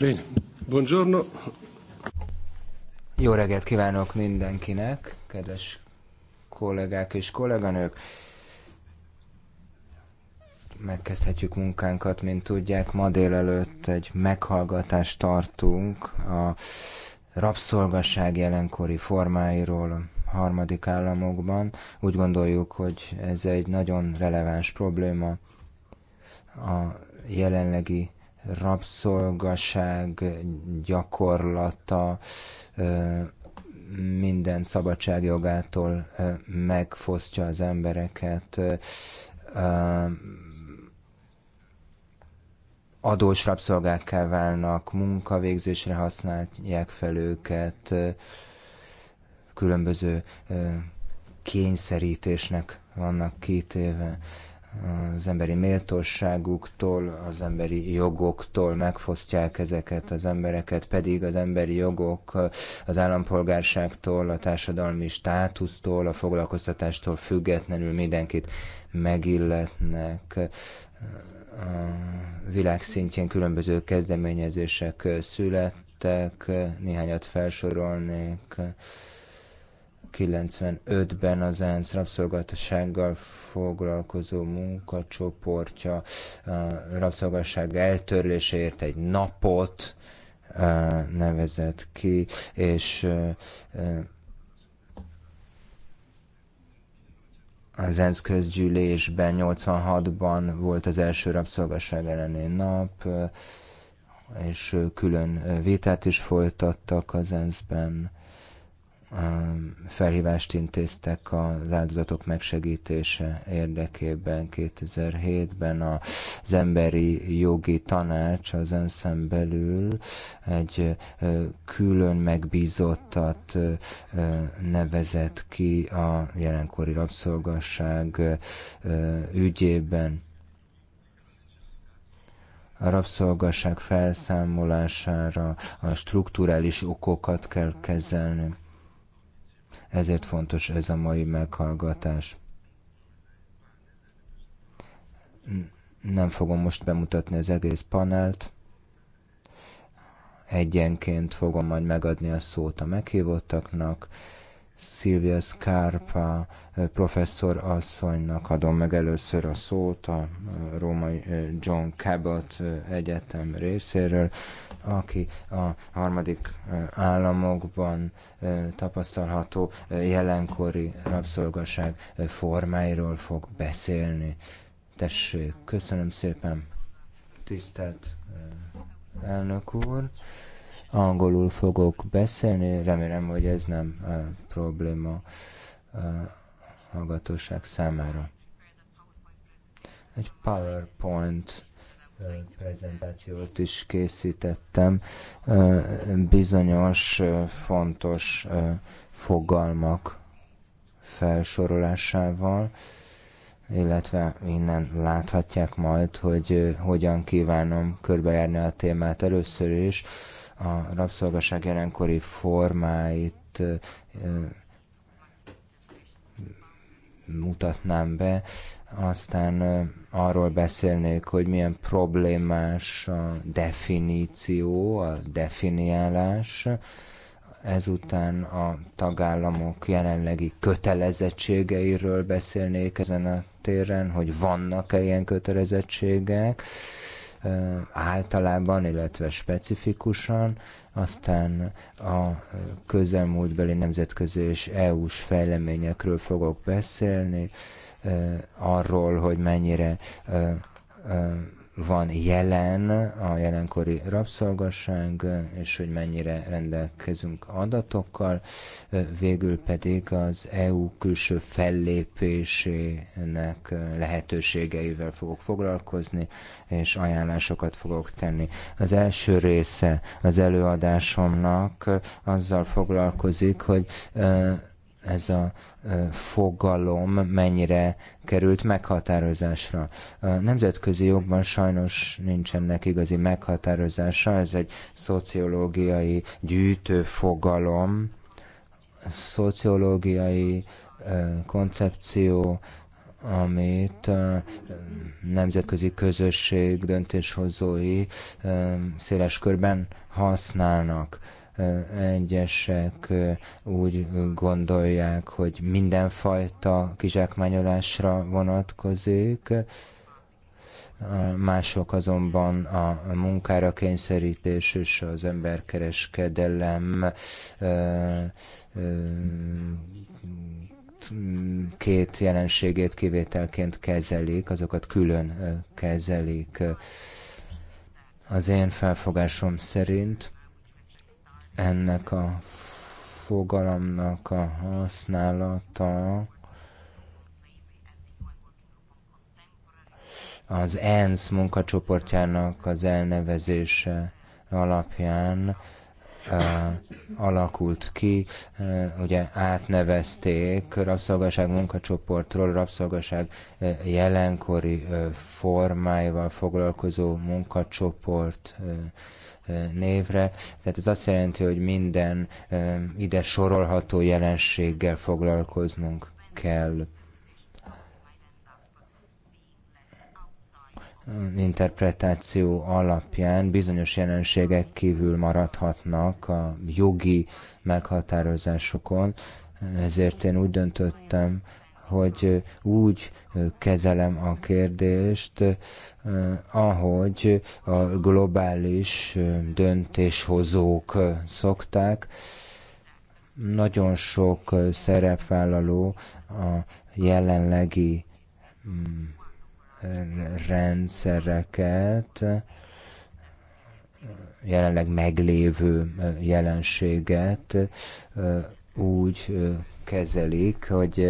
Bene. Buongiorno. Jó reggelt kívánok mindenkinek, kedves kollégák és kolléganők. Megkezdhetjük munkánkat, mint tudják, ma délelőtt egy meghallgatást tartunk a rabszolgaság jelenkori formáiról, harmadik államokban. Úgy gondoljuk, hogy ez egy nagyon releváns probléma a jelenlegi rabszolgaság gyakorlata minden szabadságjogától megfosztja az embereket, adós rabszolgákká válnak, munkavégzésre használják fel őket, különböző kényszerítésnek vannak kitéve az emberi méltóságuktól, az emberi jogoktól megfosztják ezeket az embereket, pedig az emberi jogok az állampolgárságtól, a társadalmi státusztól, a foglalkoztatástól függetlenül mindenkit megilletnek a világ szintjén különböző kezdeményezések születtek, néhányat felsorolnék, 95-ben az ENSZ rabszolgatossággal foglalkozó munkacsoportja a rabszolgasság eltörléséért egy napot nevezett ki, és az ENSZ közgyűlésben 86-ban volt az első rabszolgasság elleni nap, és külön vitát is folytattak az ENSZ-ben Um, felhívást intéztek az áldozatok megsegítése érdekében 2007-ben az Emberi Jogi Tanács az önszem belül egy külön megbízottat nevezett ki a jelenkori rabszolgasság ügyében a rabszolgasság felszámolására a strukturális okokat kell kezelni ezért fontos ez a mai meghallgatás. Nem fogom most bemutatni az egész panelt, egyenként fogom majd megadni a szót a meghívottaknak, Szilvia Scarpa professzor asszonynak adom meg először a szót a római John Cabot Egyetem részéről, aki a harmadik államokban tapasztalható jelenkori rabszolgaság formáiról fog beszélni. Tessék, köszönöm szépen, tisztelt elnök úr. Angolul fogok beszélni, remélem, hogy ez nem probléma a hallgatóság számára. Egy PowerPoint prezentációt is készítettem. Bizonyos fontos fogalmak felsorolásával, illetve innen láthatják majd, hogy hogyan kívánom körbejárni a témát először is. A rabszolgaság jelenkori formáit mutatnám be, aztán arról beszélnék, hogy milyen problémás a definíció, a definiálás, ezután a tagállamok jelenlegi kötelezettségeiről beszélnék ezen a téren, hogy vannak-e ilyen kötelezettségek általában, illetve specifikusan, aztán a közelmúltbeli nemzetközi és EU-s fejleményekről fogok beszélni, arról, hogy mennyire van jelen a jelenkori rabszolgasság, és hogy mennyire rendelkezünk adatokkal, végül pedig az EU külső fellépésének lehetőségeivel fogok foglalkozni, és ajánlásokat fogok tenni. Az első része az előadásomnak azzal foglalkozik, hogy ez a fogalom mennyire került meghatározásra. A nemzetközi jogban sajnos nincsenek igazi meghatározása, ez egy szociológiai gyűjtőfogalom, szociológiai koncepció, amit a nemzetközi közösség döntéshozói széles körben használnak Egyesek úgy gondolják, hogy mindenfajta kizsákmányolásra vonatkozik, mások azonban a munkára kényszerítés és az emberkereskedelem két jelenségét kivételként kezelik, azokat külön kezelik. Az én felfogásom szerint ennek a fogalomnak a használata az ENSZ munkacsoportjának az elnevezése alapján alakult ki, ugye átnevezték rabszolgaság munkacsoportról rabszolgaság jelenkori formáival foglalkozó munkacsoport névre. Tehát ez azt jelenti, hogy minden ide sorolható jelenséggel foglalkoznunk kell. interpretáció alapján bizonyos jelenségek kívül maradhatnak a jogi meghatározásokon, ezért én úgy döntöttem, hogy úgy kezelem a kérdést, eh, ahogy a globális eh, döntéshozók eh, szokták. Nagyon sok szerepvállaló a jelenlegi mm, rendszereket, jelenleg meglévő jelenséget úgy kezelik, hogy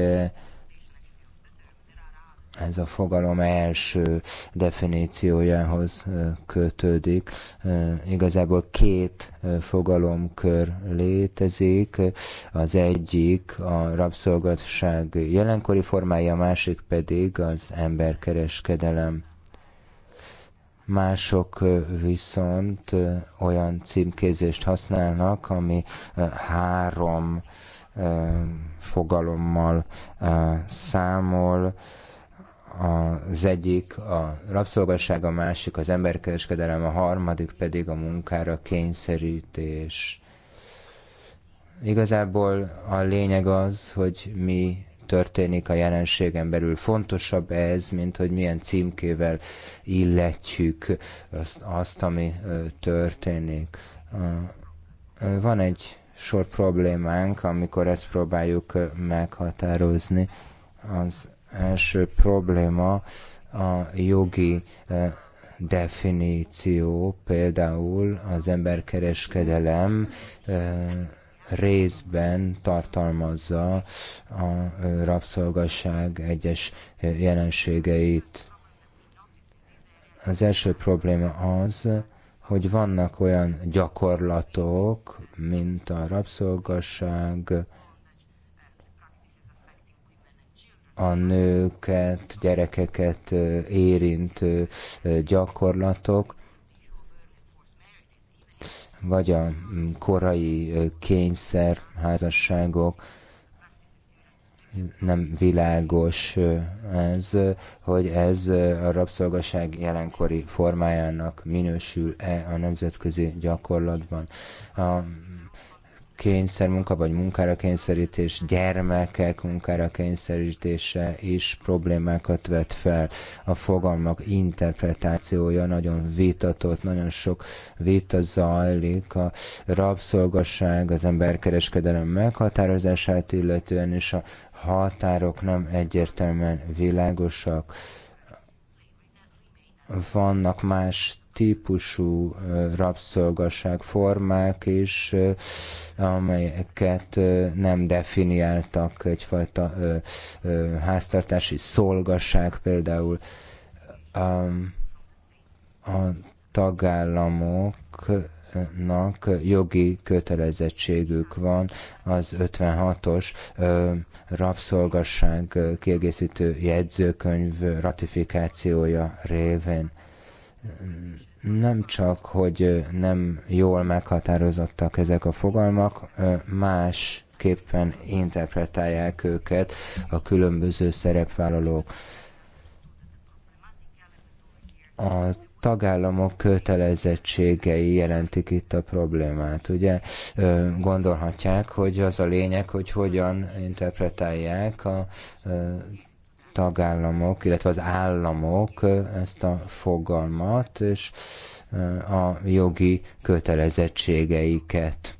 ez a fogalom első definíciójához kötődik. Igazából két fogalomkör létezik, az egyik a rabszolgatság jelenkori formája, a másik pedig az emberkereskedelem. Mások viszont olyan címkézést használnak, ami három fogalommal számol, az egyik a rabszolgaság, a másik az emberkereskedelem, a harmadik pedig a munkára kényszerítés. Igazából a lényeg az, hogy mi történik a jelenségen belül. Fontosabb ez, mint hogy milyen címkével illetjük azt, azt ami történik. Van egy sor problémánk, amikor ezt próbáljuk meghatározni. Az első probléma a jogi e, definíció, például az emberkereskedelem e, részben tartalmazza a e, rabszolgasság egyes jelenségeit. Az első probléma az, hogy vannak olyan gyakorlatok, mint a rabszolgasság, a nőket, gyerekeket érintő gyakorlatok, vagy a mm, korai kényszer házasságok, nem világos ez, hogy ez a rabszolgaság jelenkori formájának minősül-e a nemzetközi gyakorlatban. A munka vagy munkára kényszerítés, gyermekek munkára kényszerítése is problémákat vet fel. A fogalmak interpretációja nagyon vitatott, nagyon sok vita zajlik. A rabszolgasság, az emberkereskedelem meghatározását illetően és a határok nem egyértelműen világosak. Vannak más típusú rabszolgaság formák is, amelyeket nem definiáltak, egyfajta háztartási szolgaság, például. A tagállamoknak jogi kötelezettségük van az 56-os rabszolgasság kiegészítő jegyzőkönyv ratifikációja révén nem csak, hogy nem jól meghatározottak ezek a fogalmak, másképpen interpretálják őket a különböző szerepvállalók. A tagállamok kötelezettségei jelentik itt a problémát. Ugye gondolhatják, hogy az a lényeg, hogy hogyan interpretálják a tagállamok, illetve az államok ezt a fogalmat és a jogi kötelezettségeiket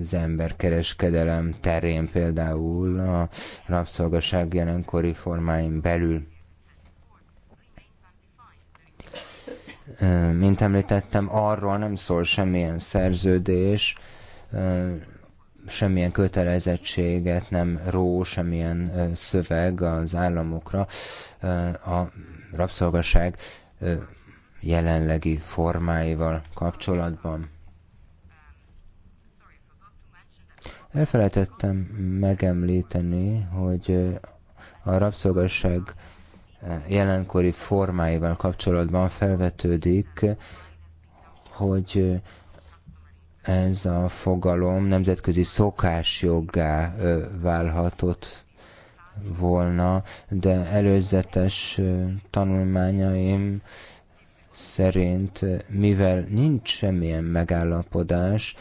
az emberkereskedelem terén például a rabszolgaság jelenkori formáin belül. Mint említettem, arról nem szól semmilyen szerződés, semmilyen kötelezettséget nem ró, semmilyen szöveg az államokra. A rabszolgaság jelenlegi formáival kapcsolatban. Elfelejtettem megemlíteni, hogy a rabszolgaság jelenkori formáival kapcsolatban felvetődik, hogy ez a fogalom nemzetközi szokásjoggá válhatott volna, de előzetes tanulmányaim szerint, mivel nincs semmilyen megállapodás,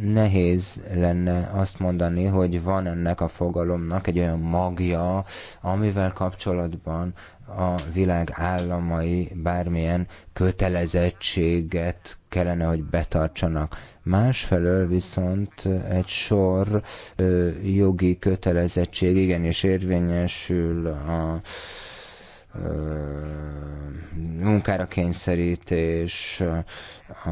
nehéz lenne azt mondani, hogy van ennek a fogalomnak egy olyan magja, amivel kapcsolatban a világ államai bármilyen kötelezettséget kellene, hogy betartsanak. Másfelől viszont egy sor ö, jogi kötelezettség igenis érvényesül a ö, munkára kényszerítés, a,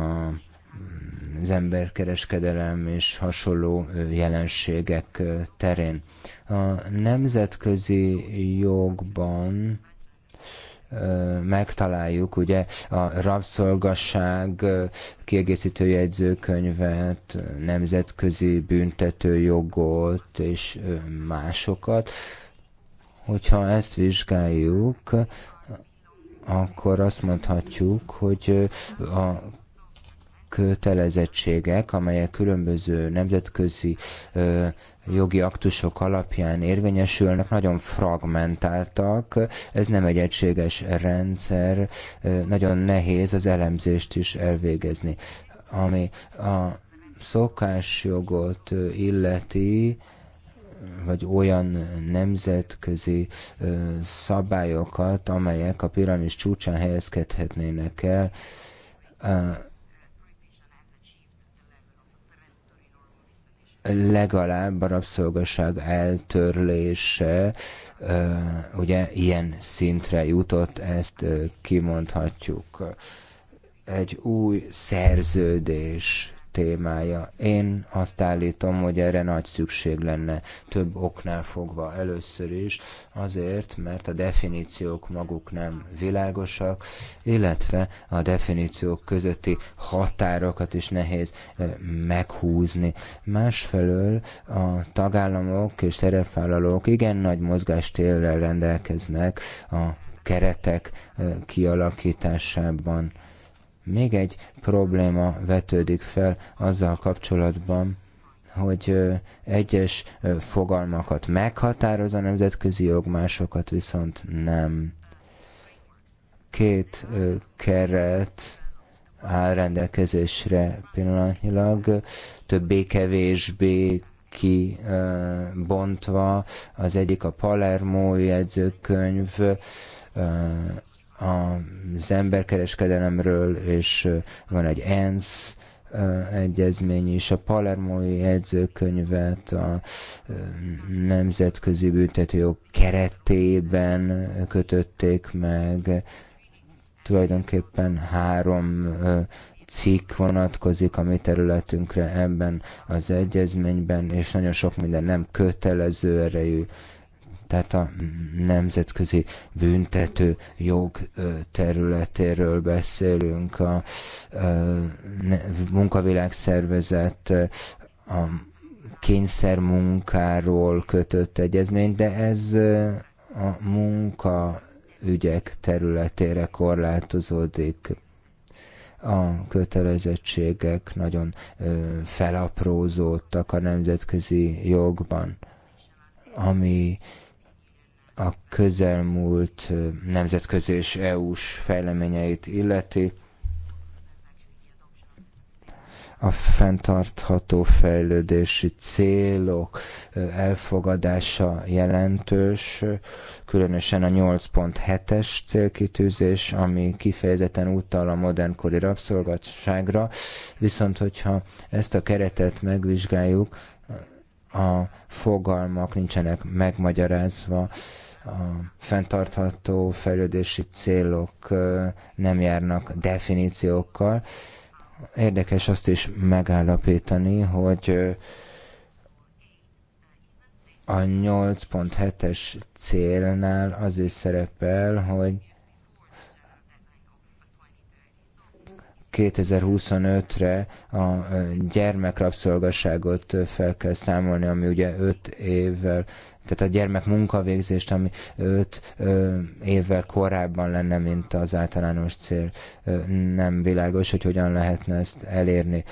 az emberkereskedelem és hasonló jelenségek terén. A nemzetközi jogban megtaláljuk ugye a rabszolgasság kiegészítő jegyzőkönyvet, nemzetközi büntetőjogot és másokat. Hogyha ezt vizsgáljuk, akkor azt mondhatjuk, hogy a kötelezettségek, amelyek különböző nemzetközi jogi aktusok alapján érvényesülnek, nagyon fragmentáltak, ez nem egy egységes rendszer, nagyon nehéz az elemzést is elvégezni. Ami a szokásjogot illeti, vagy olyan nemzetközi szabályokat, amelyek a piramis csúcsán helyezkedhetnének el, legalább a rabszolgaság eltörlése ugye ilyen szintre jutott, ezt kimondhatjuk. Egy új szerződés témája. Én azt állítom, hogy erre nagy szükség lenne több oknál fogva először is, azért, mert a definíciók maguk nem világosak, illetve a definíciók közötti határokat is nehéz meghúzni. Másfelől a tagállamok és szerepvállalók igen nagy mozgástérrel rendelkeznek a keretek kialakításában még egy probléma vetődik fel azzal kapcsolatban, hogy egyes fogalmakat meghatároz a nemzetközi jog, másokat viszont nem. Két keret áll rendelkezésre pillanatnyilag, többé-kevésbé kibontva. Az egyik a Palermo jegyzőkönyv, az emberkereskedelemről, és van egy ENSZ egyezmény is, a palermói jegyzőkönyvet a nemzetközi büntetőjog keretében kötötték meg. Tulajdonképpen három cikk vonatkozik a mi területünkre ebben az egyezményben, és nagyon sok minden nem kötelező erejű tehát a nemzetközi büntető jog területéről beszélünk, a munkavilágszervezet, a kényszermunkáról kötött egyezmény, de ez a munka ügyek területére korlátozódik. A kötelezettségek nagyon felaprózódtak a nemzetközi jogban, ami a közelmúlt nemzetközi és EU-s fejleményeit illeti. A fenntartható fejlődési célok elfogadása jelentős, különösen a 8.7-es célkitűzés, ami kifejezetten utal a modernkori rabszolgatságra, viszont hogyha ezt a keretet megvizsgáljuk, a fogalmak nincsenek megmagyarázva, a fenntartható fejlődési célok nem járnak definíciókkal. Érdekes azt is megállapítani, hogy a 8.7-es célnál az is szerepel, hogy 2025-re a gyermekrabszolgaságot fel kell számolni, ami ugye 5 évvel tehát a gyermek munkavégzést, ami 5 évvel korábban lenne, mint az általános cél. Nem világos, hogy hogyan lehetne ezt elérni.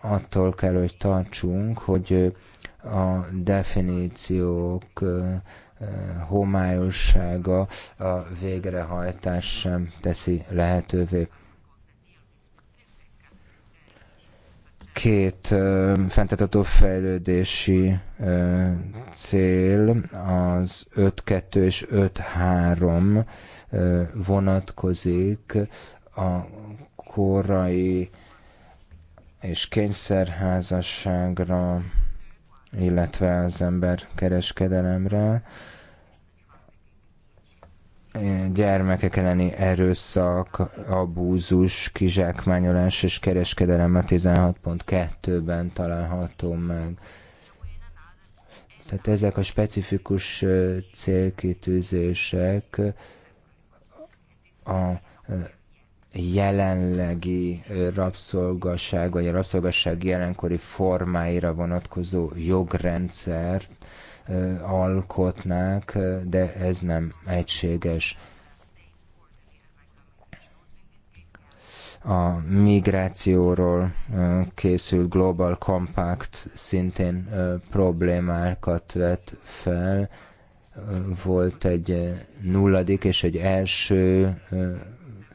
Attól kell, hogy tartsunk, hogy a definíciók homályossága a végrehajtás sem teszi lehetővé. két fenntartható fejlődési cél az 5-2 és 5-3 vonatkozik a korai és kényszerházasságra, illetve az ember kereskedelemre gyermekek elleni erőszak, abúzus, kizsákmányolás és kereskedelem a 16.2-ben található meg. Tehát ezek a specifikus célkitűzések a jelenlegi rabszolgasság, vagy a rabszolgasság jelenkori formáira vonatkozó jogrendszert alkotnák, de ez nem egységes. a migrációról készült Global Compact szintén problémákat vett fel. Volt egy nulladik és egy első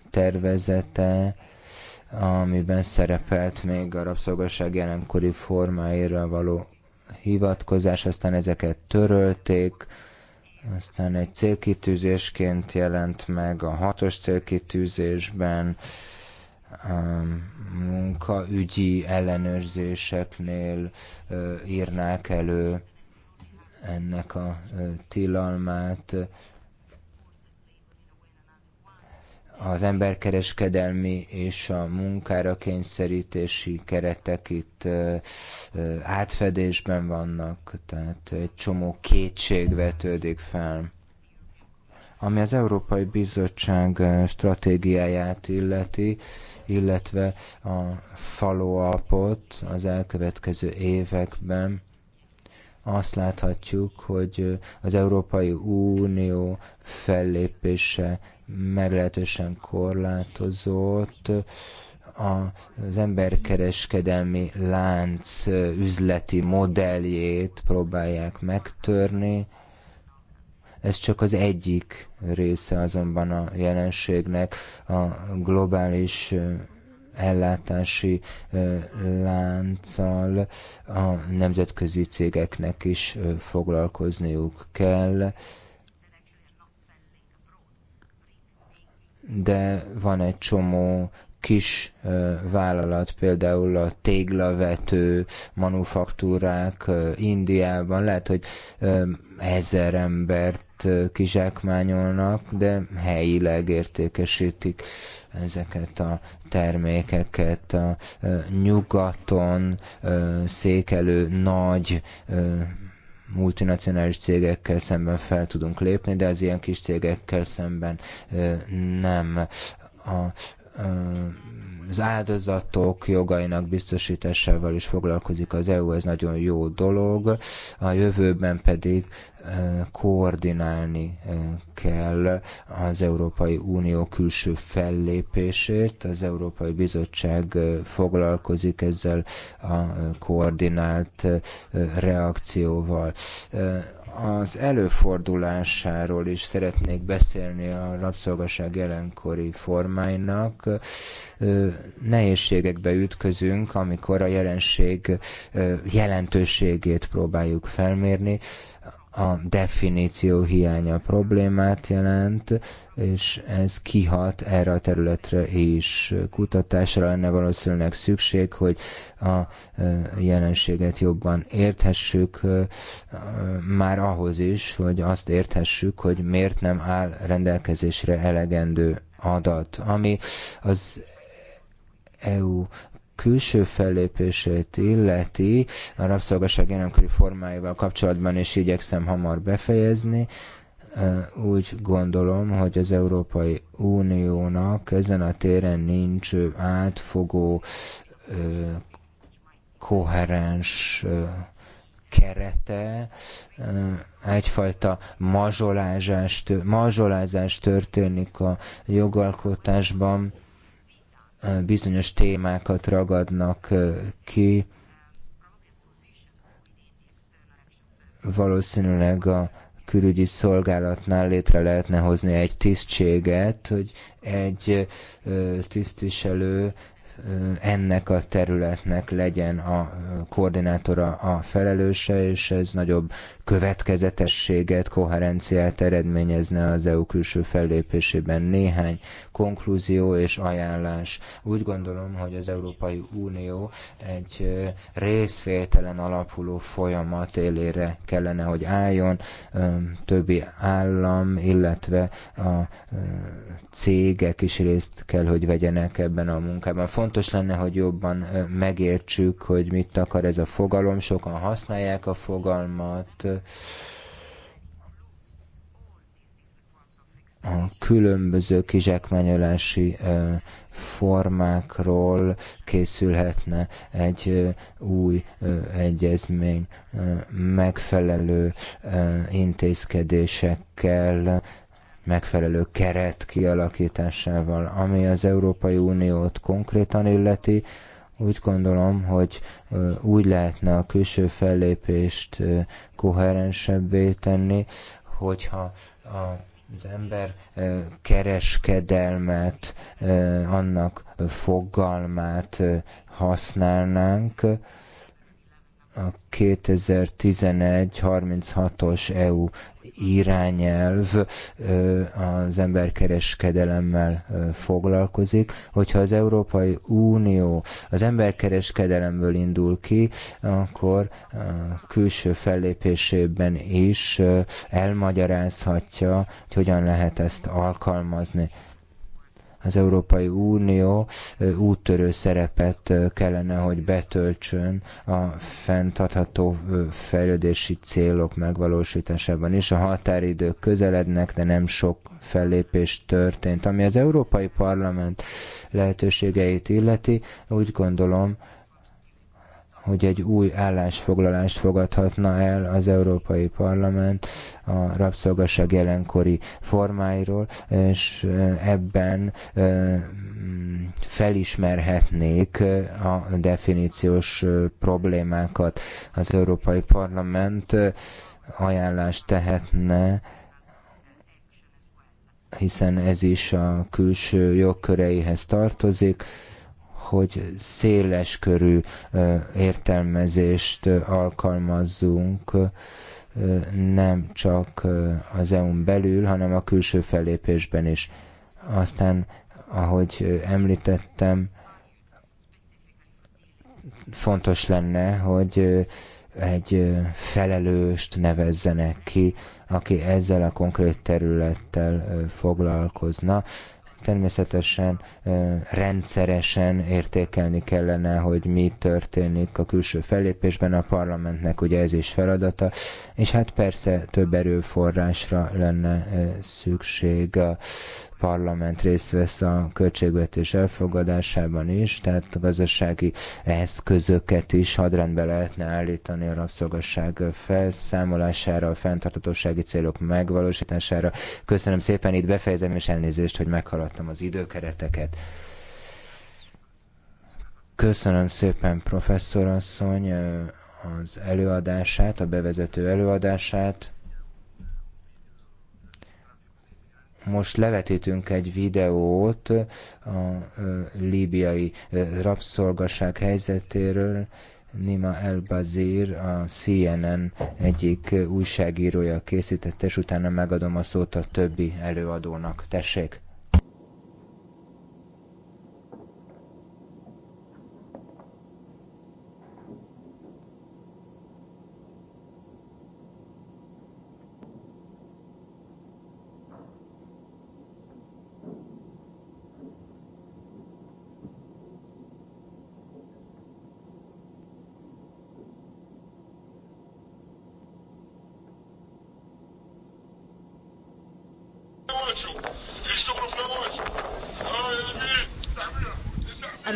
tervezete, amiben szerepelt még a rabszolgaság jelenkori formáira való hivatkozás, aztán ezeket törölték, aztán egy célkitűzésként jelent meg a hatos célkitűzésben, munkaügyi ellenőrzéseknél írnák elő ennek a tilalmát. az emberkereskedelmi és a munkára kényszerítési keretek itt átfedésben vannak, tehát egy csomó kétség vetődik fel. Ami az Európai Bizottság stratégiáját illeti, illetve a faloapot az elkövetkező években, azt láthatjuk, hogy az Európai Unió fellépése meglehetősen korlátozott, az emberkereskedelmi lánc üzleti modelljét próbálják megtörni. Ez csak az egyik része azonban a jelenségnek, a globális ellátási lánccal a nemzetközi cégeknek is foglalkozniuk kell. de van egy csomó kis vállalat, például a téglavető manufaktúrák Indiában, lehet, hogy ezer embert kizsákmányolnak, de helyileg értékesítik ezeket a termékeket a nyugaton székelő nagy multinacionális cégekkel szemben fel tudunk lépni, de az ilyen kis cégekkel szemben nem. A, az áldozatok jogainak biztosításával is foglalkozik az EU, ez nagyon jó dolog, a jövőben pedig koordinálni kell az Európai Unió külső fellépését. Az Európai Bizottság foglalkozik ezzel a koordinált reakcióval az előfordulásáról is szeretnék beszélni a rabszolgaság jelenkori formáinak. Nehézségekbe ütközünk, amikor a jelenség jelentőségét próbáljuk felmérni a definíció hiánya problémát jelent, és ez kihat erre a területre is. Kutatásra lenne valószínűleg szükség, hogy a jelenséget jobban érthessük, már ahhoz is, hogy azt érthessük, hogy miért nem áll rendelkezésre elegendő adat, ami az EU külső fellépését illeti, a rabszolgaság jelenkori formáival kapcsolatban is igyekszem hamar befejezni, úgy gondolom, hogy az Európai Uniónak ezen a téren nincs átfogó, koherens kerete, egyfajta mazsolázás, mazsolázás történik a jogalkotásban, bizonyos témákat ragadnak ki. Valószínűleg a külügyi szolgálatnál létre lehetne hozni egy tisztséget, hogy egy tisztviselő ennek a területnek legyen a koordinátora a felelőse, és ez nagyobb következetességet, koherenciát eredményezne az EU külső fellépésében. Néhány konklúzió és ajánlás. Úgy gondolom, hogy az Európai Unió egy részvételen alapuló folyamat élére kellene, hogy álljon többi állam, illetve a cégek is részt kell, hogy vegyenek ebben a munkában. Fontos Fontos lenne, hogy jobban megértsük, hogy mit akar ez a fogalom. Sokan használják a fogalmat. a különböző kizsákmányolási formákról készülhetne egy új egyezmény megfelelő intézkedésekkel megfelelő keret kialakításával. Ami az Európai Uniót konkrétan illeti, úgy gondolom, hogy úgy lehetne a külső fellépést koherensebbé tenni, hogyha a az ember kereskedelmet, annak fogalmát használnánk. A 2011-36-os EU irányelv az emberkereskedelemmel foglalkozik. Hogyha az Európai Unió az emberkereskedelemből indul ki, akkor a külső fellépésében is elmagyarázhatja, hogy hogyan lehet ezt alkalmazni az Európai Unió úttörő szerepet kellene, hogy betöltsön a fenntartható fejlődési célok megvalósításában is. A határidők közelednek, de nem sok fellépés történt. Ami az Európai Parlament lehetőségeit illeti, úgy gondolom, hogy egy új állásfoglalást fogadhatna el az Európai Parlament a rabszolgaság jelenkori formáiról, és eh, ebben eh, felismerhetnék eh, a definíciós problémákat. Az Európai Parlament ajánlást tehetne, hiszen ez is a külső jogköreihez tartozik, hogy széles körű értelmezést alkalmazzunk, nem csak az EU-n belül, hanem a külső fellépésben is. Aztán, ahogy említettem, fontos lenne, hogy egy felelőst nevezzenek ki, aki ezzel a konkrét területtel foglalkozna, természetesen rendszeresen értékelni kellene, hogy mi történik a külső fellépésben, a parlamentnek ugye ez is feladata, és hát persze több erőforrásra lenne szükség Parlament részt vesz a költségvetés elfogadásában is, tehát a gazdasági eszközöket is hadrendbe lehetne állítani a rabszolgasság felszámolására, a fenntartatósági célok megvalósítására. Köszönöm szépen, itt befejezem, és elnézést, hogy meghaladtam az időkereteket. Köszönöm szépen, professzorasszony, az előadását, a bevezető előadását. most levetítünk egy videót a líbiai rabszolgaság helyzetéről. Nima El-Bazir, a CNN egyik újságírója készítette, és utána megadom a szót a többi előadónak. Tessék!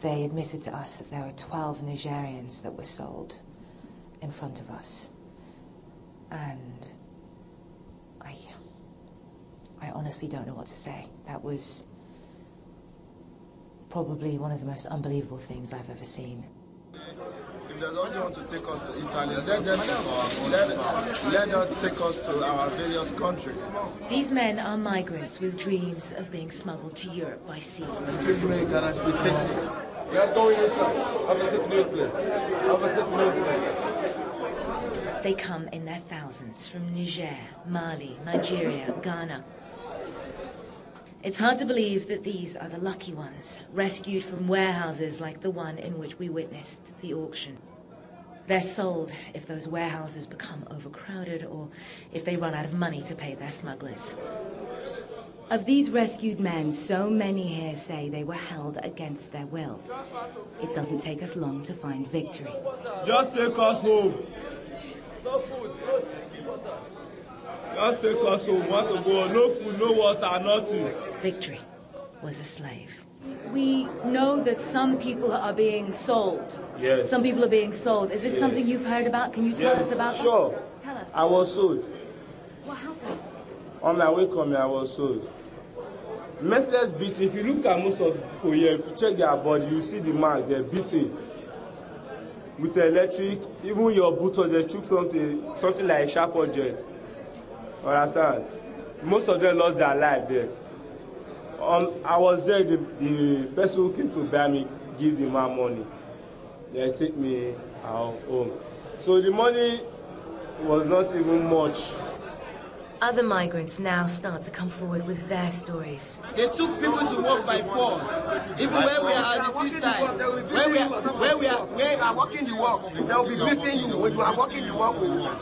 they admitted to us that there were 12 Nigerians that were sold in front of us. And I, I honestly don't know what to say. That was probably one of the most unbelievable things I've ever seen. If they don't want to take us to Italy, let them, let, let them take us to our various countries. These men are migrants with dreams of being smuggled to Europe by sea. Excuse me, can I speak English? They come in their thousands from Niger, Mali, Nigeria, Ghana. It's hard to believe that these are the lucky ones, rescued from warehouses like the one in which we witnessed the auction. They're sold if those warehouses become overcrowded or if they run out of money to pay their smugglers. Of these rescued men, so many here say they were held against their will. It doesn't take us long to find victory. Just take us home. No food, no water. Just take us home. Want to go? No food, no water, nothing. Victory was a slave. We know that some people are being sold. Yes. Some people are being sold. Is this yes. something you've heard about? Can you tell yes. us about sure. that? Sure. Tell us. I was sold. What happened? On my way coming, I was sold merciless beating if you look at most of people here if you check their body you see the mark they're beating with electric even your boot or they took something something like sharp object understand most of them lost their life there um i was there the the person who came to buy me give the man money they take me out home so the money was not even much Other migrants now start to come forward with their stories. They took people to work by force. Even when we are at the seaside, when we are, when we are, when we are working the work, they will be beating you. When you are working the work,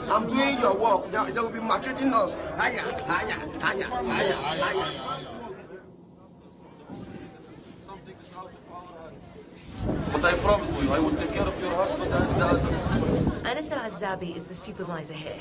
I'm doing your work. They, will be maltreating us. Higher, higher, higher, higher, higher. But I promise you, I will take care of your husband and the others. Anissa Azabi is the supervisor here.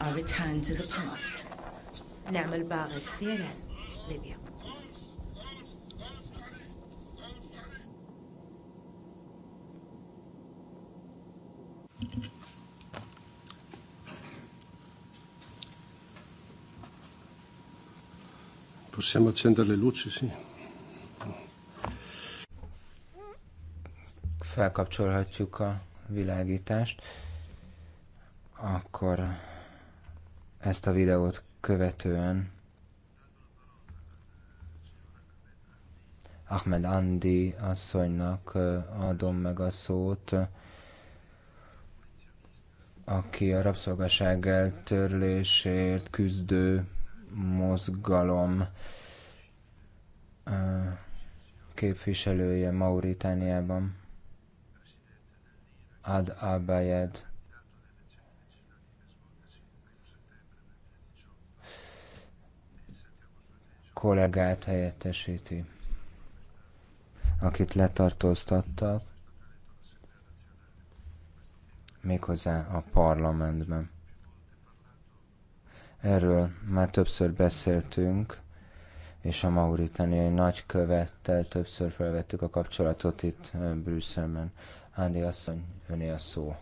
are return to the past. نعمل باغر CNN ليبيا Possiamo accendere le luci, sì. Felkapcsolhatjuk a világítást. Akkor ezt a videót követően Ahmed Andi asszonynak adom meg a szót, aki a rabszolgaság eltörlésért küzdő mozgalom képviselője Mauritániában. Ad Abayed kollégát helyettesíti, akit letartóztattak, méghozzá a parlamentben. Erről már többször beszéltünk, és a mauritániai nagykövettel többször felvettük a kapcsolatot itt eh, Brüsszelben. Ándi asszony, öné a szó.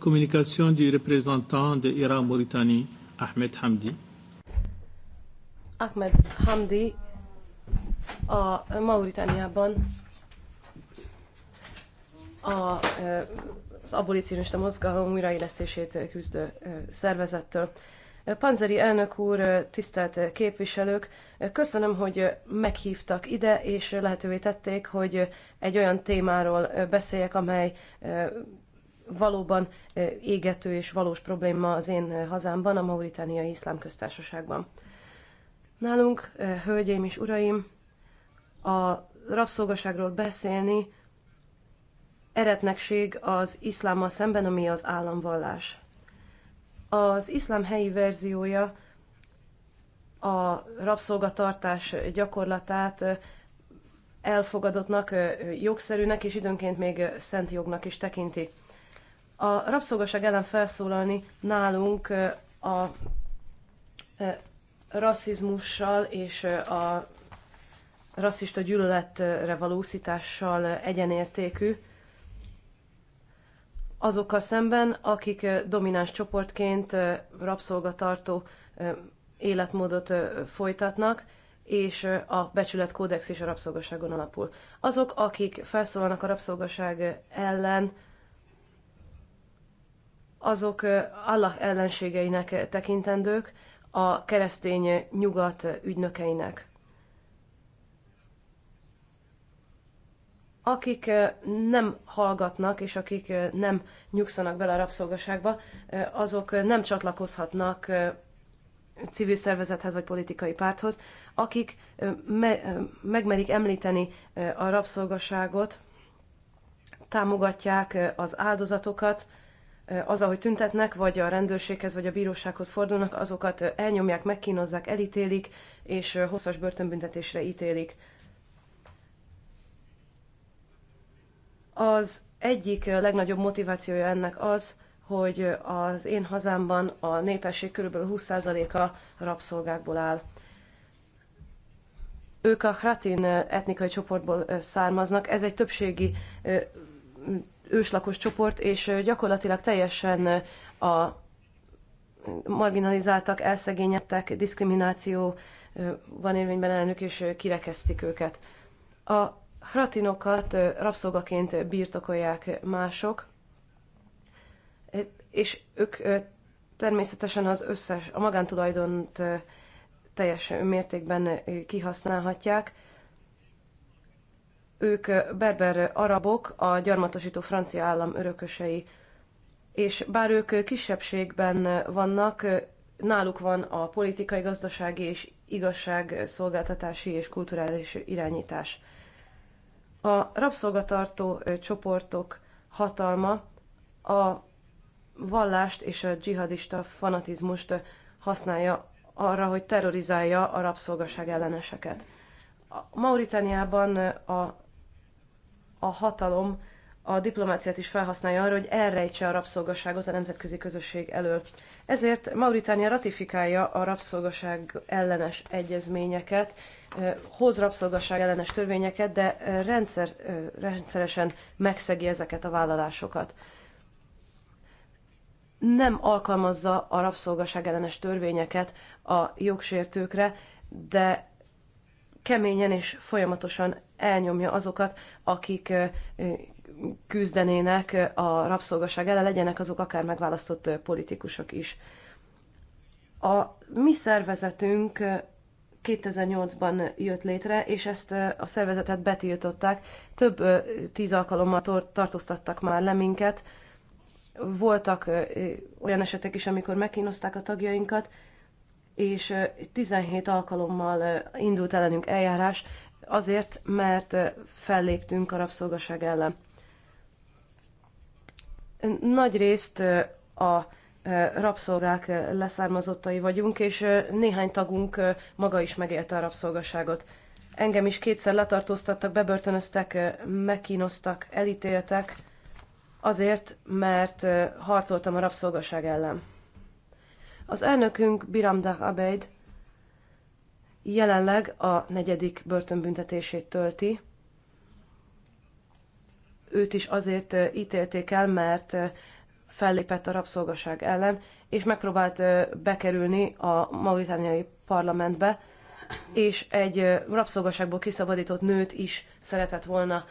communication du représentant de Iran-Mauritanie, Ahmed Hamdi. Ahmed Hamdi a Mauritániában a, az abolicionista mozgalom újraélesztését küzdő szervezettől. Panzeri elnök úr, tisztelt képviselők, köszönöm, hogy meghívtak ide, és lehetővé tették, hogy egy olyan témáról beszéljek, amely valóban égető és valós probléma az én hazámban, a Mauritániai Iszlám Köztársaságban. Nálunk, hölgyeim és uraim, a rabszolgaságról beszélni eretnekség az iszlámmal szemben, ami az államvallás. Az iszlám helyi verziója a rabszolgatartás gyakorlatát elfogadottnak, jogszerűnek és időnként még szent jognak is tekinti a rabszolgaság ellen felszólalni nálunk a rasszizmussal és a rasszista gyűlöletre való úszítással egyenértékű, azokkal szemben, akik domináns csoportként rabszolgatartó életmódot folytatnak, és a becsületkódex és a rabszolgaságon alapul. Azok, akik felszólalnak a rabszolgaság ellen, azok Allah ellenségeinek tekintendők, a keresztény nyugat ügynökeinek. Akik nem hallgatnak, és akik nem nyugszanak bele a rabszolgaságba, azok nem csatlakozhatnak civil szervezethez vagy politikai párthoz, akik me- megmerik említeni a rabszolgaságot, támogatják az áldozatokat, az, ahogy tüntetnek, vagy a rendőrséghez, vagy a bírósághoz fordulnak, azokat elnyomják, megkínozzák, elítélik, és hosszas börtönbüntetésre ítélik. Az egyik legnagyobb motivációja ennek az, hogy az én hazámban a népesség kb. 20%-a rabszolgákból áll. Ők a Hratin etnikai csoportból származnak, ez egy többségi őslakos csoport, és gyakorlatilag teljesen a marginalizáltak, elszegényedtek, diszkrimináció van érvényben ellenük, és kirekesztik őket. A hratinokat rabszolgaként birtokolják mások, és ők természetesen az összes, a magántulajdont teljes mértékben kihasználhatják, ők berber arabok, a gyarmatosító francia állam örökösei. És bár ők kisebbségben vannak, náluk van a politikai, gazdasági és igazságszolgáltatási és kulturális irányítás. A rabszolgatartó csoportok hatalma a vallást és a dzsihadista fanatizmust használja arra, hogy terrorizálja a rabszolgaság elleneseket. A Mauritániában a a hatalom a diplomáciát is felhasználja arra, hogy elrejtse a rabszolgaságot a nemzetközi közösség elől. Ezért Mauritánia ratifikálja a rabszolgaság ellenes egyezményeket, hoz rabszolgaság ellenes törvényeket, de rendszer, rendszeresen megszegi ezeket a vállalásokat. Nem alkalmazza a rabszolgaság ellenes törvényeket a jogsértőkre, de keményen és folyamatosan elnyomja azokat, akik küzdenének a rabszolgaság ellen, legyenek azok akár megválasztott politikusok is. A mi szervezetünk 2008-ban jött létre, és ezt a szervezetet betiltották. Több tíz alkalommal tartóztattak már le minket. Voltak olyan esetek is, amikor megkínozták a tagjainkat, és 17 alkalommal indult ellenünk eljárás, azért, mert felléptünk a rabszolgaság ellen. Nagy részt a rabszolgák leszármazottai vagyunk, és néhány tagunk maga is megélte a rabszolgaságot. Engem is kétszer letartóztattak, bebörtönöztek, megkínoztak, elítéltek, azért, mert harcoltam a rabszolgaság ellen. Az elnökünk Biramdar Abeid jelenleg a negyedik börtönbüntetését tölti. Őt is azért ítélték el, mert fellépett a rabszolgaság ellen, és megpróbált bekerülni a mauritániai parlamentbe, és egy rabszolgaságból kiszabadított nőt is szeretett volna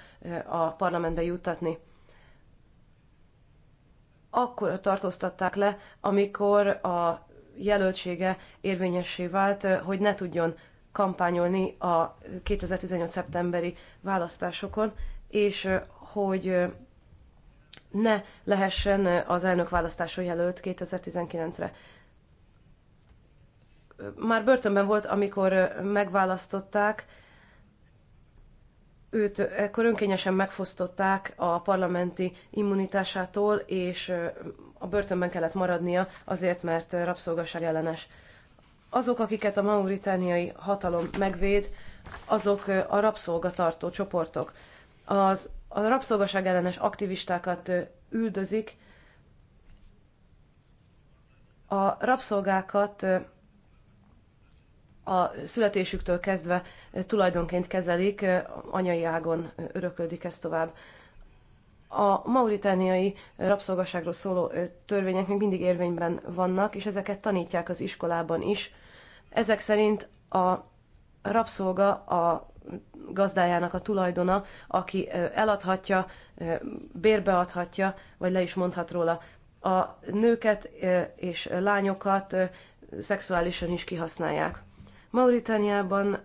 a parlamentbe juttatni akkor tartóztatták le, amikor a jelöltsége érvényessé vált, hogy ne tudjon kampányolni a 2018. szeptemberi választásokon, és hogy ne lehessen az elnök választása jelölt 2019-re. Már börtönben volt, amikor megválasztották, Őt ekkor önkényesen megfosztották a parlamenti immunitásától, és a börtönben kellett maradnia azért, mert rabszolgaság ellenes. Azok, akiket a mauritániai hatalom megvéd, azok a rabszolgatartó csoportok. Az, a rabszolgaság ellenes aktivistákat üldözik, a rabszolgákat a születésüktől kezdve eh, tulajdonként kezelik, eh, anyai ágon eh, öröklődik ez tovább. A mauritániai rabszolgaságról szóló törvények még mindig érvényben vannak, és ezeket tanítják az iskolában is. Ezek szerint a rabszolga a gazdájának a tulajdona, aki eladhatja, bérbeadhatja, vagy le is mondhat róla. A nőket és lányokat szexuálisan is kihasználják. Mauritániában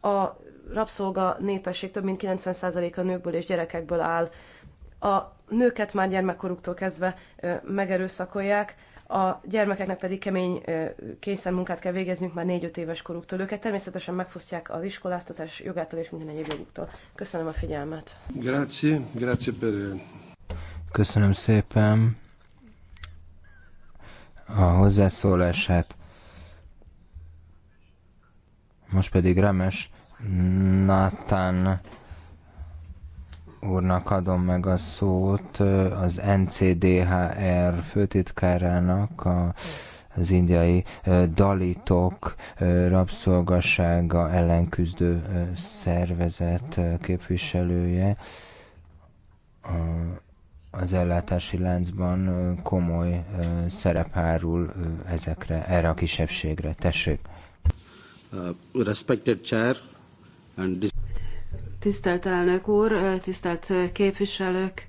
a rabszolga népesség több mint 90%-a nőkből és gyerekekből áll. A nőket már gyermekkoruktól kezdve megerőszakolják, a gyermekeknek pedig kemény kényszermunkát kell végezniük már 4-5 éves koruktól. Őket természetesen megfosztják az iskoláztatás jogától és minden egyéb joguktól. Köszönöm a figyelmet. Grazie, grazie per... Köszönöm szépen a hozzászólását. Most pedig Remes Natán úrnak adom meg a szót az NCDHR főtitkárának a az indiai dalitok rabszolgasága ellen küzdő szervezet képviselője az ellátási láncban komoly szerep hárul ezekre, erre a kisebbségre. Tessék! Uh, respected chair and Tisztelt elnök úr, tisztelt képviselők!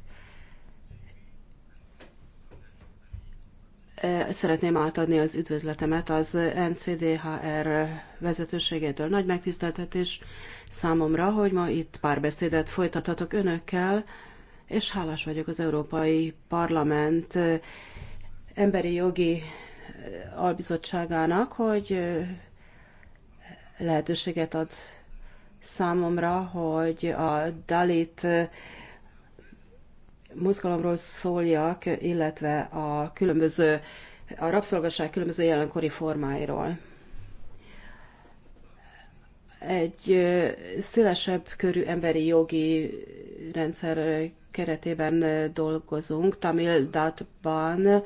Szeretném átadni az üdvözletemet az NCDHR vezetőségétől. Nagy megtiszteltetés számomra, hogy ma itt párbeszédet folytathatok önökkel, és hálás vagyok az Európai Parlament emberi jogi albizottságának, hogy lehetőséget ad számomra, hogy a Dalit eh, mozgalomról szóljak, illetve a különböző, a rabszolgaság különböző jelenkori formáiról. Egy eh, szélesebb körű emberi jogi rendszer keretében eh, dolgozunk. Tamil Datban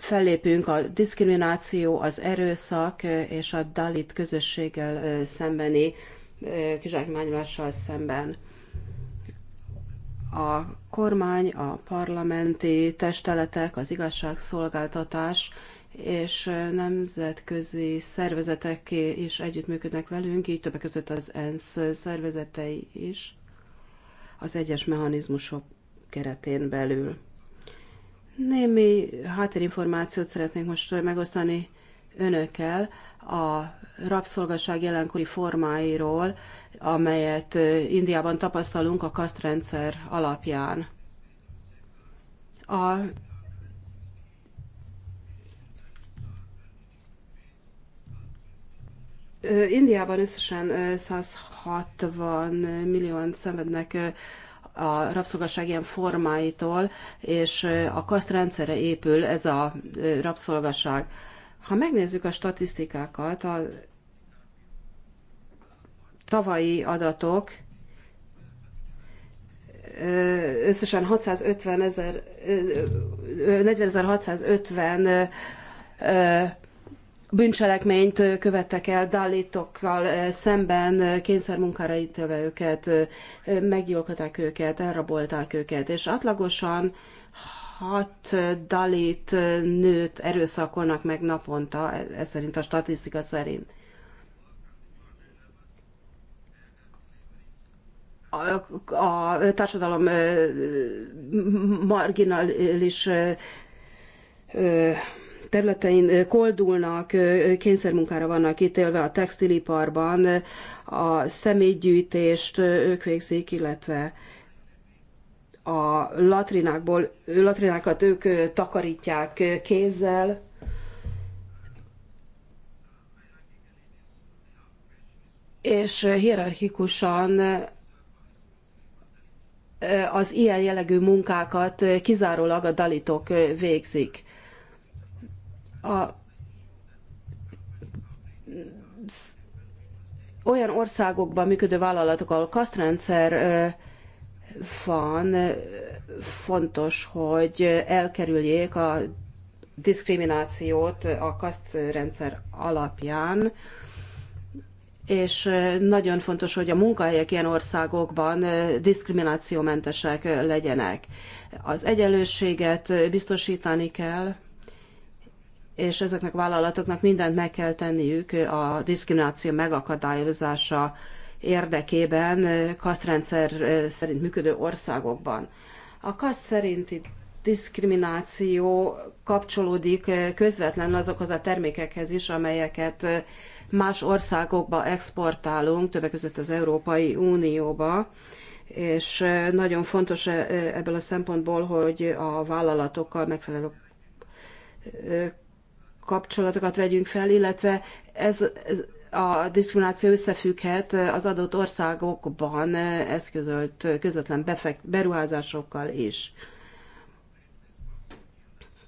fellépünk a diszkrimináció, az erőszak és a Dalit közösséggel szembeni kizsákmányolással szemben. A kormány, a parlamenti testeletek, az igazságszolgáltatás és nemzetközi szervezetek is együttműködnek velünk, így többek között az ENSZ szervezetei is az egyes mechanizmusok keretén belül. Némi háttérinformációt szeretnék most megosztani önökkel a rabszolgaság jelenkori formáiról, amelyet Indiában tapasztalunk a kasztrendszer alapján. A Indiában összesen 160 millióan szenvednek a rabszolgaság ilyen formáitól, és a kasztrendszere épül ez a rabszolgaság. Ha megnézzük a statisztikákat, a tavalyi adatok összesen 650 ezer, 40.650 bűncselekményt követtek el dalitokkal szemben, kényszermunkára ítélve őket, meggyilkolták őket, elrabolták őket, és átlagosan hat dalit nőt erőszakolnak meg naponta, e, ez szerint a statisztika szerint. A, a társadalom marginális területein koldulnak, kényszermunkára vannak ítélve a textiliparban, a személygyűjtést ők végzik, illetve a latrinákból, latrinákat ők takarítják kézzel. És hierarchikusan az ilyen jellegű munkákat kizárólag a dalitok végzik a olyan országokban működő vállalatok, ahol kasztrendszer van, fontos, hogy elkerüljék a diszkriminációt a kasztrendszer alapján, és nagyon fontos, hogy a munkahelyek ilyen országokban diszkriminációmentesek legyenek. Az egyenlőséget biztosítani kell, és ezeknek a vállalatoknak mindent meg kell tenniük a diszkrimináció megakadályozása érdekében kasztrendszer szerint működő országokban. A kaszt szerinti diszkrimináció kapcsolódik közvetlenül azokhoz a termékekhez is, amelyeket más országokba exportálunk, többek között az Európai Unióba, és nagyon fontos ebből a szempontból, hogy a vállalatokkal megfelelő kapcsolatokat vegyünk fel, illetve ez, ez a diszkrimináció összefügghet az adott országokban eh, eszközölt közvetlen befekt, beruházásokkal is.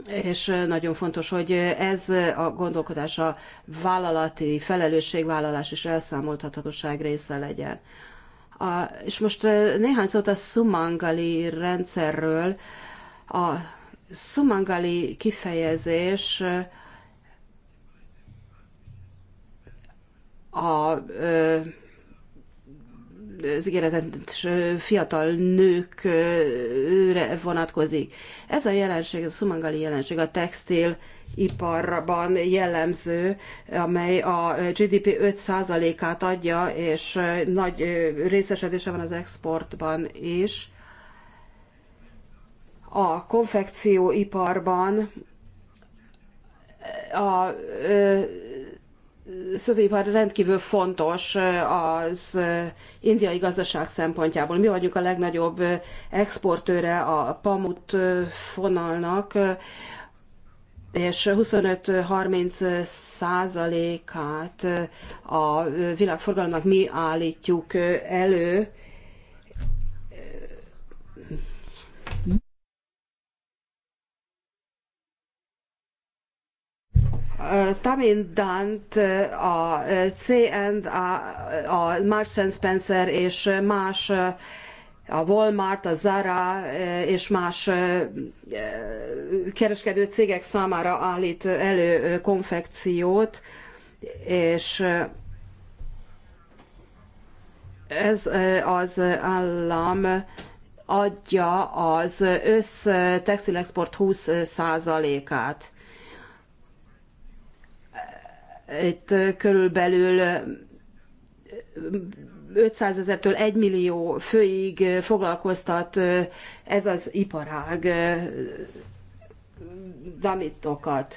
És eh, nagyon fontos, hogy ez a gondolkodás a vállalati felelősségvállalás és elszámoltathatóság része legyen. A, és most eh, néhány szót a szumangali rendszerről. A szumangali kifejezés a az ígéretes fiatal nőkre vonatkozik. Ez a jelenség, a szumangali jelenség a textil iparban jellemző, amely a GDP 5%-át adja, és nagy részesedése van az exportban is. A konfekcióiparban a szövőipar rendkívül fontos az indiai gazdaság szempontjából. Mi vagyunk a legnagyobb exportőre a pamut fonalnak, és 25-30 százalékát a világforgalomnak mi állítjuk elő, Tamin dant a C&A, a Marks and Spencer és más a Walmart, a Zara és más kereskedő cégek számára állít elő konfekciót, és ez az állam adja az textilexport 20 százalékát. Itt körülbelül 500 ezertől 1 millió főig foglalkoztat ez az iparág damitokat.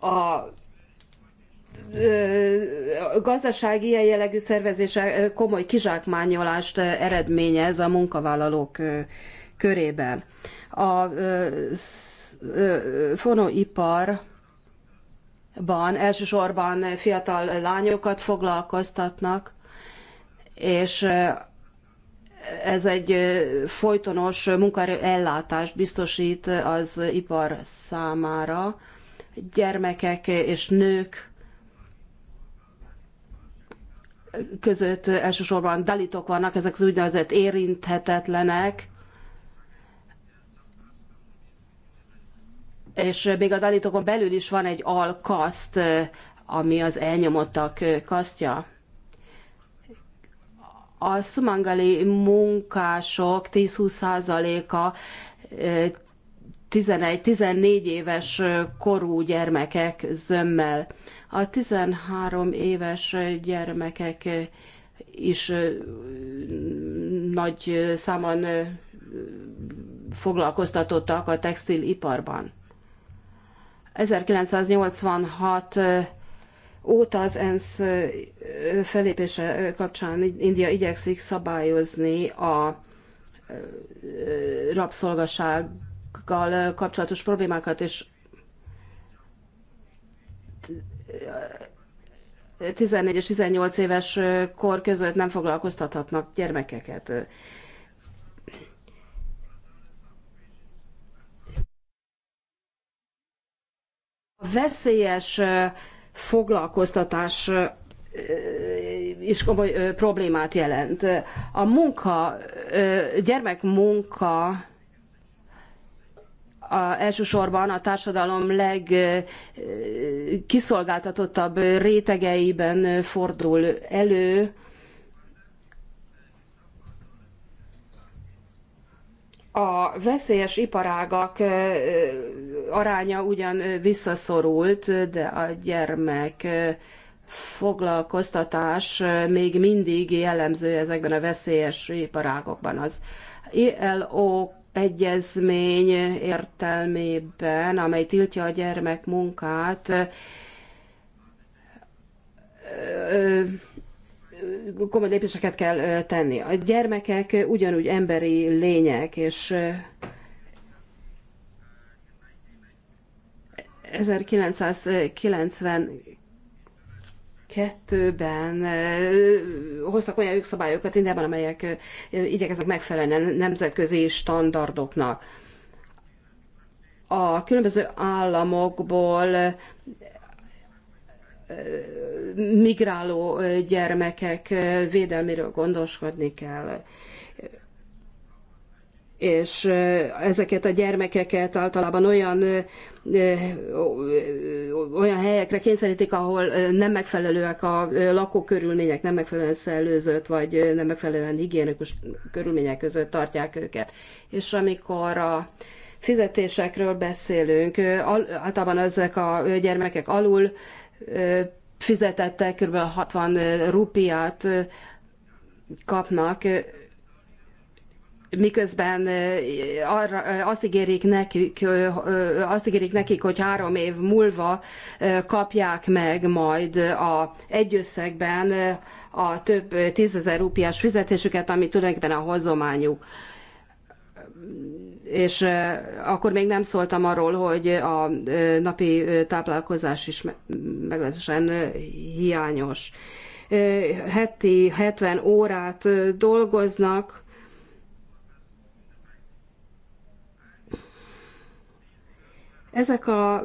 A gazdasági ilyen jellegű szervezése komoly kizsákmányolást eredményez a munkavállalók körében. A fonóiparban elsősorban fiatal lányokat foglalkoztatnak, és ez egy folytonos munkaellátást biztosít az ipar számára. Gyermekek és nők között elsősorban dalitok vannak, ezek az úgynevezett érinthetetlenek, és még a dalitokon belül is van egy alkaszt, ami az elnyomottak kasztja. A szumangali munkások 10-20%-a 11-14 éves korú gyermekek zömmel. A 13 éves gyermekek is nagy számon foglalkoztatottak a textiliparban. 1986 óta az ENSZ felépése kapcsán India igyekszik szabályozni a rabszolgasággal kapcsolatos problémákat, és 14 és 18 éves kor között nem foglalkoztathatnak gyermekeket. veszélyes foglalkoztatás is komoly problémát jelent. A munka, gyermekmunka a, elsősorban a társadalom legkiszolgáltatottabb rétegeiben fordul elő, A veszélyes iparágak aránya ugyan visszaszorult, de a gyermek foglalkoztatás még mindig jellemző ezekben a veszélyes iparágokban. Az ILO egyezmény értelmében, amely tiltja a gyermek munkát, komoly lépéseket kell tenni. A gyermekek ugyanúgy emberi lények, és 1992-ben hoztak olyan jogszabályokat Indiában, amelyek igyekeznek megfelelni nemzetközi standardoknak. A különböző államokból migráló gyermekek védelméről gondoskodni kell. És ezeket a gyermekeket általában olyan, olyan helyekre kényszerítik, ahol nem megfelelőek a lakókörülmények, nem megfelelően szellőzött, vagy nem megfelelően higiénikus körülmények között tartják őket. És amikor a fizetésekről beszélünk, általában ezek a gyermekek alul fizetettek, kb. 60 rupiát kapnak, miközben arra, azt ígérik nekik, azt ígérik nekik, hogy három év múlva kapják meg majd a egyösszegben a több tízezer rupiás fizetésüket, ami tulajdonképpen a hozományuk és akkor még nem szóltam arról, hogy a napi táplálkozás is meglehetősen hiányos. Heti 70 órát dolgoznak, Ezek a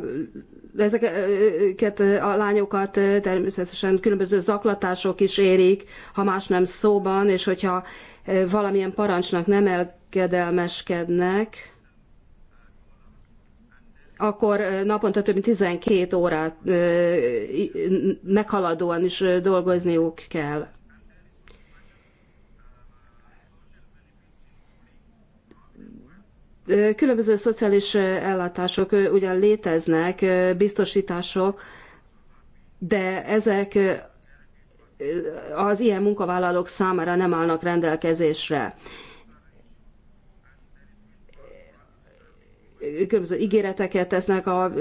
ezeket a lányokat természetesen különböző zaklatások is érik, ha más nem szóban, és hogyha valamilyen parancsnak nem el engedelmeskednek, akkor naponta több mint 12 órát meghaladóan is dolgozniuk kell. Különböző szociális ellátások ugyan léteznek, biztosítások, de ezek az ilyen munkavállalók számára nem állnak rendelkezésre. különböző ígéreteket tesznek a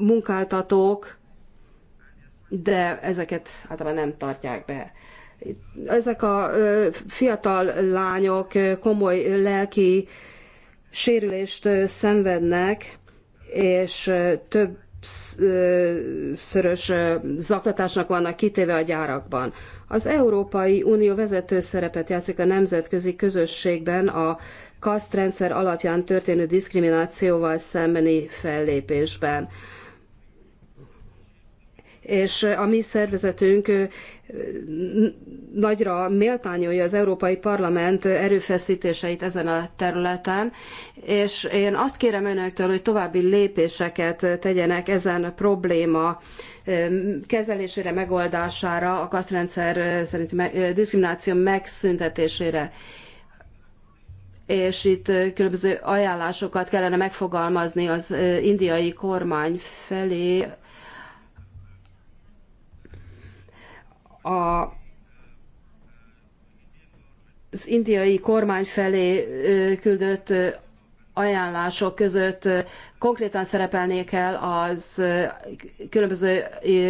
munkáltatók, de ezeket általában nem tartják be. Ezek a fiatal lányok komoly lelki sérülést szenvednek, és több szörös zaklatásnak vannak kitéve a gyárakban. Az Európai Unió vezető szerepet játszik a nemzetközi közösségben a kasztrendszer alapján történő diszkriminációval szembeni fellépésben. És a mi szervezetünk nagyra méltányolja az Európai Parlament erőfeszítéseit ezen a területen, és én azt kérem önöktől, hogy további lépéseket tegyenek ezen a probléma kezelésére, megoldására, a kaszrendszer szerinti diszkrimináció megszüntetésére és itt különböző ajánlásokat kellene megfogalmazni az indiai kormány felé a az indiai kormány felé küldött ajánlások között konkrétan szerepelnék el az különböző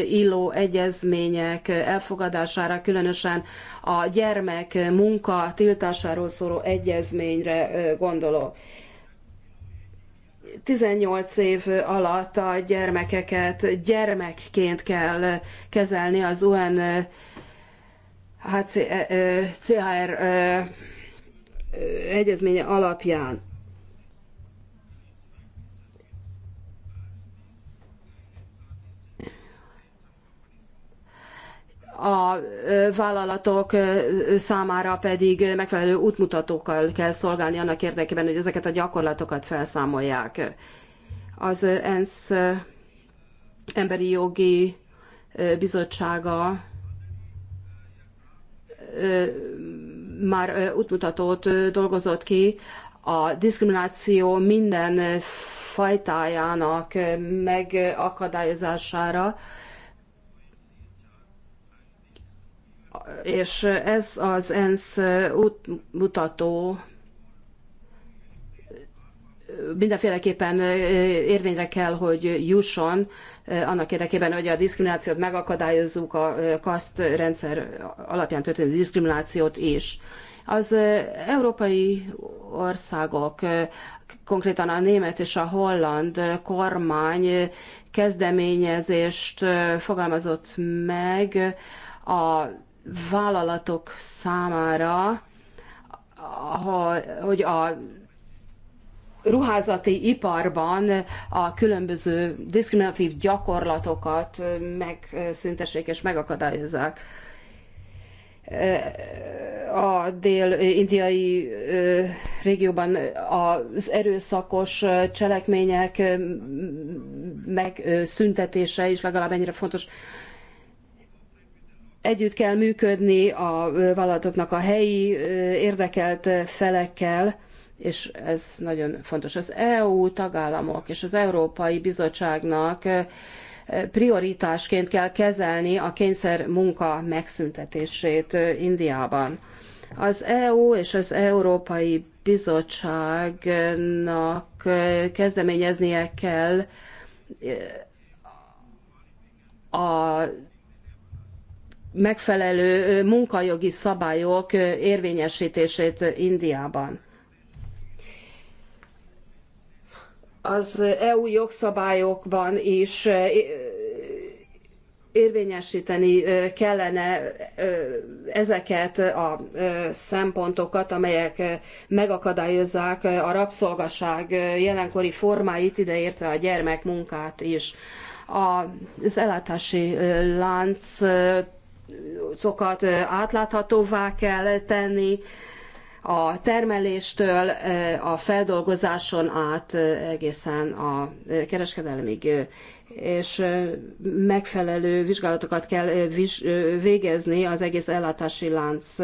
illó egyezmények elfogadására, különösen a gyermek munka tiltásáról szóló egyezményre gondolok. 18 év alatt a gyermekeket gyermekként kell kezelni az UN CHR e, egyezménye alapján. a vállalatok számára pedig megfelelő útmutatókkal kell szolgálni annak érdekében, hogy ezeket a gyakorlatokat felszámolják. Az ENSZ emberi jogi bizottsága már útmutatót dolgozott ki a diszkrimináció minden fajtájának megakadályozására, és ez az ENSZ útmutató mindenféleképpen érvényre kell, hogy jusson annak érdekében, hogy a diszkriminációt megakadályozzuk, a kaszt rendszer alapján történő diszkriminációt is. Az európai országok, konkrétan a német és a holland kormány kezdeményezést fogalmazott meg a vállalatok számára, ha, hogy a ruházati iparban a különböző diszkriminatív gyakorlatokat megszüntessék és megakadályozzák. A dél-indiai régióban az erőszakos cselekmények megszüntetése is legalább ennyire fontos, Együtt kell működni a vállalatoknak a helyi érdekelt felekkel, és ez nagyon fontos. Az EU tagállamok és az Európai Bizottságnak prioritásként kell kezelni a kényszer munka megszüntetését Indiában. Az EU és az Európai Bizottságnak kezdeményeznie kell a megfelelő munkajogi szabályok érvényesítését Indiában. Az EU jogszabályokban is érvényesíteni kellene ezeket a szempontokat, amelyek megakadályozzák a rabszolgaság jelenkori formáit, ideértve a gyermekmunkát is. Az ellátási lánc azokat átláthatóvá kell tenni, a termeléstől a feldolgozáson át egészen a kereskedelemig, és megfelelő vizsgálatokat kell végezni az egész ellátási lánc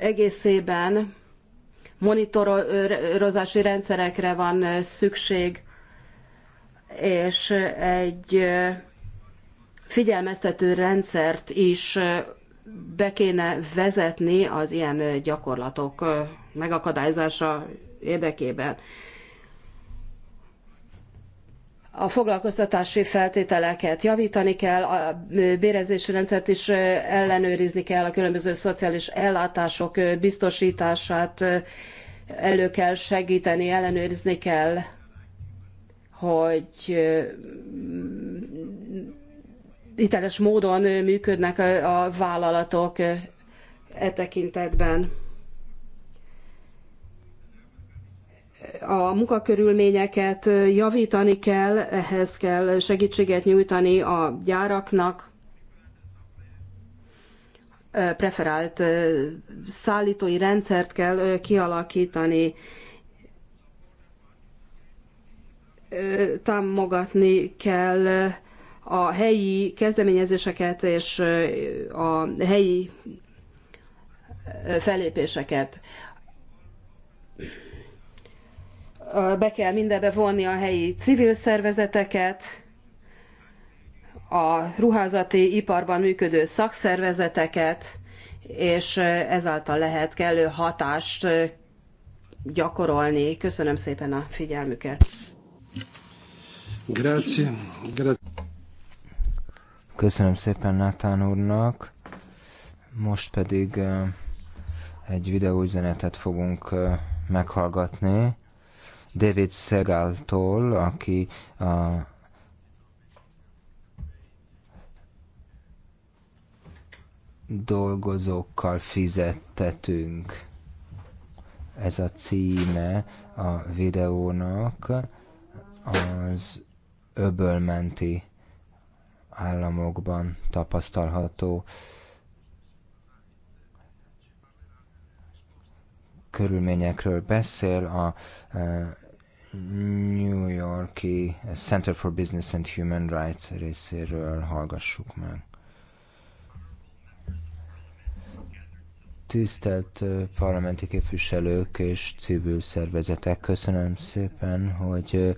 egészében. Monitorozási rendszerekre van szükség, és egy figyelmeztető rendszert is be kéne vezetni az ilyen gyakorlatok megakadályozása érdekében. A foglalkoztatási feltételeket javítani kell, a bérezési rendszert is ellenőrizni kell, a különböző szociális ellátások biztosítását elő kell segíteni, ellenőrizni kell, hogy hiteles módon működnek a vállalatok e tekintetben. A munkakörülményeket javítani kell, ehhez kell segítséget nyújtani a gyáraknak, preferált szállítói rendszert kell kialakítani, támogatni kell a helyi kezdeményezéseket és a helyi fellépéseket. Be kell mindenbe vonni a helyi civil szervezeteket, a ruházati iparban működő szakszervezeteket, és ezáltal lehet kellő hatást gyakorolni. Köszönöm szépen a figyelmüket. Grazie. Grazie. Köszönöm szépen Nátán úrnak. Most pedig egy videóüzenetet fogunk meghallgatni David Segaltól, aki a dolgozókkal fizettetünk. Ez a címe a videónak az öbölmenti államokban tapasztalható. körülményekről beszél a e, New Yorki Center for Business and Human Rights részéről hallgassuk meg. Tisztelt parlamenti képviselők és civil szervezetek, köszönöm szépen, hogy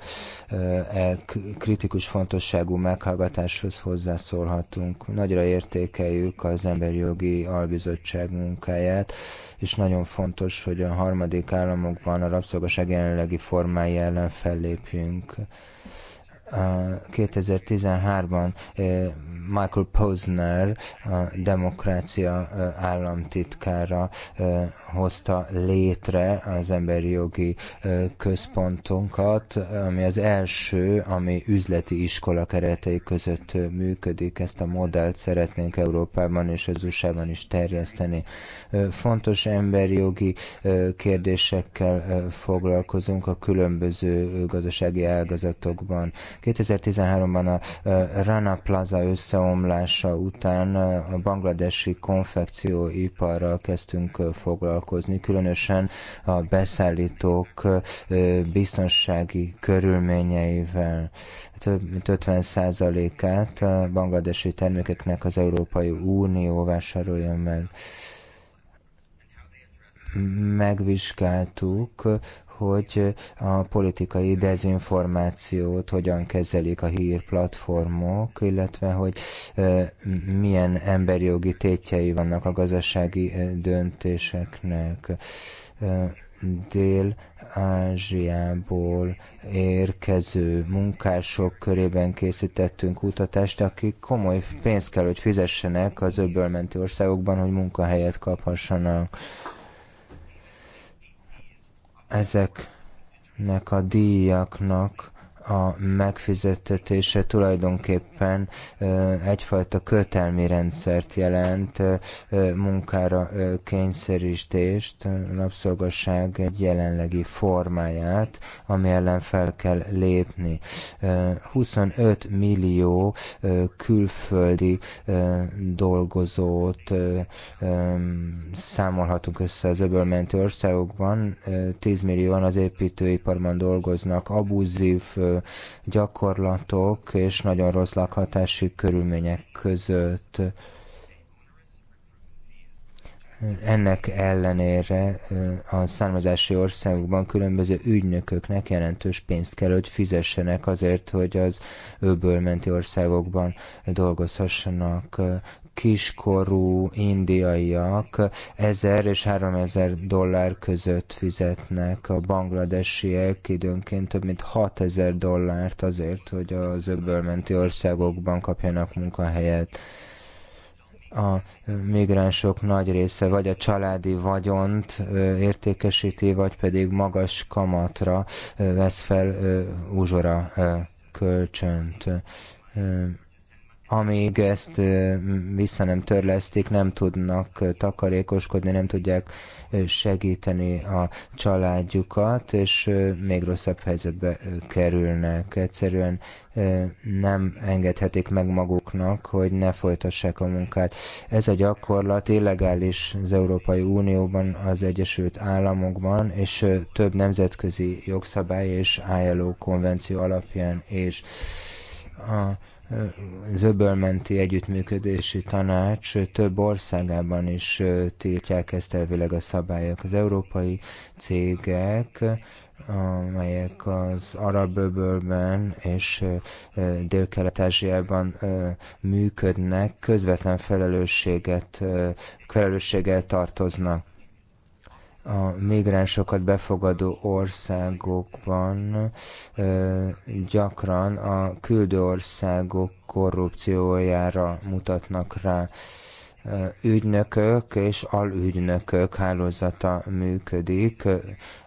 e kritikus fontosságú meghallgatáshoz hozzászólhatunk. Nagyra értékeljük az Emberi Jogi Albizottság munkáját, és nagyon fontos, hogy a harmadik államokban a rabszolgaság jelenlegi formái ellen fellépjünk. 2013-ban eh, Michael Posner, a demokrácia eh, államtitkára eh, hozta létre az emberi jogi központunkat, ami az első, ami üzleti iskola keretei között működik. Ezt a modellt szeretnénk Európában és az USA-ban is terjeszteni. Fontos emberi jogi kérdésekkel foglalkozunk a különböző gazdasági ágazatokban, 2013-ban a Rana Plaza összeomlása után a bangladesi konfekcióiparral kezdtünk foglalkozni, különösen a beszállítók biztonsági körülményeivel. Hát több mint 50%-át a bangladesi termékeknek az Európai Unió vásárolja meg megvizsgáltuk hogy a politikai dezinformációt hogyan kezelik a hírplatformok, illetve hogy milyen emberi jogi tétjei vannak a gazdasági döntéseknek. Dél-Ázsiából érkező munkások körében készítettünk kutatást, akik komoly pénzt kell, hogy fizessenek az öbölmenti országokban, hogy munkahelyet kaphassanak ezeknek a díjaknak a megfizetetése tulajdonképpen egyfajta kötelmi rendszert jelent, munkára kényszerítést, napszolgasság egy jelenlegi formáját, ami ellen fel kell lépni. 25 millió külföldi dolgozót számolhatunk össze az öbölmenti országokban, 10 millióan az építőiparban dolgoznak, abúzív gyakorlatok és nagyon rossz lakhatási körülmények között. Ennek ellenére a származási országokban különböző ügynököknek jelentős pénzt kell, hogy fizessenek azért, hogy az öbölmenti országokban dolgozhassanak kiskorú indiaiak 1000 és 3000 dollár között fizetnek, a bangladesiek időnként több mint 6000 dollárt azért, hogy az öbölmenti országokban kapjanak munkahelyet a migránsok nagy része vagy a családi vagyont értékesíti, vagy pedig magas kamatra vesz fel uzsora kölcsönt amíg ezt vissza nem törlesztik, nem tudnak takarékoskodni, nem tudják segíteni a családjukat, és még rosszabb helyzetbe kerülnek. Egyszerűen nem engedhetik meg maguknak, hogy ne folytassák a munkát. Ez a gyakorlat illegális az Európai Unióban, az Egyesült Államokban, és több nemzetközi jogszabály és ILO konvenció alapján és a az öbölmenti együttműködési tanács több országában is tiltják ezt elvileg a szabályok. Az európai cégek amelyek az arab öbölben és dél-kelet-ázsiában működnek, közvetlen felelősséget, felelősséggel tartoznak a migránsokat befogadó országokban gyakran a küldő országok korrupciójára mutatnak rá. Ügynökök és alügynökök hálózata működik,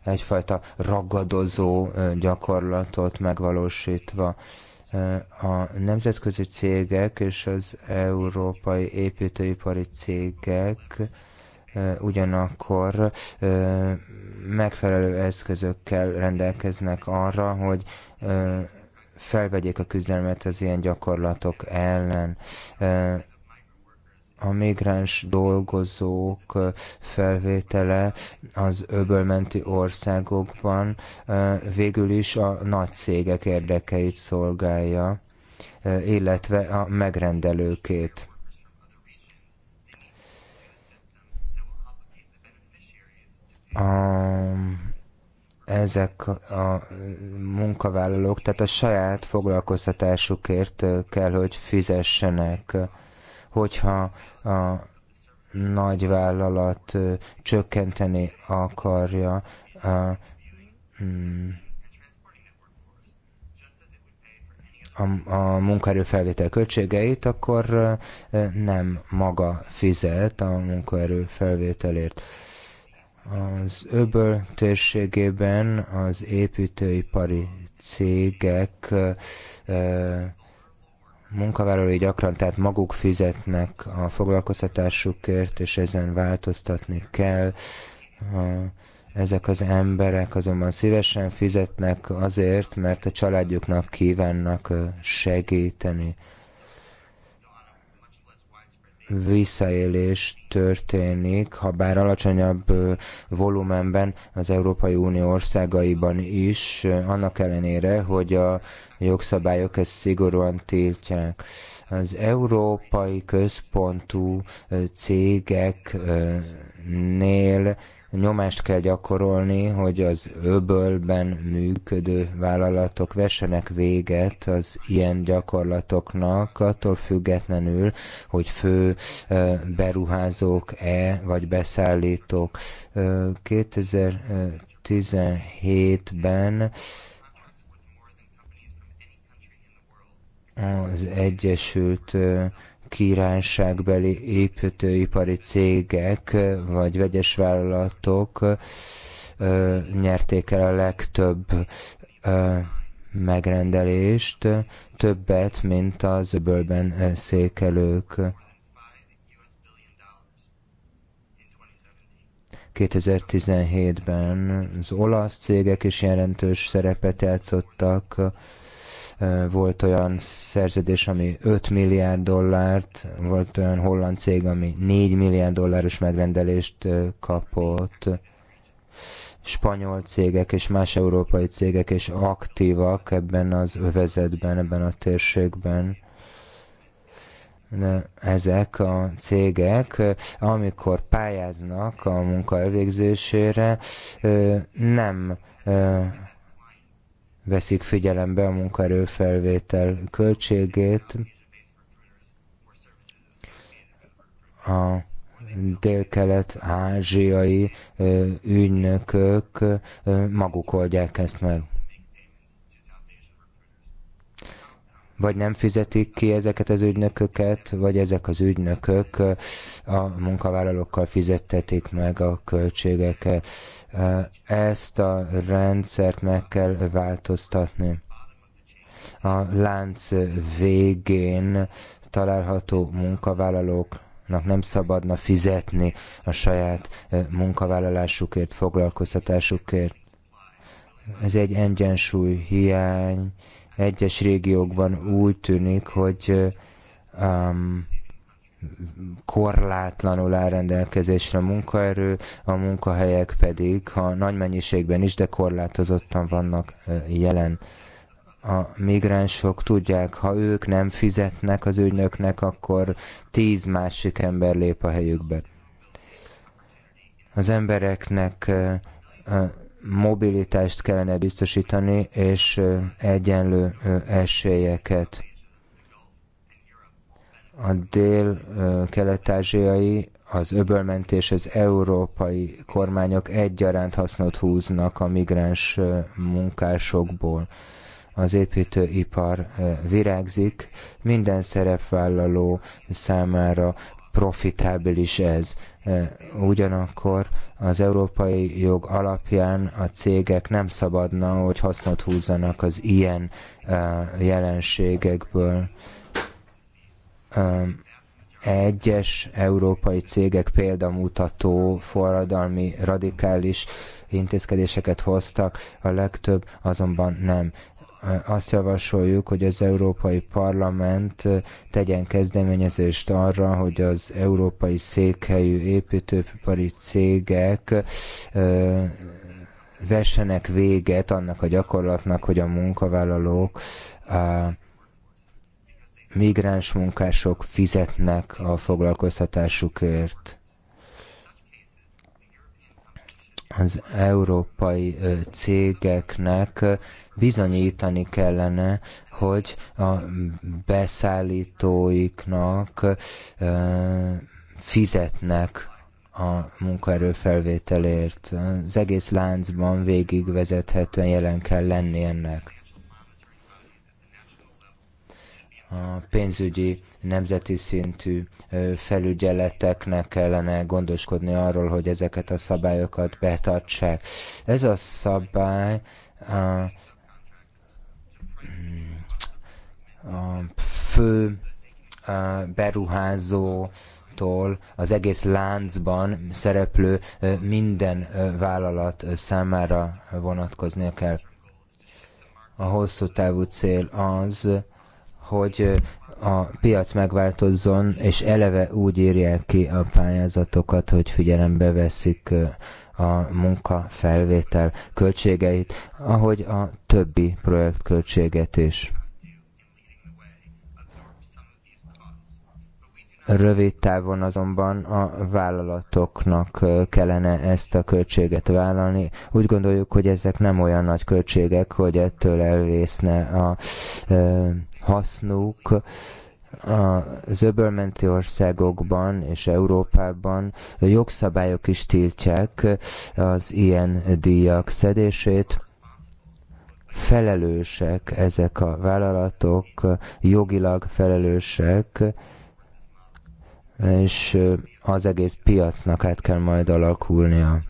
egyfajta ragadozó gyakorlatot megvalósítva a nemzetközi cégek és az európai építőipari cégek ugyanakkor megfelelő eszközökkel rendelkeznek arra, hogy felvegyék a küzdelmet az ilyen gyakorlatok ellen a migráns dolgozók felvétele az öbölmenti országokban végül is a nagy cégek érdekeit szolgálja, illetve a megrendelőkét. a, ezek a munkavállalók, tehát a saját foglalkoztatásukért kell, hogy fizessenek. Hogyha a nagyvállalat csökkenteni akarja a, mm, a, a munkaerő felvétel költségeit, akkor nem maga fizet a munkaerő felvételért. Az öböl térségében az építőipari cégek munkavállalói gyakran, tehát maguk fizetnek a foglalkoztatásukért, és ezen változtatni kell. Ezek az emberek azonban szívesen fizetnek azért, mert a családjuknak kívánnak segíteni visszaélés történik, ha bár alacsonyabb volumenben az Európai Unió országaiban is, annak ellenére, hogy a jogszabályok ezt szigorúan tiltják. Az európai központú cégeknél nyomást kell gyakorolni, hogy az öbölben működő vállalatok vessenek véget az ilyen gyakorlatoknak, attól függetlenül, hogy fő beruházók-e, vagy beszállítók. 2017-ben az Egyesült királyságbeli építőipari cégek vagy vegyes vállalatok nyerték el a legtöbb megrendelést, többet, mint az öbölben székelők. 2017-ben az olasz cégek is jelentős szerepet játszottak, volt olyan szerződés, ami 5 milliárd dollárt, volt olyan holland cég, ami 4 milliárd dolláros megrendelést kapott, spanyol cégek és más európai cégek és aktívak ebben az övezetben, ebben a térségben. De ezek a cégek, amikor pályáznak a munka elvégzésére, nem veszik figyelembe a munkaerő felvétel költségét. A dél-kelet-ázsiai ügynökök maguk oldják ezt meg. vagy nem fizetik ki ezeket az ügynököket, vagy ezek az ügynökök a munkavállalókkal fizettetik meg a költségeket. Ezt a rendszert meg kell változtatni. A lánc végén található munkavállalók nem szabadna fizetni a saját munkavállalásukért, foglalkoztatásukért. Ez egy egyensúly hiány, egyes régiókban úgy tűnik, hogy um, korlátlanul áll rendelkezésre munkaerő, a munkahelyek pedig, ha nagy mennyiségben is, de korlátozottan vannak jelen. A migránsok tudják, ha ők nem fizetnek az ügynöknek, akkor tíz másik ember lép a helyükbe. Az embereknek mobilitást kellene biztosítani, és egyenlő esélyeket. A dél-kelet-ázsiai, az öbölment és az európai kormányok egyaránt hasznot húznak a migráns munkásokból. Az építőipar virágzik, minden szerepvállaló számára profitábilis ez. E, ugyanakkor az európai jog alapján a cégek nem szabadna, hogy hasznot húzzanak az ilyen e, jelenségekből e, egyes európai cégek példamutató, forradalmi, radikális intézkedéseket hoztak, a legtöbb azonban nem azt javasoljuk, hogy az Európai Parlament tegyen kezdeményezést arra, hogy az európai székhelyű építőipari cégek vessenek véget annak a gyakorlatnak, hogy a munkavállalók a migráns munkások fizetnek a foglalkoztatásukért az európai cégeknek bizonyítani kellene, hogy a beszállítóiknak fizetnek a munkaerő felvételért. Az egész láncban végigvezethetően jelen kell lenni ennek. a pénzügyi nemzeti szintű felügyeleteknek kellene gondoskodni arról, hogy ezeket a szabályokat betartsák. Ez a szabály a, a fő a beruházó az egész láncban szereplő minden vállalat számára vonatkoznia kell. A hosszú távú cél az, hogy a piac megváltozzon, és eleve úgy írják ki a pályázatokat, hogy figyelembe veszik a munka felvétel költségeit, ahogy a többi projekt költséget is. Rövid távon azonban a vállalatoknak kellene ezt a költséget vállalni. Úgy gondoljuk, hogy ezek nem olyan nagy költségek, hogy ettől elvészne a hasznuk az öbölmenti országokban és Európában jogszabályok is tiltják az ilyen díjak szedését. Felelősek ezek a vállalatok, jogilag felelősek, és az egész piacnak át kell majd alakulnia.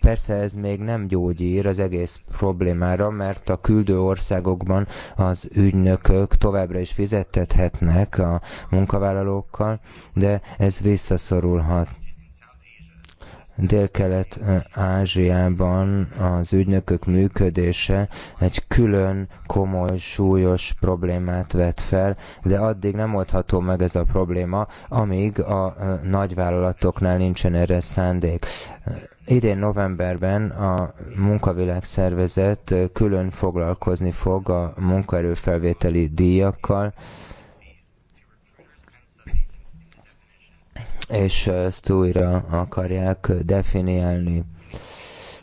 Persze ez még nem gyógyír az egész problémára, mert a küldő országokban az ügynökök továbbra is fizettethetnek a munkavállalókkal, de ez visszaszorulhat. Dél-Kelet-Ázsiában az ügynökök működése egy külön komoly, súlyos problémát vet fel, de addig nem oldható meg ez a probléma, amíg a nagyvállalatoknál nincsen erre szándék. Idén novemberben a munkavilágszervezet külön foglalkozni fog a munkaerőfelvételi díjakkal, és ezt újra akarják definiálni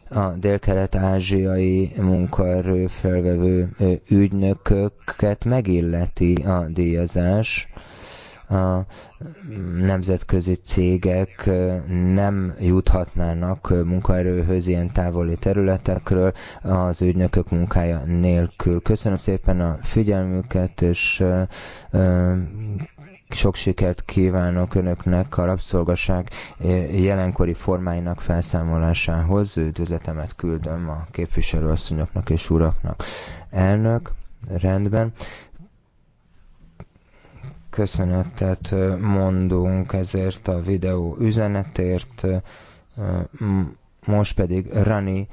a délkelet-ázsiai munkaerő felvevő ügynököket megilleti a díjazás. A nemzetközi cégek nem juthatnának munkaerőhöz ilyen távoli területekről az ügynökök munkája nélkül. Köszönöm szépen a figyelmüket, és sok sikert kívánok Önöknek a rabszolgaság eh, jelenkori formáinak felszámolásához. Üdvözletemet küldöm a képviselőasszonyoknak és uraknak. Elnök, rendben köszönetet eh, mondunk ezért a videó üzenetért. Eh, most pedig Rani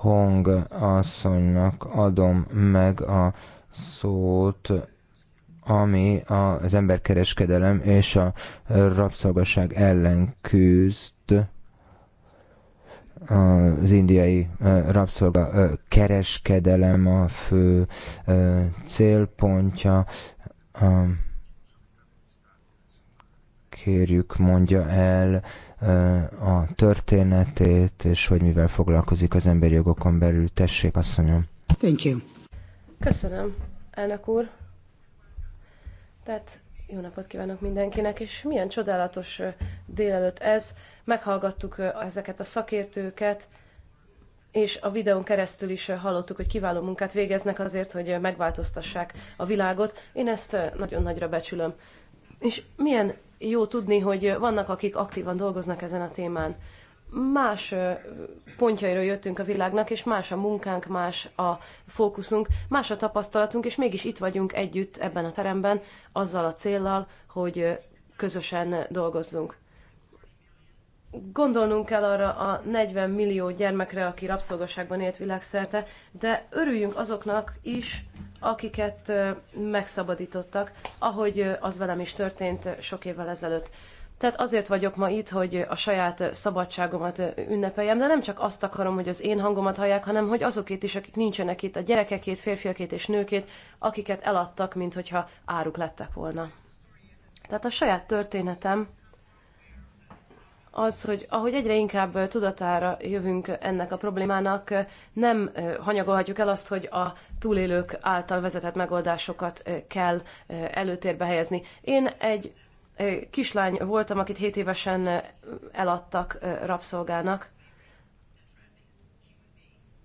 Hong asszonynak adom meg a szót ami az emberkereskedelem és a rabszolgaság ellen küzd az indiai rabszolga kereskedelem a fő célpontja. Kérjük, mondja el a történetét, és hogy mivel foglalkozik az emberi jogokon belül. Tessék, asszonyom. Thank you. Köszönöm, elnök úr. Tehát jó napot kívánok mindenkinek, és milyen csodálatos délelőtt ez. Meghallgattuk ezeket a szakértőket, és a videón keresztül is hallottuk, hogy kiváló munkát végeznek azért, hogy megváltoztassák a világot. Én ezt nagyon nagyra becsülöm. És milyen jó tudni, hogy vannak, akik aktívan dolgoznak ezen a témán más pontjairól jöttünk a világnak, és más a munkánk, más a fókuszunk, más a tapasztalatunk, és mégis itt vagyunk együtt ebben a teremben, azzal a céllal, hogy közösen dolgozzunk. Gondolnunk kell arra a 40 millió gyermekre, aki rabszolgaságban élt világszerte, de örüljünk azoknak is, akiket megszabadítottak, ahogy az velem is történt sok évvel ezelőtt. Tehát azért vagyok ma itt, hogy a saját szabadságomat ünnepeljem, de nem csak azt akarom, hogy az én hangomat hallják, hanem hogy azokét is, akik nincsenek itt, a gyerekekét, férfiakét és nőkét, akiket eladtak, mint hogyha áruk lettek volna. Tehát a saját történetem az, hogy ahogy egyre inkább tudatára jövünk ennek a problémának, nem hanyagolhatjuk el azt, hogy a túlélők által vezetett megoldásokat kell előtérbe helyezni. Én egy kislány voltam, akit 7 évesen eladtak rabszolgának.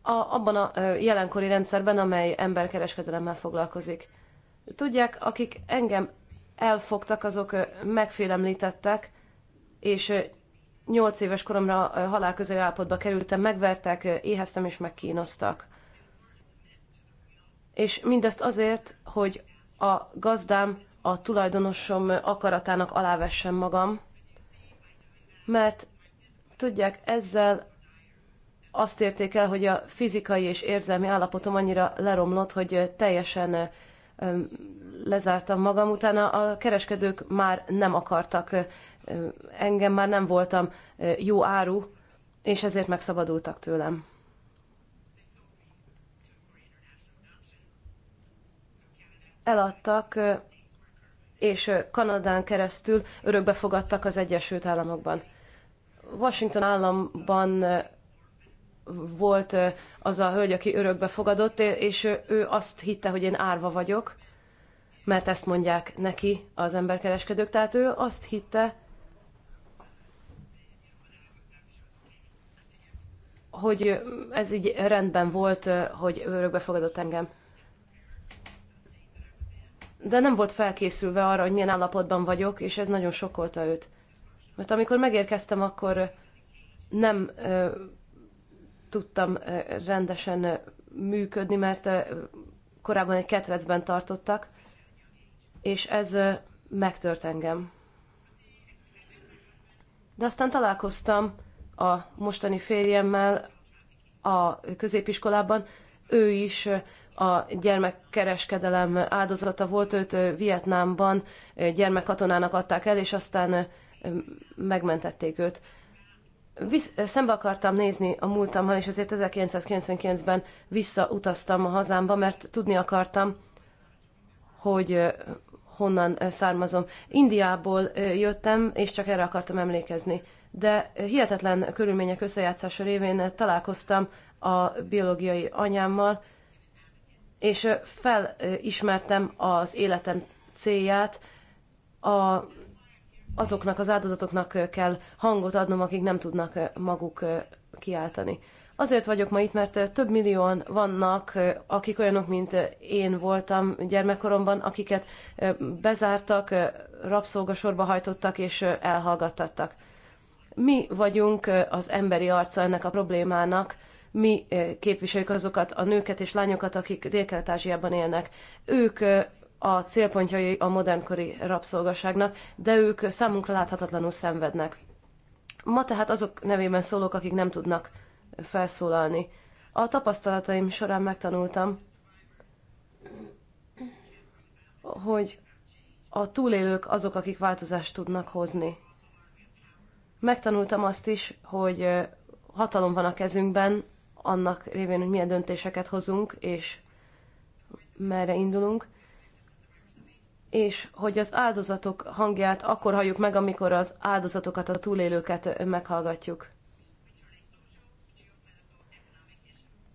A, abban a jelenkori rendszerben, amely emberkereskedelemmel foglalkozik. Tudják, akik engem elfogtak, azok megfélemlítettek, és nyolc éves koromra közeli állapotba kerültem, megvertek, éheztem és megkínoztak. És mindezt azért, hogy a gazdám a tulajdonosom akaratának alávessem magam, mert tudják, ezzel azt érték el, hogy a fizikai és érzelmi állapotom annyira leromlott, hogy teljesen lezártam magam. Utána a kereskedők már nem akartak, engem már nem voltam jó áru, és ezért megszabadultak tőlem. Eladtak és Kanadán keresztül örökbefogadtak az Egyesült Államokban. Washington államban volt az a hölgy, aki örökbe fogadott, és ő azt hitte, hogy én árva vagyok, mert ezt mondják neki az emberkereskedők. Tehát ő azt hitte, hogy ez így rendben volt, hogy örökbe fogadott engem de nem volt felkészülve arra, hogy milyen állapotban vagyok, és ez nagyon sokkolta őt. Mert amikor megérkeztem, akkor nem ö, tudtam ö, rendesen ö, működni, mert ö, korábban egy ketrecben tartottak, és ez ö, megtört engem. De aztán találkoztam a mostani férjemmel a középiskolában, ő is a gyermekkereskedelem áldozata volt, őt Vietnámban gyermekkatonának adták el, és aztán megmentették őt. Visz, szembe akartam nézni a múltammal, és ezért 1999-ben visszautaztam a hazámba, mert tudni akartam, hogy honnan származom. Indiából jöttem, és csak erre akartam emlékezni. De hihetetlen körülmények összejátszása révén találkoztam a biológiai anyámmal, és felismertem az életem célját, a, azoknak az áldozatoknak kell hangot adnom, akik nem tudnak maguk kiáltani. Azért vagyok ma itt, mert több millióan vannak, akik olyanok, mint én voltam gyermekkoromban, akiket bezártak, rabszolgasorba hajtottak és elhallgattattak. Mi vagyunk az emberi arca ennek a problémának, mi eh, képviseljük azokat a nőket és lányokat, akik Dél-Kelet-Ázsiában élnek. Ők eh, a célpontjai a modernkori rabszolgaságnak, de ők eh, számunkra láthatatlanul szenvednek. Ma tehát azok nevében szólok, akik nem tudnak felszólalni. A tapasztalataim során megtanultam, hogy a túlélők azok, akik változást tudnak hozni. Megtanultam azt is, hogy hatalom van a kezünkben, annak révén, hogy milyen döntéseket hozunk, és merre indulunk, és hogy az áldozatok hangját akkor halljuk meg, amikor az áldozatokat, a túlélőket meghallgatjuk.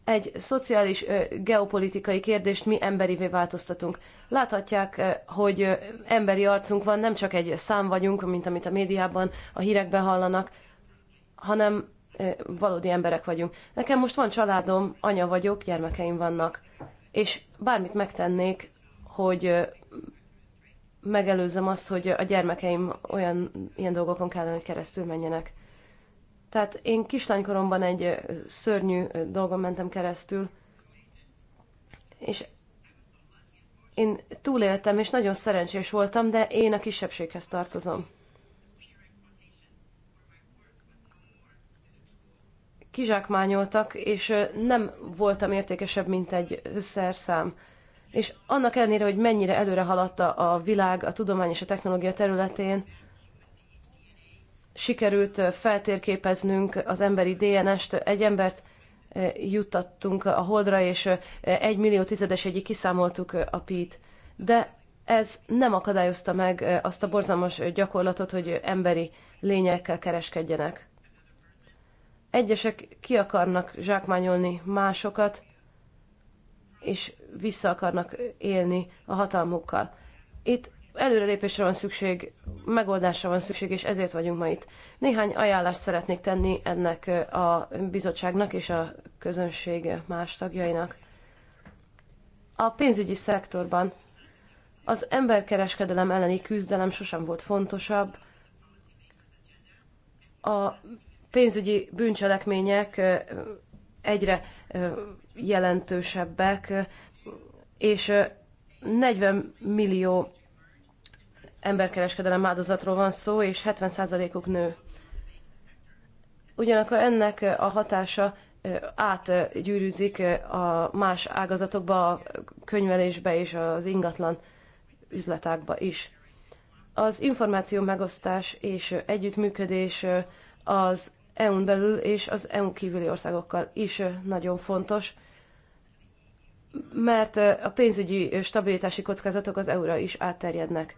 Egy szociális, geopolitikai kérdést mi emberivé változtatunk. Láthatják, hogy emberi arcunk van, nem csak egy szám vagyunk, mint amit a médiában, a hírekben hallanak, hanem valódi emberek vagyunk. Nekem most van családom, anya vagyok, gyermekeim vannak, és bármit megtennék, hogy megelőzzem azt, hogy a gyermekeim olyan ilyen dolgokon kellene, hogy keresztül menjenek. Tehát én kislánykoromban egy szörnyű dolgon mentem keresztül, és én túléltem, és nagyon szerencsés voltam, de én a kisebbséghez tartozom. kizsákmányoltak, és nem voltam értékesebb, mint egy szerszám. És annak ellenére, hogy mennyire előre haladt a világ a tudomány és a technológia területén, sikerült feltérképeznünk az emberi DNS-t, egy embert juttattunk a holdra, és egy millió tizedes egyik kiszámoltuk a PIT. De ez nem akadályozta meg azt a borzalmas gyakorlatot, hogy emberi lényekkel kereskedjenek. Egyesek ki akarnak zsákmányolni másokat, és vissza akarnak élni a hatalmukkal. Itt előrelépésre van szükség, megoldásra van szükség, és ezért vagyunk ma itt. Néhány ajánlást szeretnék tenni ennek a bizottságnak és a közönség más tagjainak. A pénzügyi szektorban az emberkereskedelem elleni küzdelem sosem volt fontosabb, a pénzügyi bűncselekmények egyre jelentősebbek, és 40 millió emberkereskedelem áldozatról van szó, és 70%-uk nő. Ugyanakkor ennek a hatása átgyűrűzik a más ágazatokba, a könyvelésbe és az ingatlan üzletákba is. Az információ megosztás és együttműködés az EU-n belül és az EU kívüli országokkal is nagyon fontos, mert a pénzügyi stabilitási kockázatok az EU-ra is átterjednek.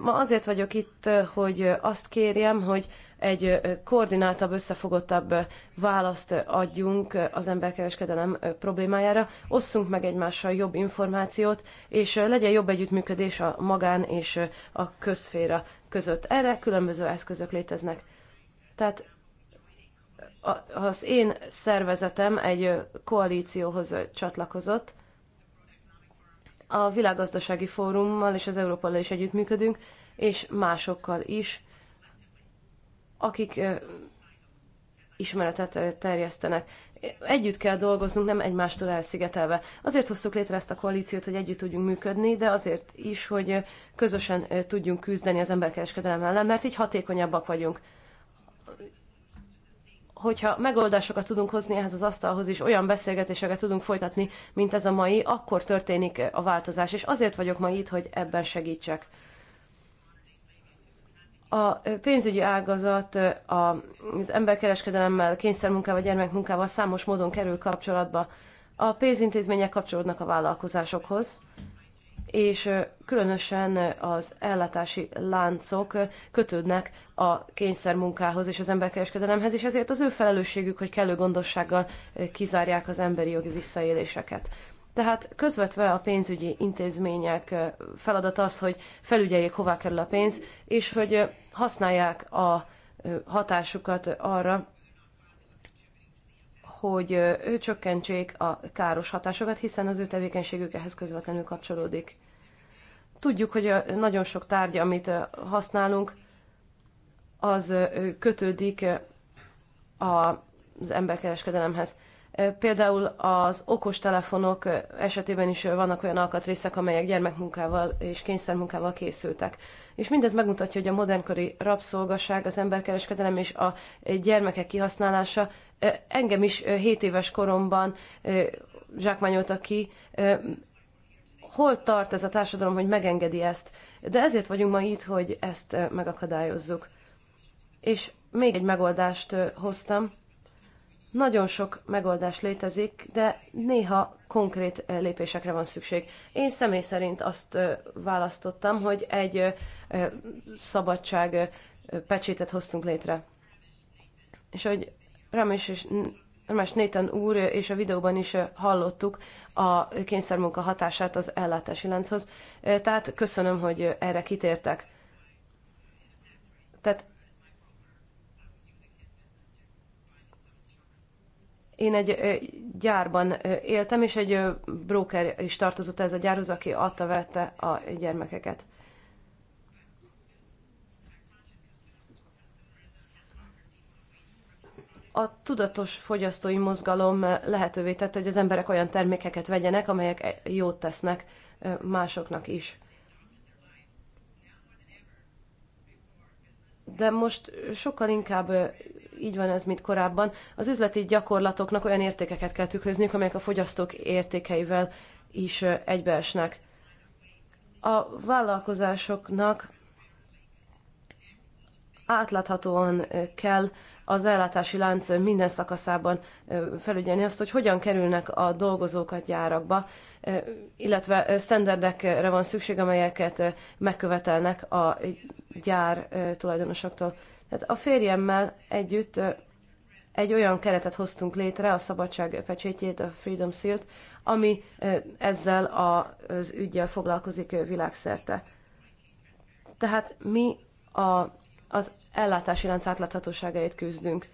Ma azért vagyok itt, hogy azt kérjem, hogy egy koordináltabb, összefogottabb választ adjunk az emberkereskedelem problémájára, osszunk meg egymással jobb információt, és legyen jobb együttműködés a magán és a közféra között. Erre különböző eszközök léteznek. Tehát az én szervezetem egy koalícióhoz csatlakozott. A világgazdasági fórummal és az Európával is együttműködünk, és másokkal is, akik ismeretet terjesztenek. Együtt kell dolgoznunk, nem egymástól elszigetelve. Azért hoztuk létre ezt a koalíciót, hogy együtt tudjunk működni, de azért is, hogy közösen tudjunk küzdeni az emberkereskedelem ellen, mert így hatékonyabbak vagyunk hogyha megoldásokat tudunk hozni ehhez az asztalhoz, és olyan beszélgetéseket tudunk folytatni, mint ez a mai, akkor történik a változás, és azért vagyok ma itt, hogy ebben segítsek. A pénzügyi ágazat az emberkereskedelemmel, kényszermunkával, gyermekmunkával számos módon kerül kapcsolatba. A pénzintézmények kapcsolódnak a vállalkozásokhoz, és különösen az ellátási láncok kötődnek a kényszermunkához és az emberkereskedelemhez, és ezért az ő felelősségük, hogy kellő gondossággal kizárják az emberi jogi visszaéléseket. Tehát közvetve a pénzügyi intézmények feladat az, hogy felügyeljék, hová kerül a pénz, és hogy használják a hatásukat arra, hogy csökkentsék a káros hatásokat, hiszen az ő tevékenységük ehhez közvetlenül kapcsolódik. Tudjuk, hogy nagyon sok tárgy, amit használunk, az kötődik az emberkereskedelemhez. Például az okostelefonok esetében is vannak olyan alkatrészek, amelyek gyermekmunkával és kényszermunkával készültek. És mindez megmutatja, hogy a modernkori rabszolgaság, az emberkereskedelem és a gyermekek kihasználása engem is 7 éves koromban zsákmányoltak ki. Hol tart ez a társadalom, hogy megengedi ezt? De ezért vagyunk ma itt, hogy ezt megakadályozzuk. És még egy megoldást hoztam. Nagyon sok megoldás létezik, de néha konkrét lépésekre van szükség. Én személy szerint azt választottam, hogy egy szabadság pecsétet hoztunk létre. És hogy Ramés és Ramesh Nathan úr, és a videóban is hallottuk a kényszermunka hatását az ellátási lánchoz. Tehát köszönöm, hogy erre kitértek. Tehát én egy gyárban éltem, és egy broker is tartozott ez a gyárhoz, aki adta-vette a gyermekeket. a tudatos fogyasztói mozgalom lehetővé tette, hogy az emberek olyan termékeket vegyenek, amelyek e- jót tesznek másoknak is. De most sokkal inkább így van ez, mint korábban. Az üzleti gyakorlatoknak olyan értékeket kell tükrözniük, amelyek a fogyasztók értékeivel is egybeesnek. A vállalkozásoknak átláthatóan kell az ellátási lánc minden szakaszában felügyelni azt, hogy hogyan kerülnek a dolgozókat gyárakba, illetve standardekre van szükség, amelyeket megkövetelnek a gyár tulajdonosoktól. Tehát a férjemmel együtt egy olyan keretet hoztunk létre, a szabadság pecsétjét, a Freedom Seal-t, ami ezzel az ügyjel foglalkozik világszerte. Tehát mi a az ellátási lánc átláthatóságáért küzdünk.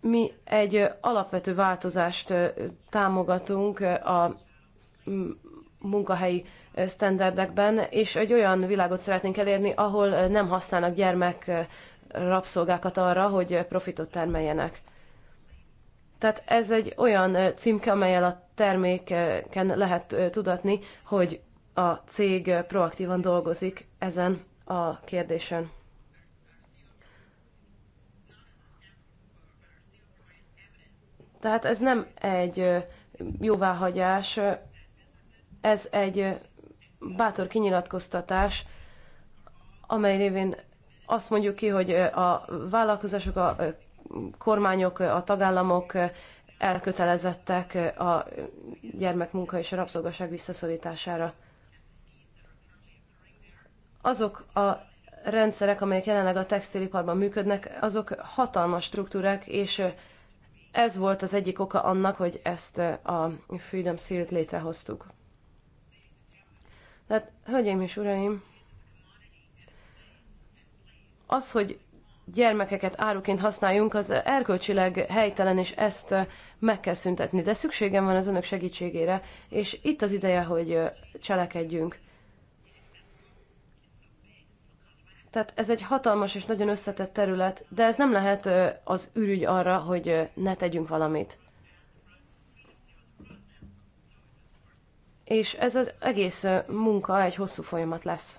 Mi egy alapvető változást támogatunk a munkahelyi sztenderdekben, és egy olyan világot szeretnénk elérni, ahol nem használnak gyermek rabszolgákat arra, hogy profitot termeljenek. Tehát ez egy olyan címke, amelyel a terméken lehet tudatni, hogy a cég proaktívan dolgozik ezen a kérdésen. Tehát ez nem egy jóváhagyás, ez egy bátor kinyilatkoztatás, amely révén azt mondjuk ki, hogy a vállalkozások, a kormányok, a tagállamok elkötelezettek a gyermekmunka és a rabszolgaság visszaszorítására. Azok a rendszerek, amelyek jelenleg a textiliparban működnek, azok hatalmas struktúrák, és ez volt az egyik oka annak, hogy ezt a Freedom Seal-t létrehoztuk. Tehát, hölgyeim és uraim, az, hogy gyermekeket áruként használjunk, az erkölcsileg helytelen, és ezt meg kell szüntetni. De szükségem van az önök segítségére, és itt az ideje, hogy cselekedjünk. Tehát ez egy hatalmas és nagyon összetett terület, de ez nem lehet az ürügy arra, hogy ne tegyünk valamit. És ez az egész munka egy hosszú folyamat lesz.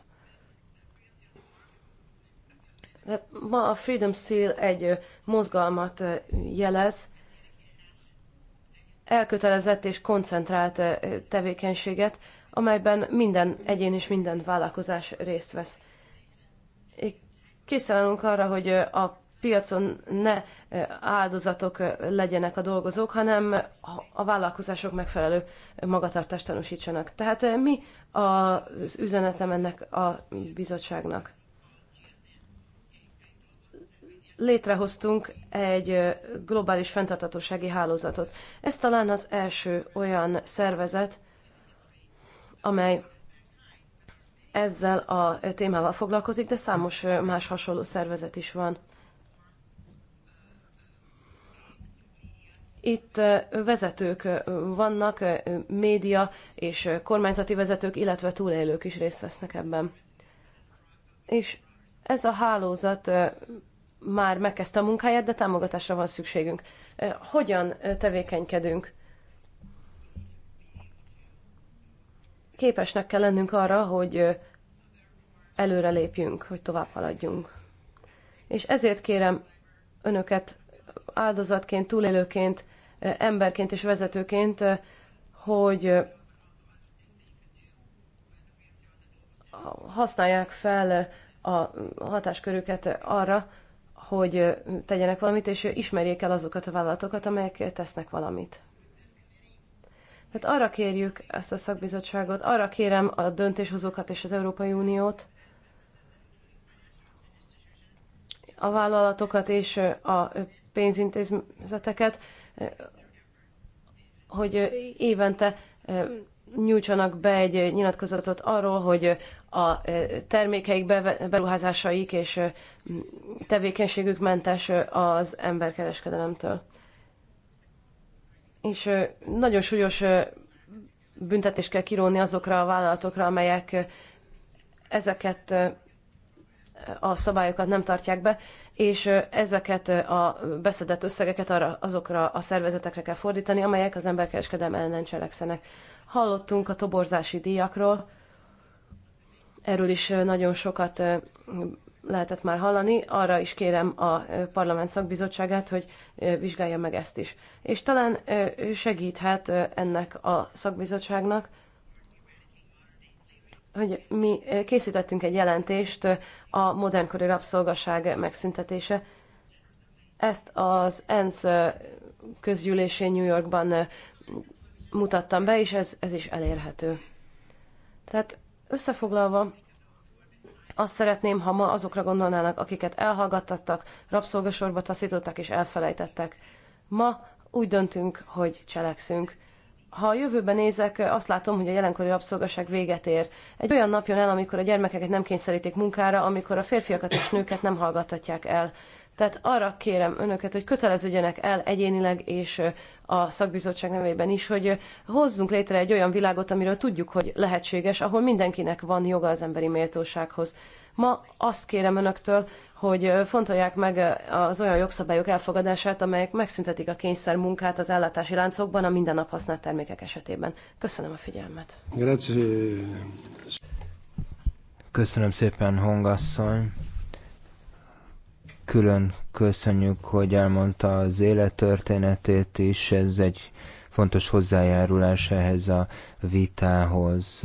Tehát ma a Freedom Seal egy mozgalmat jelez, elkötelezett és koncentrált tevékenységet, amelyben minden egyén és minden vállalkozás részt vesz készen arra, hogy a piacon ne áldozatok legyenek a dolgozók, hanem a vállalkozások megfelelő magatartást tanúsítsanak. Tehát mi az üzenetem ennek a bizottságnak? Létrehoztunk egy globális fenntartatósági hálózatot. Ez talán az első olyan szervezet, amely ezzel a témával foglalkozik, de számos más hasonló szervezet is van. Itt vezetők vannak, média és kormányzati vezetők, illetve túlélők is részt vesznek ebben. És ez a hálózat már megkezdte a munkáját, de támogatásra van szükségünk. Hogyan tevékenykedünk? képesnek kell lennünk arra, hogy előre lépjünk, hogy tovább haladjunk. És ezért kérem önöket áldozatként, túlélőként, emberként és vezetőként, hogy használják fel a hatáskörüket arra, hogy tegyenek valamit, és ismerjék el azokat a vállalatokat, amelyek tesznek valamit. Tehát arra kérjük ezt a szakbizottságot, arra kérem a döntéshozókat és az Európai Uniót, a vállalatokat és a pénzintézeteket, hogy évente nyújtsanak be egy nyilatkozatot arról, hogy a termékeik, beruházásaik és tevékenységük mentes az emberkereskedelemtől és nagyon súlyos büntetést kell kirónni azokra a vállalatokra, amelyek ezeket a szabályokat nem tartják be, és ezeket a beszedett összegeket arra, azokra a szervezetekre kell fordítani, amelyek az emberkereskedelem ellen cselekszenek. Hallottunk a toborzási díjakról, erről is nagyon sokat lehetett már hallani, arra is kérem a parlament szakbizottságát, hogy vizsgálja meg ezt is. És talán segíthet ennek a szakbizottságnak, hogy mi készítettünk egy jelentést a modernkori rabszolgaság megszüntetése. Ezt az ENSZ közgyűlésén New Yorkban mutattam be, és ez, ez is elérhető. Tehát összefoglalva, azt szeretném, ha ma azokra gondolnának, akiket elhallgattattak, rabszolgasorba taszítottak és elfelejtettek. Ma úgy döntünk, hogy cselekszünk. Ha a jövőben nézek, azt látom, hogy a jelenkori rabszolgaság véget ér. Egy olyan nap jön el, amikor a gyermekeket nem kényszerítik munkára, amikor a férfiakat és nőket nem hallgathatják el. Tehát arra kérem önöket, hogy köteleződjenek el egyénileg és a szakbizottság nevében is, hogy hozzunk létre egy olyan világot, amiről tudjuk, hogy lehetséges, ahol mindenkinek van joga az emberi méltósághoz. Ma azt kérem önöktől, hogy fontolják meg az olyan jogszabályok elfogadását, amelyek megszüntetik a kényszer munkát az ellátási láncokban a minden nap használt termékek esetében. Köszönöm a figyelmet. Köszönöm szépen, Hongasszony. Külön köszönjük, hogy elmondta az élettörténetét is, ez egy fontos hozzájárulás ehhez a vitához.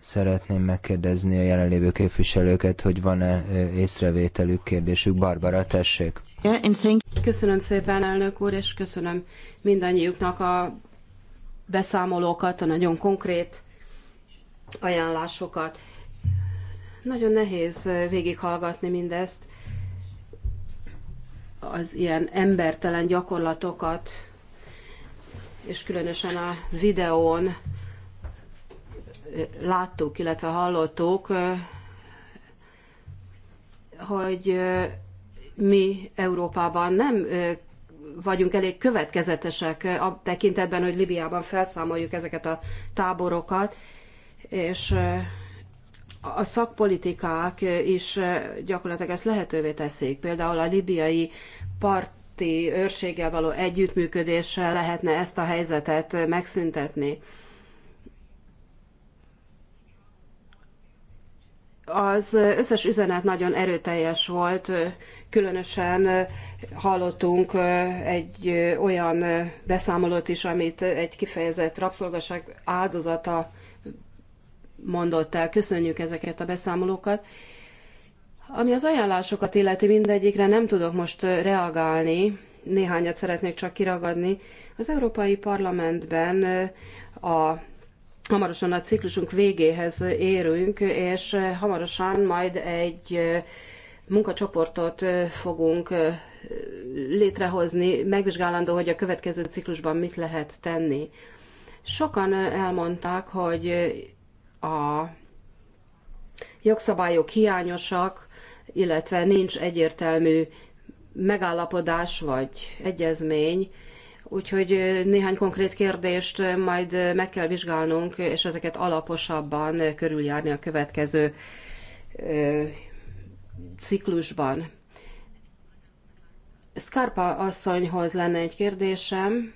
Szeretném megkérdezni a jelenlévő képviselőket, hogy van-e e, észrevételük, kérdésük. Barbara, tessék! Köszönöm szépen, elnök úr, és köszönöm mindannyiuknak a beszámolókat, a nagyon konkrét ajánlásokat. Nagyon nehéz végighallgatni mindezt, az ilyen embertelen gyakorlatokat, és különösen a videón láttuk, illetve hallottuk, hogy mi Európában nem vagyunk elég következetesek a tekintetben, hogy Libiában felszámoljuk ezeket a táborokat, és a szakpolitikák is gyakorlatilag ezt lehetővé teszik. Például a libiai parti őrséggel való együttműködéssel lehetne ezt a helyzetet megszüntetni. Az összes üzenet nagyon erőteljes volt, különösen hallottunk egy olyan beszámolót is, amit egy kifejezett rabszolgaság áldozata mondott el. Köszönjük ezeket a beszámolókat. Ami az ajánlásokat illeti mindegyikre nem tudok most reagálni, néhányat szeretnék csak kiragadni. Az Európai Parlamentben a hamarosan a ciklusunk végéhez érünk, és hamarosan majd egy munkacsoportot fogunk létrehozni, megvizsgálandó, hogy a következő ciklusban mit lehet tenni. Sokan elmondták, hogy a jogszabályok hiányosak, illetve nincs egyértelmű megállapodás vagy egyezmény, úgyhogy néhány konkrét kérdést majd meg kell vizsgálnunk, és ezeket alaposabban körüljárni a következő ciklusban. Scarpa asszonyhoz lenne egy kérdésem.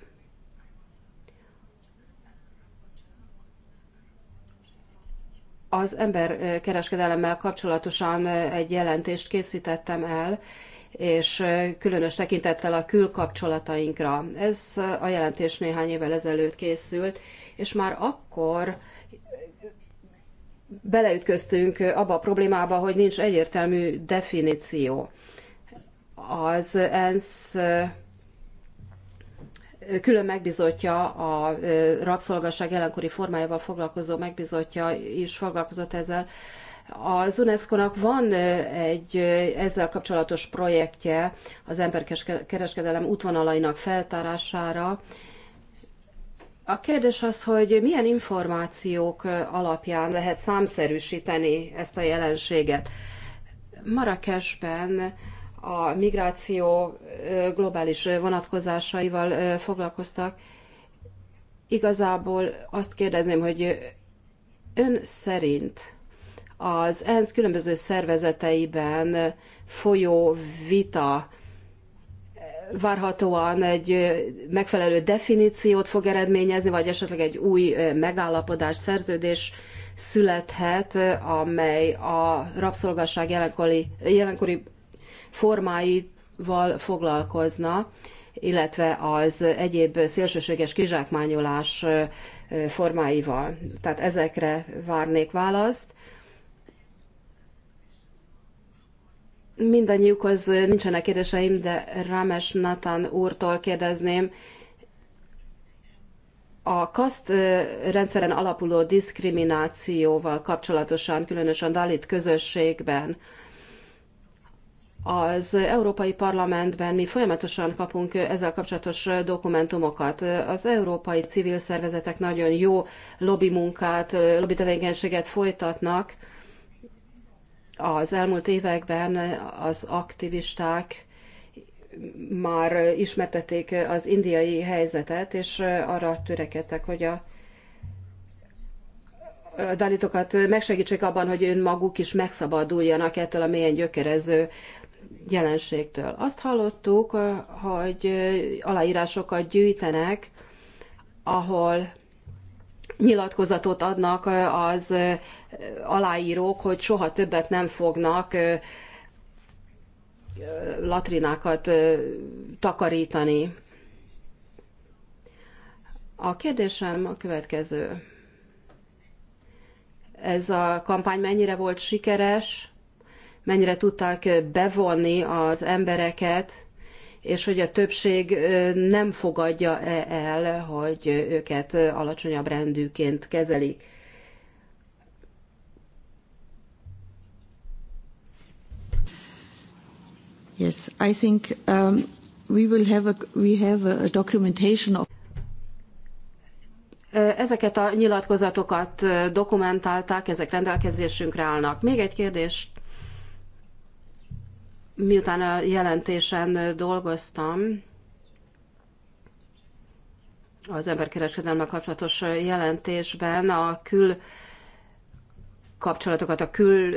az emberkereskedelemmel kapcsolatosan egy jelentést készítettem el, és különös tekintettel a külkapcsolatainkra. Ez a jelentés néhány évvel ezelőtt készült, és már akkor beleütköztünk abba a problémába, hogy nincs egyértelmű definíció. Az ENSZ külön megbizotja, a rabszolgaság jelenkori formájával foglalkozó megbizotja is foglalkozott ezzel. Az UNESCO-nak van egy ezzel kapcsolatos projektje az emberkereskedelem útvonalainak feltárására. A kérdés az, hogy milyen információk alapján lehet számszerűsíteni ezt a jelenséget. Marrakesben a migráció globális vonatkozásaival foglalkoztak. Igazából azt kérdezném, hogy ön szerint az ENSZ különböző szervezeteiben folyó vita várhatóan egy megfelelő definíciót fog eredményezni, vagy esetleg egy új megállapodás, szerződés születhet, amely a rabszolgasság jelenkori, jelenkori formáival foglalkozna, illetve az egyéb szélsőséges kizsákmányolás formáival. Tehát ezekre várnék választ. Mindannyiukhoz nincsenek kérdéseim, de Rames Natán úrtól kérdezném, a kaszt rendszeren alapuló diszkriminációval kapcsolatosan, különösen Dalit közösségben, az Európai Parlamentben mi folyamatosan kapunk ezzel kapcsolatos dokumentumokat. Az európai civil szervezetek nagyon jó lobby munkát, lobby tevékenységet folytatnak. Az elmúlt években az aktivisták már ismertették az indiai helyzetet, és arra törekedtek, hogy a dalitokat megsegítsék abban, hogy önmaguk is megszabaduljanak ettől a mélyen gyökerező jelenségtől. Azt hallottuk, hogy aláírásokat gyűjtenek, ahol nyilatkozatot adnak az aláírók, hogy soha többet nem fognak latrinákat takarítani. A kérdésem a következő. Ez a kampány mennyire volt sikeres? mennyire tudták bevonni az embereket, és hogy a többség nem fogadja -e el, hogy őket alacsonyabb rendűként kezelik. Yes, I think um, we will have a we have a documentation of Ezeket a nyilatkozatokat dokumentálták, ezek rendelkezésünkre állnak. Még egy kérdést miután a jelentésen dolgoztam, az emberkereskedelme kapcsolatos jelentésben a kül kapcsolatokat, a kül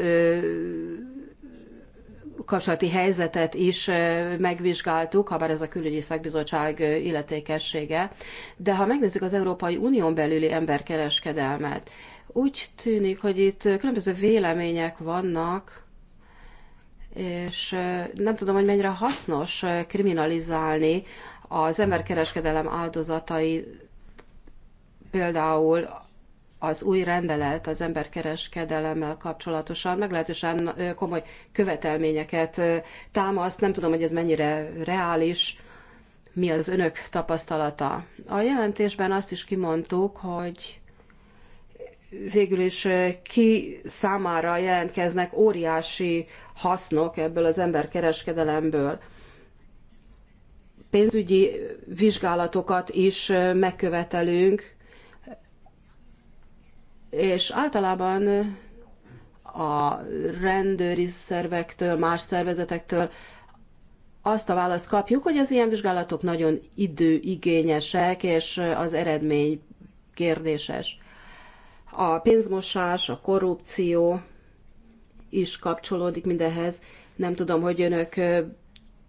kapcsolati helyzetet is megvizsgáltuk, ha bár ez a külügyi szakbizottság illetékessége. De ha megnézzük az Európai Unión belüli emberkereskedelmet, úgy tűnik, hogy itt különböző vélemények vannak, és nem tudom, hogy mennyire hasznos kriminalizálni az emberkereskedelem áldozatai, például az új rendelet az emberkereskedelemmel kapcsolatosan meglehetősen komoly követelményeket támaszt. Nem tudom, hogy ez mennyire reális, mi az önök tapasztalata. A jelentésben azt is kimondtuk, hogy végül is eh, ki számára jelentkeznek óriási hasznok ebből az emberkereskedelemből. Pénzügyi vizsgálatokat is eh, megkövetelünk, és általában eh, a rendőri szervektől, más szervezetektől azt a választ kapjuk, hogy az ilyen vizsgálatok nagyon időigényesek, és az eredmény kérdéses. A pénzmosás, a korrupció is kapcsolódik mindehhez. Nem tudom, hogy önök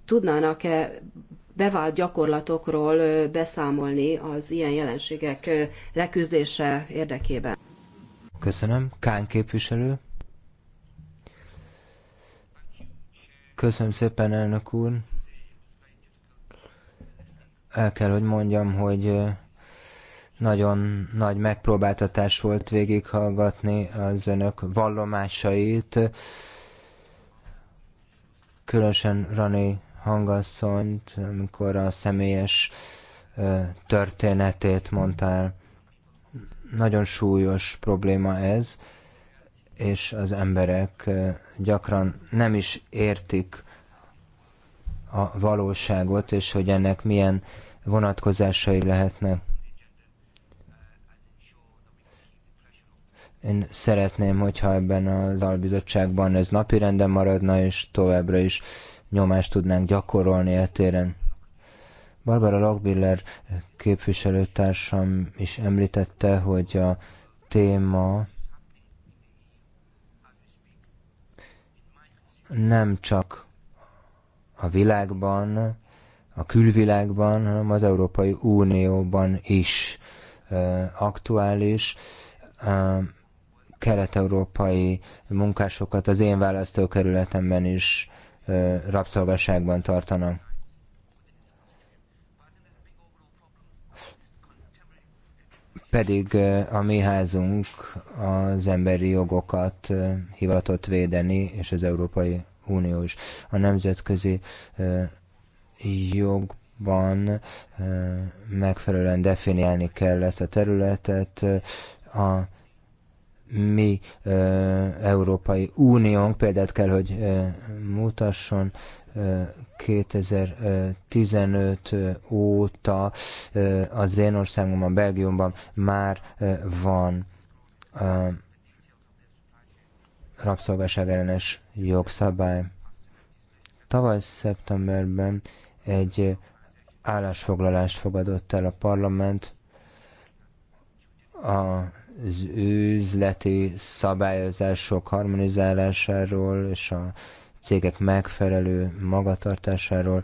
tudnának-e bevált gyakorlatokról beszámolni az ilyen jelenségek leküzdése érdekében. Köszönöm. Kán képviselő. Köszönöm szépen, elnök úr. El kell, hogy mondjam, hogy nagyon nagy megpróbáltatás volt végighallgatni az önök vallomásait, különösen Rani hangasszonyt, amikor a személyes történetét mondtál. Nagyon súlyos probléma ez, és az emberek gyakran nem is értik a valóságot, és hogy ennek milyen vonatkozásai lehetnek. Én szeretném, hogyha ebben az albizottságban ez napirenden maradna, és továbbra is nyomást tudnánk gyakorolni a e téren. Barbara Lockbiller képviselőtársam is említette, hogy a téma nem csak a világban, a külvilágban, hanem az Európai Unióban is aktuális kelet-európai munkásokat az én választókerületemben is rabszolgaságban tartanak. pedig a mi házunk az emberi jogokat hivatott védeni, és az Európai Unió is. A nemzetközi jogban megfelelően definiálni kell ezt a területet. A mi Európai Uniónk példát kell, hogy mutasson. 2015 óta az én országomban, Belgiumban már van rabszolgaság ellenes jogszabály. Tavaly szeptemberben egy állásfoglalást fogadott el a parlament a az üzleti szabályozások harmonizálásáról és a cégek megfelelő magatartásáról.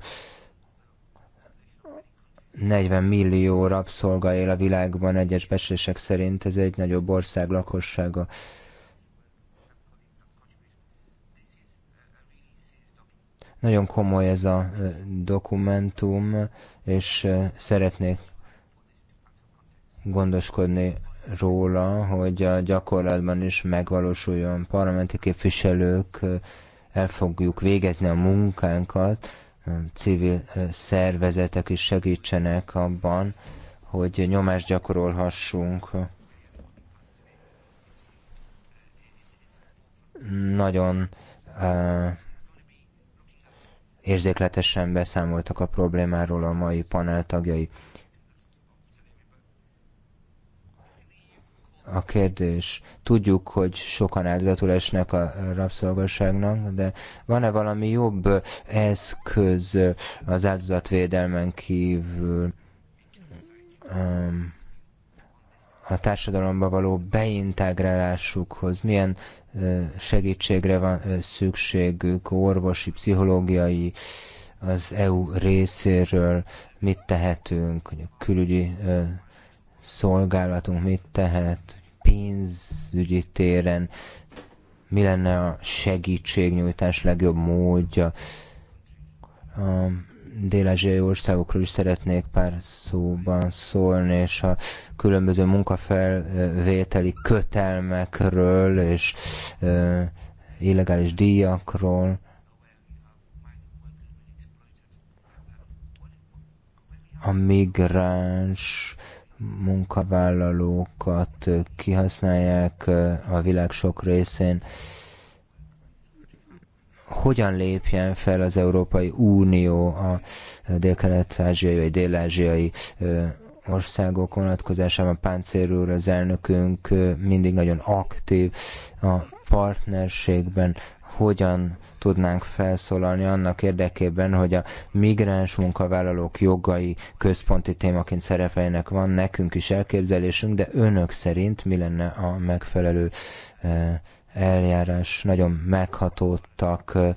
40 millió rabszolga él a világban egyes beszések szerint, ez egy nagyobb ország lakossága. Nagyon komoly ez a dokumentum, és szeretnék gondoskodni róla, hogy a gyakorlatban is megvalósuljon. Parlamenti képviselők el fogjuk végezni a munkánkat, civil szervezetek is segítsenek abban, hogy nyomást gyakorolhassunk. Nagyon érzékletesen beszámoltak a problémáról a mai panel tagjai. a kérdés. Tudjuk, hogy sokan áldozatul esnek a rabszolgaságnak, de van-e valami jobb eszköz az áldozatvédelmen kívül? Um, a társadalomba való beintegrálásukhoz milyen segítségre van szükségük, orvosi, pszichológiai, az EU részéről mit tehetünk, külügyi szolgálatunk mit tehet pénzügyi téren, mi lenne a segítségnyújtás legjobb módja. A dél-ázsiai országokról is szeretnék pár szóban szólni, és a különböző munkafelvételi kötelmekről, és illegális díjakról. A migráns munkavállalókat kihasználják a világ sok részén. Hogyan lépjen fel az Európai Unió a dél-kelet-ázsiai vagy dél-ázsiai országok vonatkozásában Páncér úr, az elnökünk mindig nagyon aktív a partnerségben, hogyan tudnánk felszólalni annak érdekében, hogy a migráns munkavállalók jogai központi témaként szerepeljenek. Van nekünk is elképzelésünk, de önök szerint mi lenne a megfelelő eh, eljárás? Nagyon meghatódtak eh,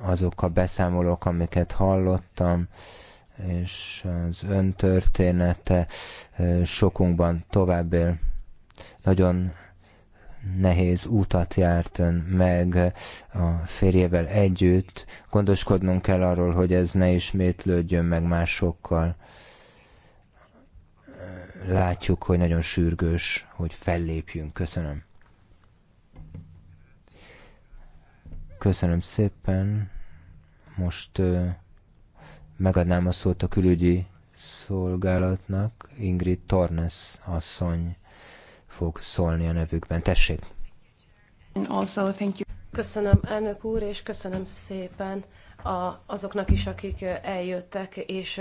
azok a beszámolók, amiket hallottam és az öntörténete eh, sokunkban tovább él. Nagyon nehéz útat járt ön meg a férjével együtt. Gondoskodnunk kell arról, hogy ez ne ismétlődjön meg másokkal. Látjuk, hogy nagyon sürgős, hogy fellépjünk. Köszönöm. Köszönöm szépen. Most ö, megadnám a szót a külügyi szolgálatnak, Ingrid Tornes asszony fog szólni a nevükben. Tessék! Köszönöm, elnök úr, és köszönöm szépen a, azoknak is, akik eljöttek és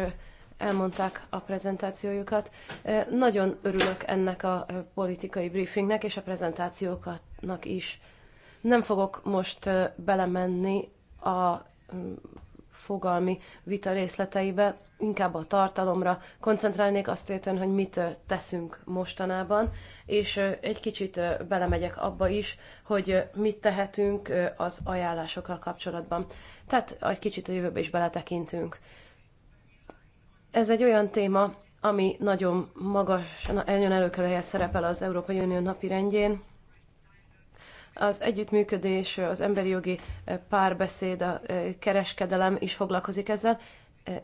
elmondták a prezentációjukat. Nagyon örülök ennek a politikai briefingnek és a prezentációknak is. Nem fogok most belemenni a fogalmi vita részleteibe, inkább a tartalomra koncentrálnék azt értően, hogy mit teszünk mostanában, és egy kicsit belemegyek abba is, hogy mit tehetünk az ajánlásokkal kapcsolatban. Tehát egy kicsit a jövőbe is beletekintünk. Ez egy olyan téma, ami nagyon magas, nagyon előkelője szerepel az Európai Unió napi rendjén, az együttműködés, az emberi jogi eh, párbeszéd, a eh, kereskedelem is foglalkozik ezzel. Eh,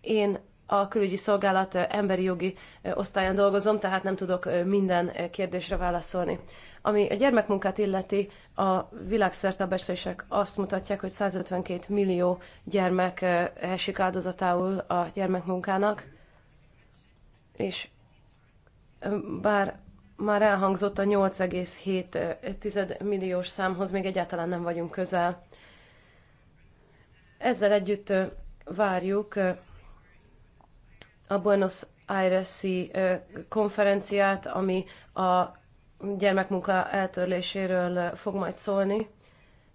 én a külügyi szolgálat emberi jogi osztályán dolgozom, tehát nem tudok minden kérdésre válaszolni. Ami a gyermekmunkát illeti, a világszerte becslések azt mutatják, hogy 152 millió gyermek esik áldozatául a gyermekmunkának, és bár már elhangzott a 8,7 milliós számhoz, még egyáltalán nem vagyunk közel. Ezzel együtt várjuk a Buenos Aires-i konferenciát, ami a gyermekmunka eltörléséről fog majd szólni,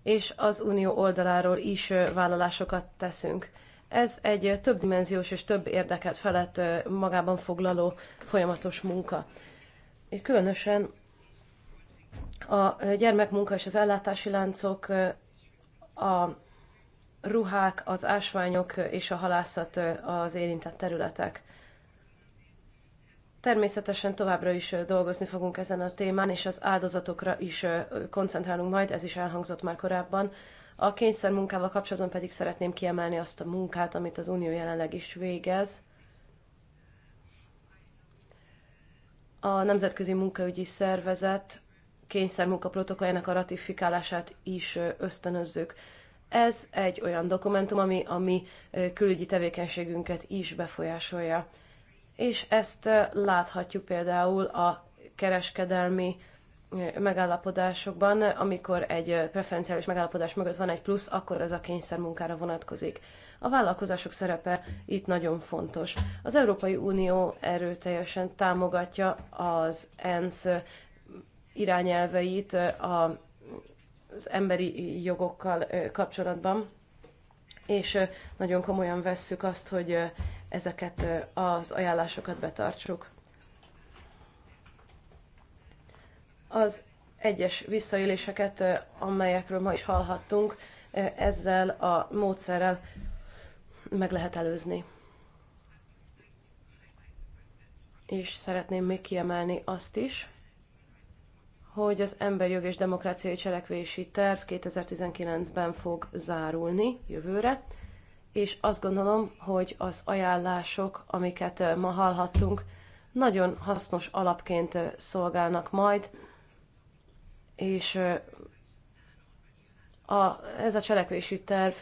és az unió oldaláról is vállalásokat teszünk. Ez egy többdimenziós és több érdeket felett magában foglaló folyamatos munka különösen a gyermekmunka és az ellátási láncok, a ruhák, az ásványok és a halászat az érintett területek. Természetesen továbbra is dolgozni fogunk ezen a témán, és az áldozatokra is koncentrálunk majd, ez is elhangzott már korábban. A kényszermunkával kapcsolatban pedig szeretném kiemelni azt a munkát, amit az Unió jelenleg is végez a Nemzetközi Munkaügyi Szervezet kényszer protokolljának a ratifikálását is ösztönözzük. Ez egy olyan dokumentum, ami a mi külügyi tevékenységünket is befolyásolja. És ezt láthatjuk például a kereskedelmi megállapodásokban, amikor egy preferenciális megállapodás mögött van egy plusz, akkor ez a kényszermunkára vonatkozik. A vállalkozások szerepe itt nagyon fontos. Az Európai Unió erőteljesen támogatja az ENSZ irányelveit az emberi jogokkal kapcsolatban, és nagyon komolyan vesszük azt, hogy ezeket az ajánlásokat betartsuk. Az egyes visszaéléseket, amelyekről ma is hallhattunk, ezzel a módszerrel meg lehet előzni. És szeretném még kiemelni azt is, hogy az Emberjog és Demokráciai Cselekvési Terv 2019-ben fog zárulni jövőre, és azt gondolom, hogy az ajánlások, amiket ma hallhattunk, nagyon hasznos alapként szolgálnak majd, és a, ez a cselekvési terv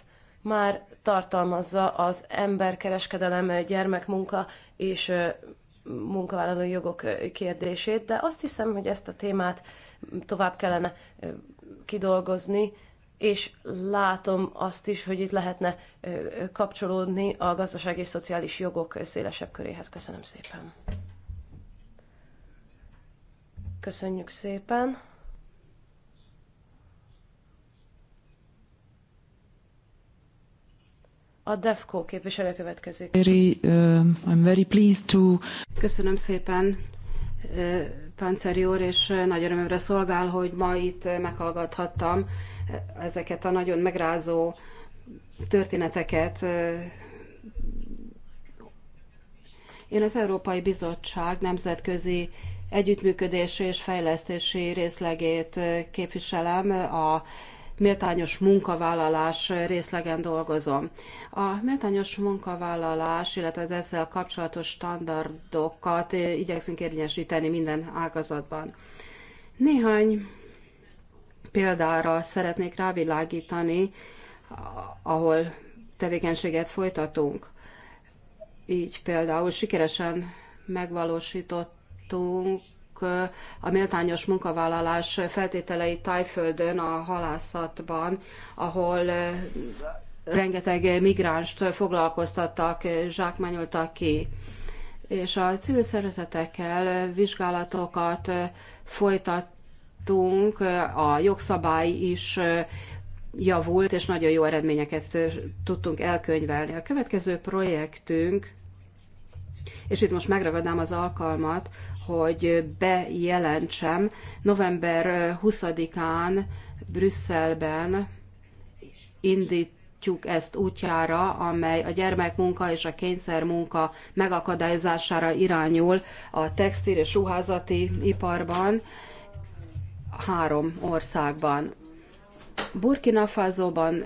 már tartalmazza az emberkereskedelem, eh, gyermekmunka és eh, munkavállalói jogok eh, kérdését, de azt hiszem, hogy ezt a témát tovább kellene kidolgozni, és látom azt is, hogy itt lehetne kapcsolódni a gazdasági és szociális jogok szélesebb köréhez. Köszönöm szépen. Köszönjük szépen. A DEFCO képviselő következik. Very, uh, I'm very pleased to... Köszönöm szépen, uh, úr, és uh, nagy örömömre szolgál, hogy ma itt uh, meghallgathattam uh, ezeket a nagyon megrázó történeteket. Én az Európai Bizottság nemzetközi együttműködés és fejlesztési részlegét képviselem a méltányos munkavállalás részlegen dolgozom. A méltányos munkavállalás, illetve az ezzel kapcsolatos standardokat igyekszünk érvényesíteni minden ágazatban. Néhány példára szeretnék rávilágítani, ahol tevékenységet folytatunk. Így például sikeresen megvalósítottunk a méltányos munkavállalás feltételeit Tájföldön, a halászatban, ahol rengeteg migránst foglalkoztattak, zsákmányoltak ki. És a civil szervezetekkel vizsgálatokat folytattunk, a jogszabály is javult, és nagyon jó eredményeket tudtunk elkönyvelni. A következő projektünk, és itt most megragadnám az alkalmat, hogy bejelentsem. November 20-án Brüsszelben indítjuk ezt útjára, amely a gyermekmunka és a kényszermunka megakadályozására irányul a textil és ruházati iparban három országban. Burkina ban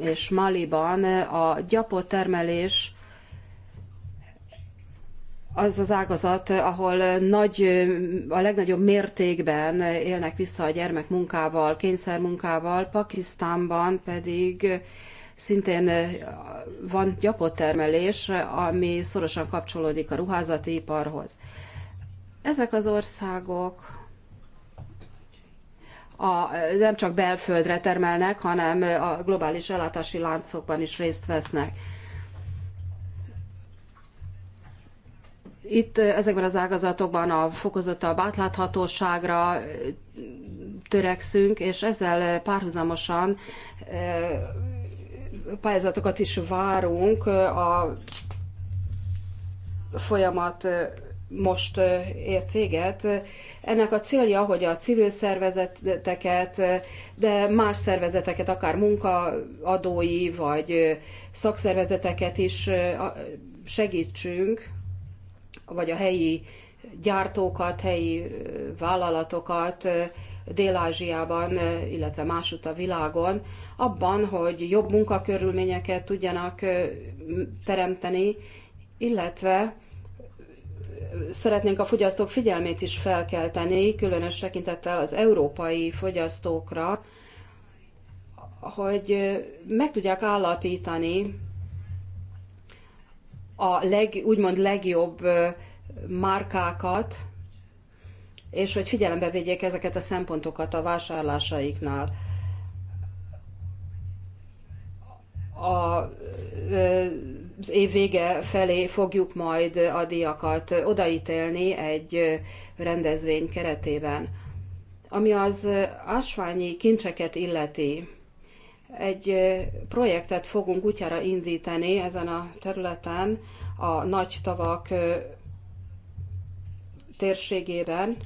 és Maliban a gyapottermelés az az ágazat, ahol nagy, a legnagyobb mértékben élnek vissza a gyermekmunkával, kényszermunkával, Pakisztánban pedig szintén van gyapottermelés, ami szorosan kapcsolódik a ruházati iparhoz. Ezek az országok a, nem csak belföldre termelnek, hanem a globális ellátási láncokban is részt vesznek. Itt ezekben az ágazatokban a fokozottabb átláthatóságra törekszünk, és ezzel párhuzamosan pályázatokat is várunk. A folyamat most ért véget. Ennek a célja, hogy a civil szervezeteket, de más szervezeteket, akár munkaadói vagy szakszervezeteket is segítsünk vagy a helyi gyártókat, helyi vállalatokat Dél-Ázsiában, illetve másutt a világon, abban, hogy jobb munkakörülményeket tudjanak teremteni, illetve szeretnénk a fogyasztók figyelmét is felkelteni, különös tekintettel az európai fogyasztókra, hogy meg tudják állapítani, a leg, úgymond legjobb márkákat, és hogy figyelembe vegyék ezeket a szempontokat a vásárlásaiknál. A, az év vége felé fogjuk majd a díjakat odaítélni egy rendezvény keretében. Ami az ásványi kincseket illeti, egy projektet fogunk útjára indítani ezen a területen, a nagy tavak térségében,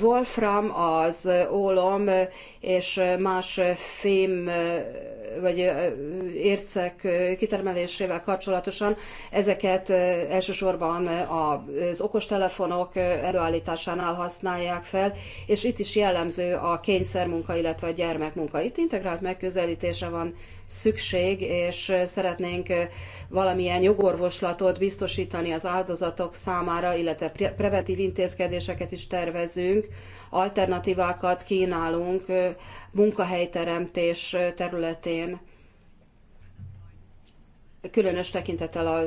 wolfram, az ólom és más fém vagy ércek kitermelésével kapcsolatosan ezeket elsősorban az okostelefonok előállításánál használják fel, és itt is jellemző a kényszermunka, illetve a gyermekmunka. Itt integrált megközelítése van szükség, és szeretnénk valamilyen jogorvoslatot biztosítani az áldozatok számára, illetve preventív intézkedéseket is tervezünk, alternatívákat kínálunk munkahelyteremtés területén különös tekintettel a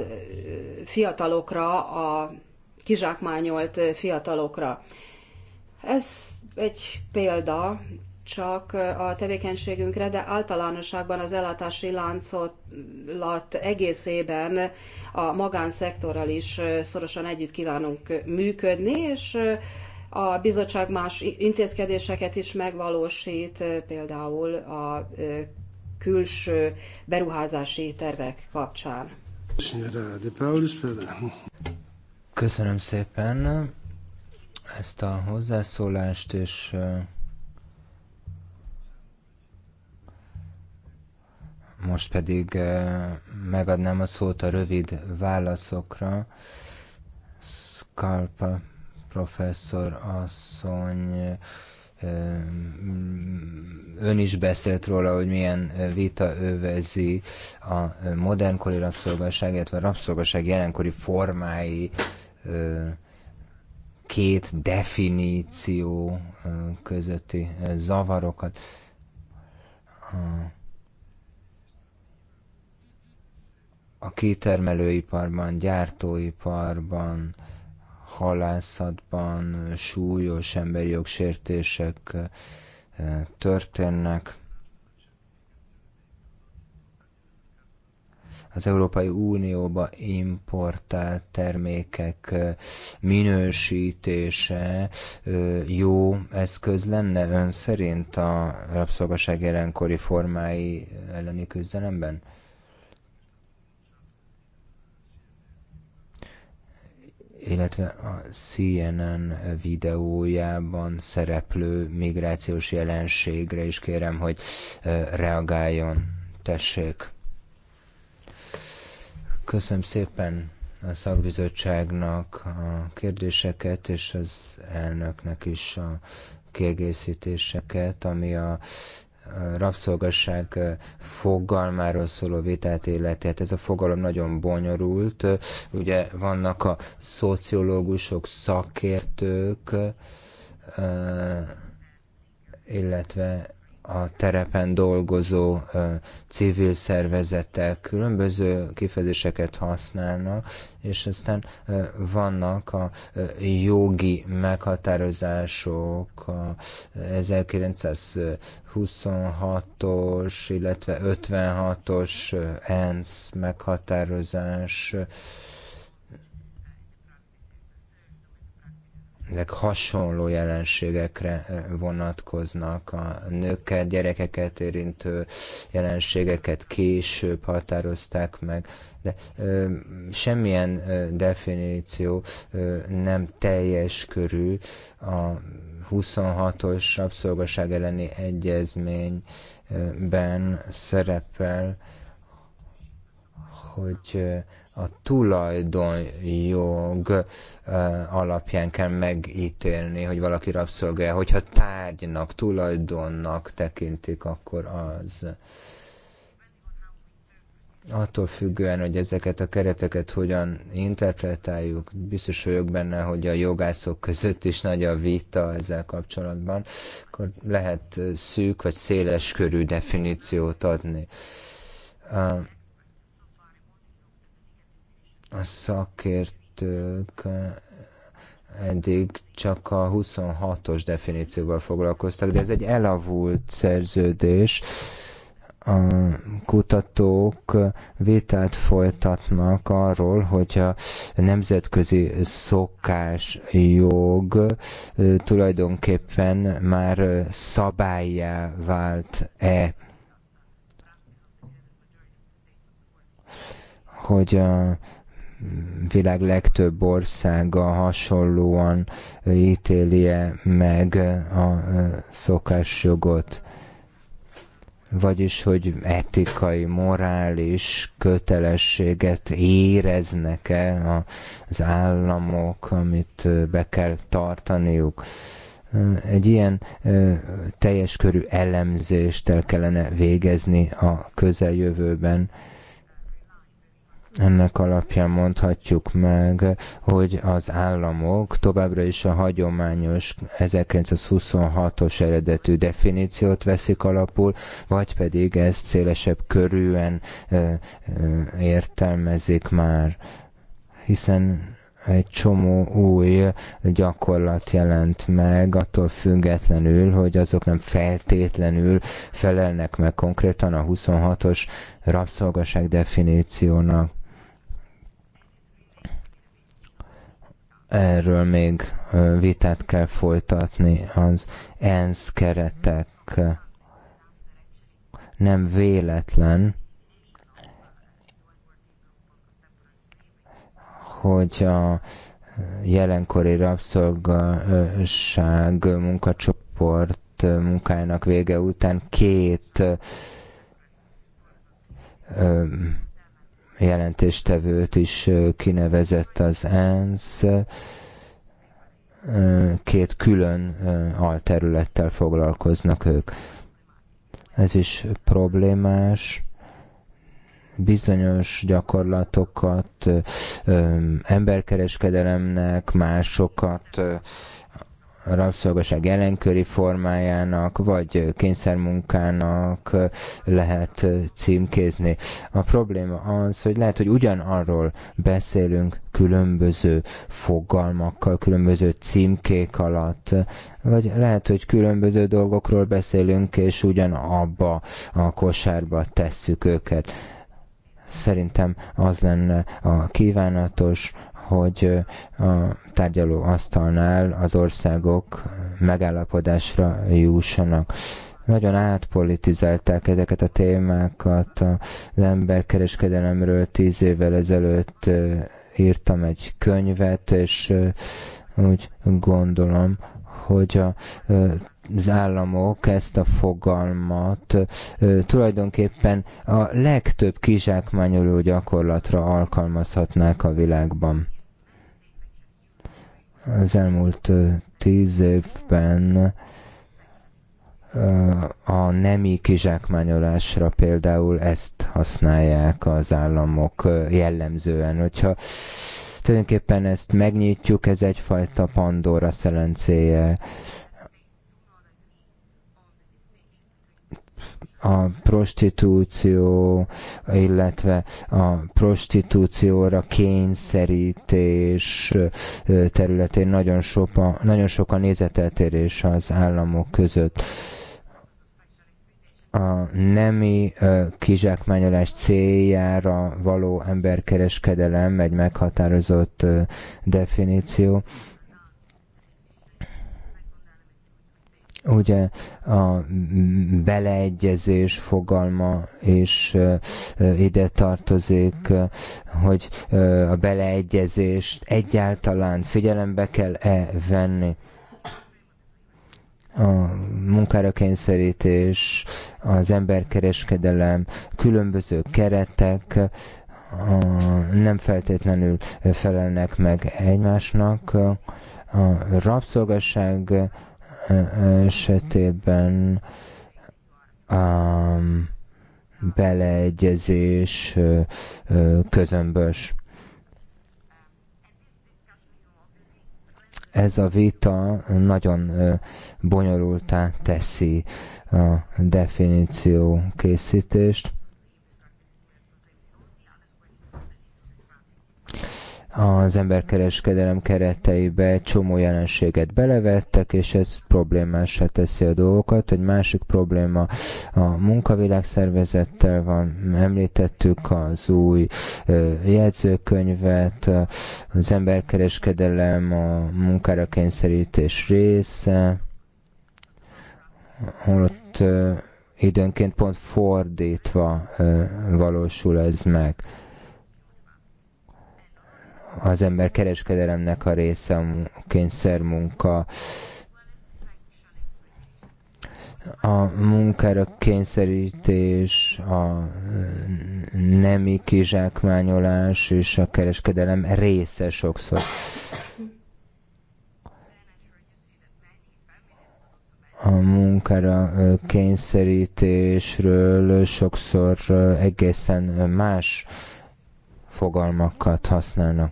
fiatalokra, a kizsákmányolt fiatalokra. Ez egy példa csak a tevékenységünkre, de általánosságban az ellátási láncolat egészében a magánszektorral is szorosan együtt kívánunk működni, és a bizottság más intézkedéseket is megvalósít, például a külső beruházási tervek kapcsán. Köszönöm szépen ezt a hozzászólást, és Most pedig megadnám a szót a rövid válaszokra. Skalpa professzor asszony ön is beszélt róla, hogy milyen vita övezi a modernkori rabszolgaság, illetve a rabszolgaság jelenkori formái két definíció közötti zavarokat. a kitermelőiparban, gyártóiparban, halászatban súlyos emberi jogsértések eh, történnek. Az Európai Unióba importált termékek eh, minősítése eh, jó eszköz lenne ön szerint a rabszolgaság jelenkori formái elleni küzdelemben? illetve a CNN videójában szereplő migrációs jelenségre is kérem, hogy reagáljon. Tessék! Köszönöm szépen a szakbizottságnak a kérdéseket, és az elnöknek is a kiegészítéseket, ami a rabszolgasság fogalmáról szóló vitát illeti. Hát ez a fogalom nagyon bonyolult. Ugye vannak a szociológusok, szakértők, illetve a terepen dolgozó civil szervezetek különböző kifejezéseket használnak, és aztán vannak a jogi meghatározások, a 1926-os, illetve 56-os ENSZ meghatározás, ezek hasonló jelenségekre eh, vonatkoznak, a nőket, gyerekeket érintő jelenségeket később határozták meg, de ö, semmilyen ö, definíció ö, nem teljes körű a 26-os rabszolgaság elleni egyezményben szerepel, hogy a tulajdonjog eh, alapján kell megítélni, hogy valaki rabszolgája. Hogyha tárgynak, tulajdonnak tekintik, akkor az attól függően, hogy ezeket a kereteket hogyan interpretáljuk, biztos vagyok benne, hogy a jogászok között is nagy a vita ezzel kapcsolatban, akkor lehet szűk vagy széles körű definíciót adni. Eh, a szakértők eddig csak a 26-os definícióval foglalkoztak, de ez egy elavult szerződés. A kutatók vitát folytatnak arról, hogy a nemzetközi jog tulajdonképpen már szabályá vált-e. Hogy a világ legtöbb országa hasonlóan ítélje meg a szokásjogot. Vagyis, hogy etikai, morális kötelességet éreznek-e az államok, amit be kell tartaniuk egy ilyen teljes körű elemzést el kellene végezni a közeljövőben. Ennek alapján mondhatjuk meg, hogy az államok továbbra is a hagyományos 1926-os eredetű definíciót veszik alapul, vagy pedig ezt szélesebb körűen ö, ö, értelmezik már, hiszen egy csomó új gyakorlat jelent meg, attól függetlenül, hogy azok nem feltétlenül felelnek meg konkrétan a 26-os rabszolgaság definíciónak. Erről még vitát kell folytatni az ENSZ keretek nem véletlen, hogy a jelenkori rabszolgaság munkacsoport munkájának vége után két jelentéstevőt is kinevezett az ENSZ, két külön alterülettel foglalkoznak ők. Ez is problémás bizonyos gyakorlatokat emberkereskedelemnek, másokat rabszolgaság ellenköri formájának, vagy kényszermunkának lehet címkézni. A probléma az, hogy lehet, hogy ugyanarról beszélünk különböző fogalmakkal, különböző címkék alatt, vagy lehet, hogy különböző dolgokról beszélünk, és ugyanabba a kosárba tesszük őket szerintem az lenne a kívánatos, hogy a tárgyaló asztalnál az országok megállapodásra jussanak nagyon átpolitizálták ezeket a témákat. Az emberkereskedelemről tíz évvel ezelőtt írtam egy könyvet, és úgy gondolom, hogy a az államok ezt a fogalmat tulajdonképpen a legtöbb kizsákmányoló gyakorlatra alkalmazhatnák a világban az elmúlt tíz évben a nemi kizsákmányolásra például ezt használják az államok jellemzően. Hogyha tulajdonképpen ezt megnyitjuk, ez egyfajta Pandora szelencéje a prostitúció, illetve a prostitúcióra kényszerítés területén nagyon, sopa, nagyon sok a nézeteltérés az államok között a nemi kizsákmányolás céljára való emberkereskedelem egy meghatározott definíció. Ugye a beleegyezés fogalma és ide tartozik, hogy a beleegyezést egyáltalán figyelembe kell-e venni a munkára kényszerítés, az emberkereskedelem, különböző keretek nem feltétlenül felelnek meg egymásnak. A rabszolgasság esetében um, beleegyezés közömbös. Ez a vita nagyon bonyolultá teszi a definíció készítést az emberkereskedelem kereteibe csomó jelenséget belevettek, és ez problémásra teszi a dolgokat. Egy másik probléma a munkavilágszervezettel van, említettük az új jegyzőkönyvet, az emberkereskedelem a munkára kényszerítés része, holott időnként pont fordítva valósul ez meg az ember kereskedelemnek a része, a kényszermunka, a munkára kényszerítés, a nemi kizsákmányolás és a kereskedelem része sokszor. a munkára kényszerítésről sokszor egészen más fogalmakat használnak.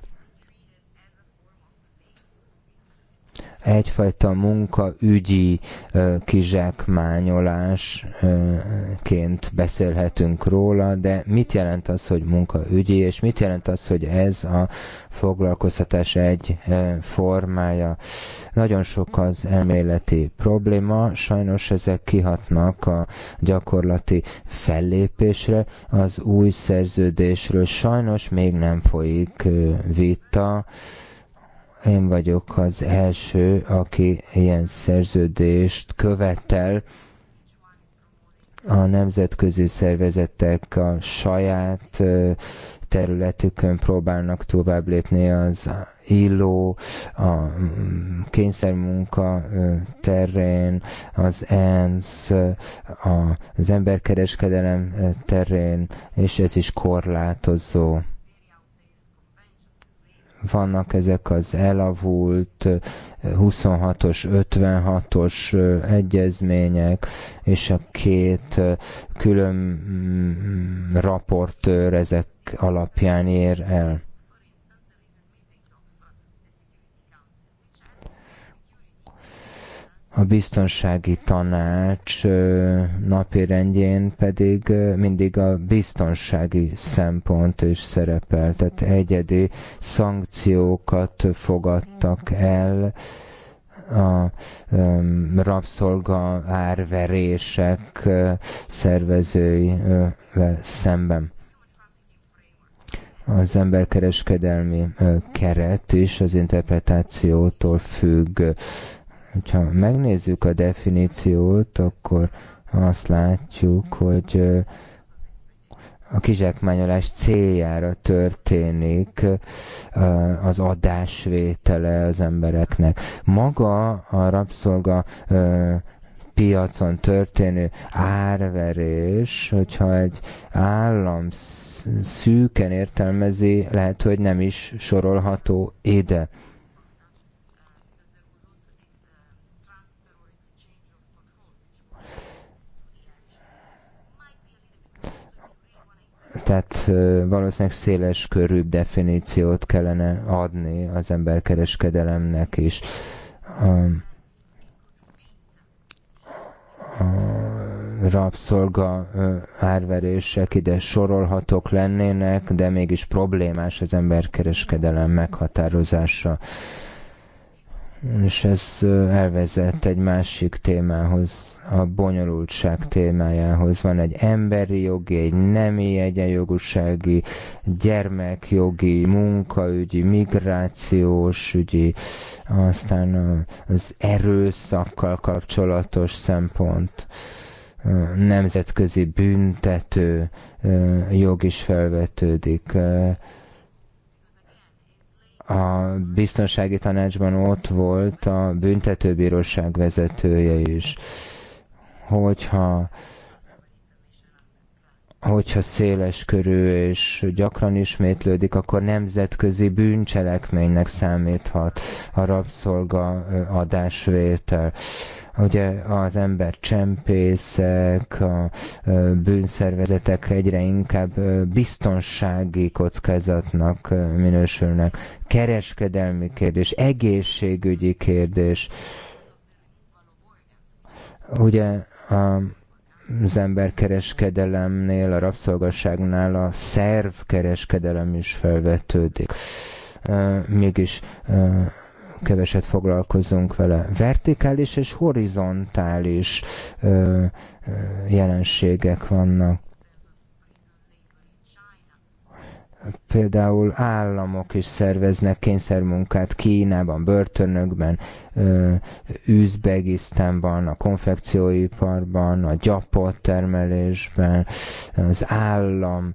egyfajta munkaügyi kizsákmányolásként beszélhetünk róla, de mit jelent az, hogy munkaügyi, és mit jelent az, hogy ez a foglalkoztatás egy formája. Nagyon sok az elméleti probléma, sajnos ezek kihatnak a gyakorlati fellépésre, az új szerződésről sajnos még nem folyik vita, én vagyok az első, aki ilyen szerződést követel a nemzetközi szervezetek a saját területükön próbálnak tovább lépni az illó, a mm, kényszermunka terén, az ENSZ, az emberkereskedelem terén, és ez is korlátozó vannak ezek az elavult 26-os, 56-os egyezmények, és a két külön mm, mm, raportőr ezek alapján ér el. A biztonsági tanács napirendjén pedig mindig a biztonsági szempont is szerepel, tehát egyedi szankciókat fogadtak el, a rabszolga árverések szervezőivel szemben. Az emberkereskedelmi keret is az interpretációtól függ. Ha megnézzük a definíciót, akkor azt látjuk, hogy a kizsákmányolás céljára történik az adásvétele az embereknek. Maga a rabszolga piacon történő árverés, hogyha egy állam szűken értelmezi, lehet, hogy nem is sorolható ide. Tehát valószínűleg széles körűbb definíciót kellene adni az emberkereskedelemnek is. A rabszolga árverések ide sorolhatók lennének, de mégis problémás az emberkereskedelem meghatározása és ez elvezet egy másik témához, a bonyolultság témájához. Van egy emberi jogi, egy nemi egyenjogúsági, gyermekjogi, munkaügyi, migrációs ügyi, aztán az erőszakkal kapcsolatos szempont, nemzetközi büntető jog is felvetődik a biztonsági tanácsban ott volt a büntetőbíróság vezetője is. Hogyha hogyha széles körű és gyakran ismétlődik, akkor nemzetközi bűncselekménynek számíthat a rabszolga adásvétel. Ugye az ember csempészek, a bűnszervezetek egyre inkább biztonsági kockázatnak minősülnek. Kereskedelmi kérdés, egészségügyi kérdés. Ugye a az emberkereskedelemnél, a rabszolgasságnál a szervkereskedelem is felvetődik. Mégis keveset foglalkozunk vele. Vertikális és horizontális jelenségek vannak. például államok is szerveznek kényszermunkát Kínában, börtönökben, Üzbegisztánban, a konfekcióiparban, a gyapottermelésben, termelésben, az állam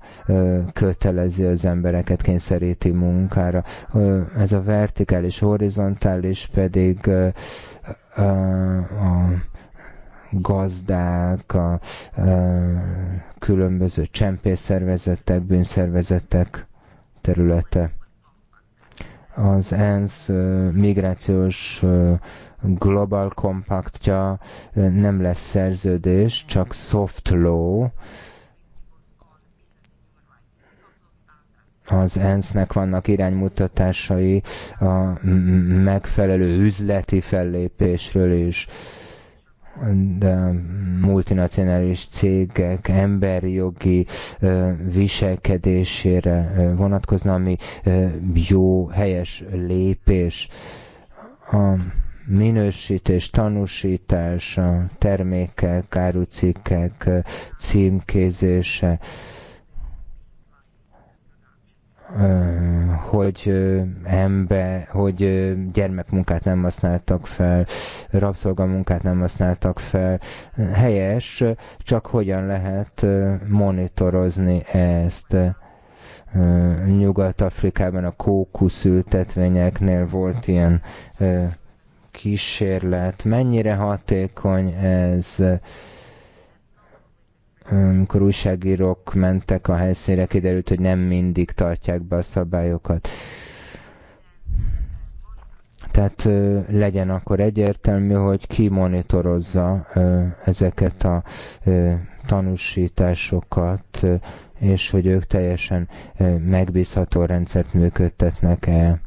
kötelezi az embereket, kényszeríti munkára. Ez a vertikális, horizontális pedig a gazdák, a különböző csempészszervezetek, bűnszervezetek területe. Az ENSZ migrációs Global Compactja nem lesz szerződés, csak soft law. Az ENSZ-nek vannak iránymutatásai a megfelelő üzleti fellépésről is de multinacionális cégek emberi jogi viselkedésére vonatkozna, ami jó, helyes lépés. A minősítés, tanúsítás, a termékek, árucikkek címkézése, hogy ember, hogy gyermekmunkát nem használtak fel, rabszolgamunkát nem használtak fel. Helyes, csak hogyan lehet monitorozni ezt. Nyugat-Afrikában a kókuszültetvényeknél volt ilyen kísérlet. Mennyire hatékony ez? amikor újságírók mentek a helyszínre, kiderült, hogy nem mindig tartják be a szabályokat. Tehát legyen akkor egyértelmű, hogy ki monitorozza ezeket a tanúsításokat, és hogy ők teljesen megbízható rendszert működtetnek el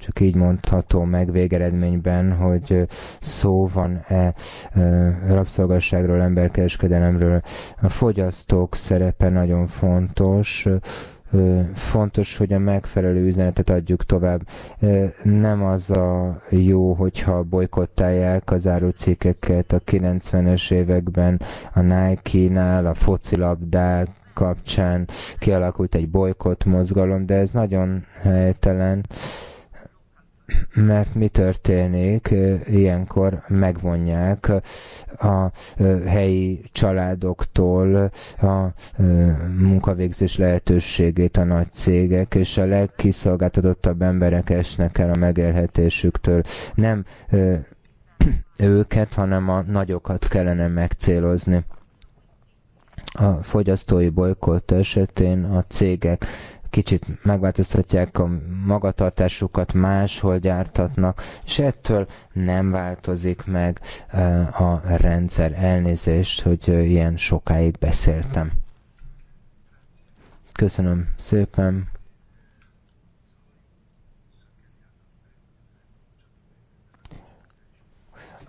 csak így mondható meg végeredményben, hogy szó van-e rabszolgasságról, emberkereskedelemről. A fogyasztók szerepe nagyon fontos, fontos, hogy a megfelelő üzenetet adjuk tovább. Nem az a jó, hogyha bolykottálják az árucikeket a 90-es években a Nike-nál, a focilabdák, kapcsán kialakult egy bolykott mozgalom, de ez nagyon helytelen. Uh, mert mi történik, ilyenkor megvonják a helyi családoktól a munkavégzés lehetőségét a nagy cégek, és a legkiszolgáltatottabb emberek esnek el a megélhetésüktől. Nem őket, hanem a nagyokat kellene megcélozni. A fogyasztói bolykott esetén a cégek kicsit megváltoztatják a magatartásukat, máshol gyártatnak, és ettől nem változik meg eh, a rendszer. Elnézést, hogy eh, ilyen sokáig beszéltem. Köszönöm szépen.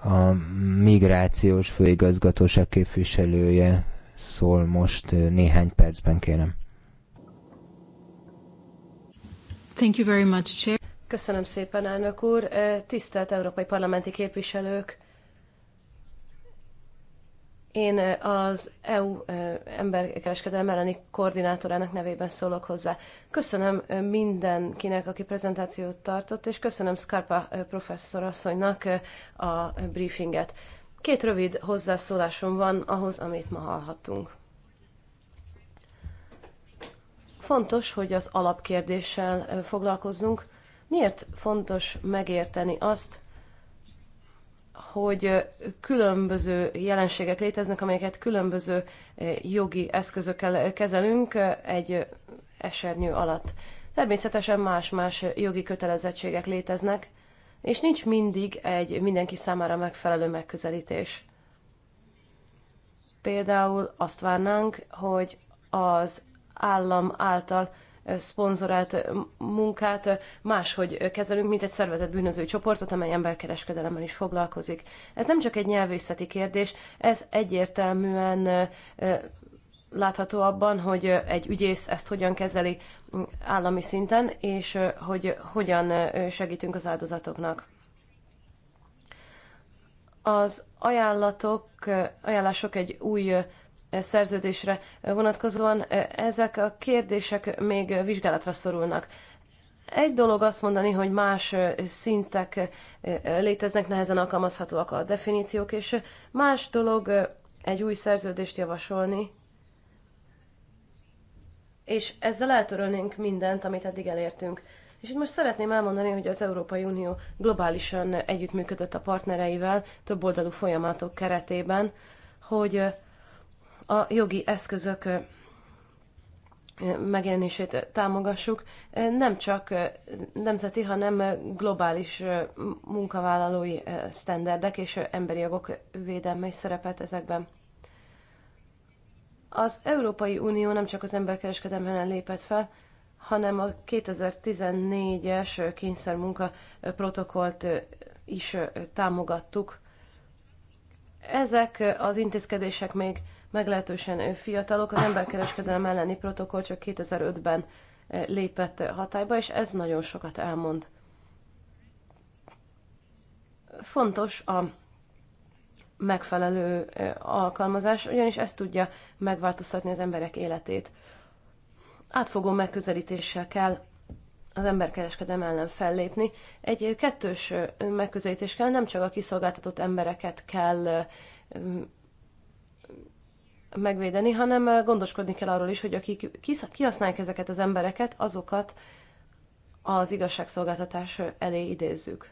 a migrációs főigazgatóság képviselője szól most eh, néhány percben, kérem. Thank you very much, Chair. Köszönöm szépen, elnök úr. Tisztelt európai parlamenti képviselők! Én az EU emberkereskedelem elleni koordinátorának nevében szólok hozzá. Köszönöm mindenkinek, aki prezentációt tartott, és köszönöm Scarpa professzor asszonynak a briefinget. Két rövid hozzászólásom van ahhoz, amit ma hallhattunk. fontos, hogy az alapkérdéssel foglalkozzunk. Miért fontos megérteni azt, hogy különböző jelenségek léteznek, amelyeket különböző jogi eszközökkel kezelünk egy esernyő alatt. Természetesen más-más jogi kötelezettségek léteznek, és nincs mindig egy mindenki számára megfelelő megközelítés. Például azt várnánk, hogy az állam által szponzorált munkát máshogy kezelünk, mint egy szervezett bűnöző csoportot, amely emberkereskedelemmel is foglalkozik. Ez nem csak egy nyelvészeti kérdés, ez egyértelműen látható abban, hogy egy ügyész ezt hogyan kezeli állami szinten, és hogy hogyan segítünk az áldozatoknak. Az ajánlatok, ajánlások egy új szerződésre vonatkozóan e, ezek a kérdések még vizsgálatra szorulnak. Egy dolog azt mondani, hogy más e, szintek e, léteznek, nehezen alkalmazhatóak a definíciók, és más dolog egy új szerződést javasolni, és ezzel eltörölnénk mindent, amit eddig elértünk. És itt most szeretném elmondani, hogy az Európai Unió globálisan együttműködött a partnereivel, több oldalú folyamatok keretében, hogy a jogi eszközök megjelenését támogassuk, nem csak nemzeti, hanem globális munkavállalói sztenderdek és emberi jogok védelme is szerepelt ezekben. Az Európai Unió nem csak az emberkereskedelem ellen lépett fel, hanem a 2014-es kényszermunka protokollt is támogattuk. Ezek az intézkedések még meglehetősen fiatalok. Az emberkereskedelem elleni protokoll csak 2005-ben lépett hatályba, és ez nagyon sokat elmond. Fontos a megfelelő alkalmazás, ugyanis ez tudja megváltoztatni az emberek életét. Átfogó megközelítéssel kell az emberkereskedelem ellen fellépni. Egy kettős megközelítés kell, nem csak a kiszolgáltatott embereket kell megvédeni, hanem gondoskodni kell arról is, hogy akik kihasználják ezeket az embereket, azokat az igazságszolgáltatás elé idézzük.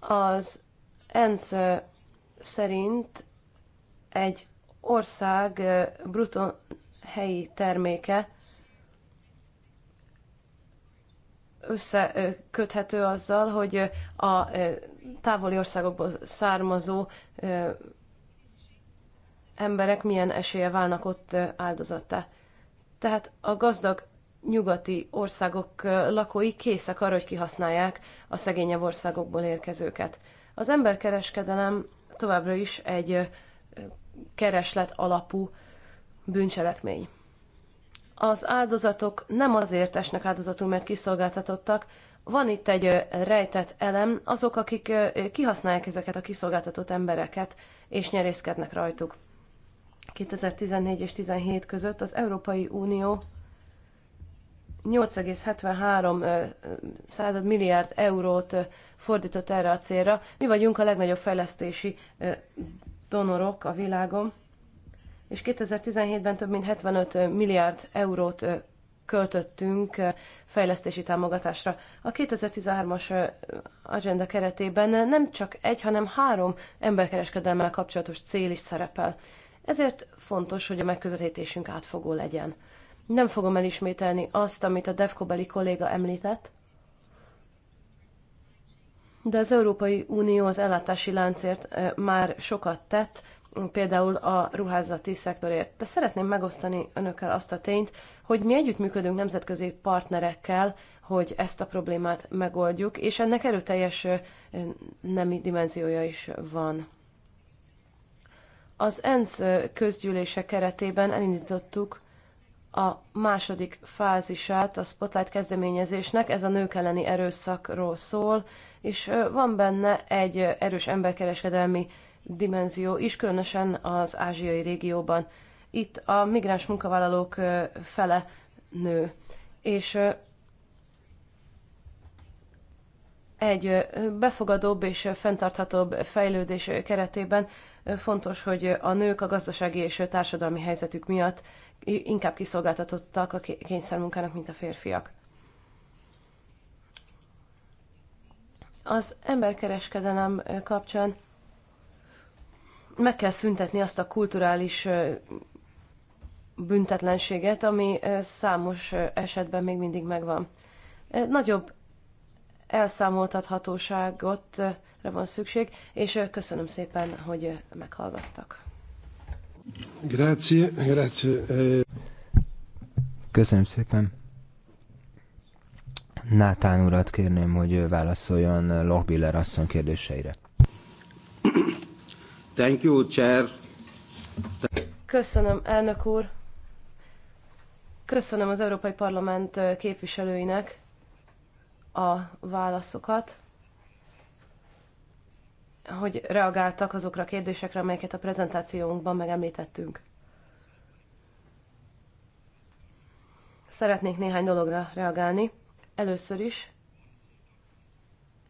Az ENSZ szerint egy ország bruttó helyi terméke összeköthető azzal, hogy a távoli országokból származó emberek milyen esélye válnak ott áldozattá. Tehát a gazdag nyugati országok lakói készek arra, hogy kihasználják a szegényebb országokból érkezőket. Az emberkereskedelem továbbra is egy kereslet alapú bűncselekmény. Az áldozatok nem azért esnek áldozatul, mert kiszolgáltatottak, van itt egy rejtett elem, azok, akik kihasználják ezeket a kiszolgáltatott embereket, és nyerészkednek rajtuk. 2014 és 2017 között az Európai Unió 8,73 század milliárd eurót fordított erre a célra. Mi vagyunk a legnagyobb fejlesztési donorok a világon, és 2017-ben több mint 75 milliárd eurót költöttünk fejlesztési támogatásra. A 2013-as agenda keretében nem csak egy, hanem három emberkereskedelmmel kapcsolatos cél is szerepel. Ezért fontos, hogy a megközelítésünk átfogó legyen. Nem fogom elismételni azt, amit a devkobeli kolléga említett, de az Európai Unió az ellátási láncért már sokat tett, például a ruházati szektorért. De szeretném megosztani önökkel azt a tényt, hogy mi együttműködünk nemzetközi partnerekkel, hogy ezt a problémát megoldjuk, és ennek erőteljes nemi dimenziója is van. Az ENSZ közgyűlése keretében elindítottuk a második fázisát a Spotlight kezdeményezésnek, ez a nők elleni erőszakról szól, és van benne egy erős emberkereskedelmi dimenzió is, különösen az ázsiai régióban itt a migráns munkavállalók fele nő. És egy befogadóbb és fenntarthatóbb fejlődés keretében fontos, hogy a nők a gazdasági és társadalmi helyzetük miatt inkább kiszolgáltatottak a kényszermunkának, mint a férfiak. Az emberkereskedelem kapcsán meg kell szüntetni azt a kulturális büntetlenséget, ami számos esetben még mindig megvan. Nagyobb elszámoltathatóságot van szükség, és köszönöm szépen, hogy meghallgattak. Grazie, grazie. Köszönöm szépen. Nátán urat kérném, hogy válaszoljon Lohbiller asszony kérdéseire. Thank you, chair. Köszönöm, elnök úr. Köszönöm az Európai Parlament képviselőinek a válaszokat, hogy reagáltak azokra a kérdésekre, amelyeket a prezentációnkban megemlítettünk. Szeretnék néhány dologra reagálni. Először is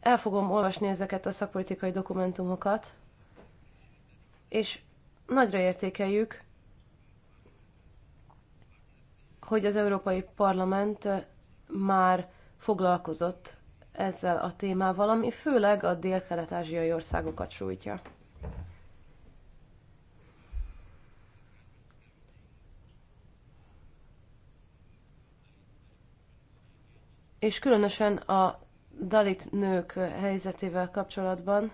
el fogom olvasni ezeket a szakpolitikai dokumentumokat, és nagyra értékeljük hogy az Európai Parlament már foglalkozott ezzel a témával, ami főleg a dél-kelet-ázsiai országokat sújtja. És különösen a dalit nők helyzetével kapcsolatban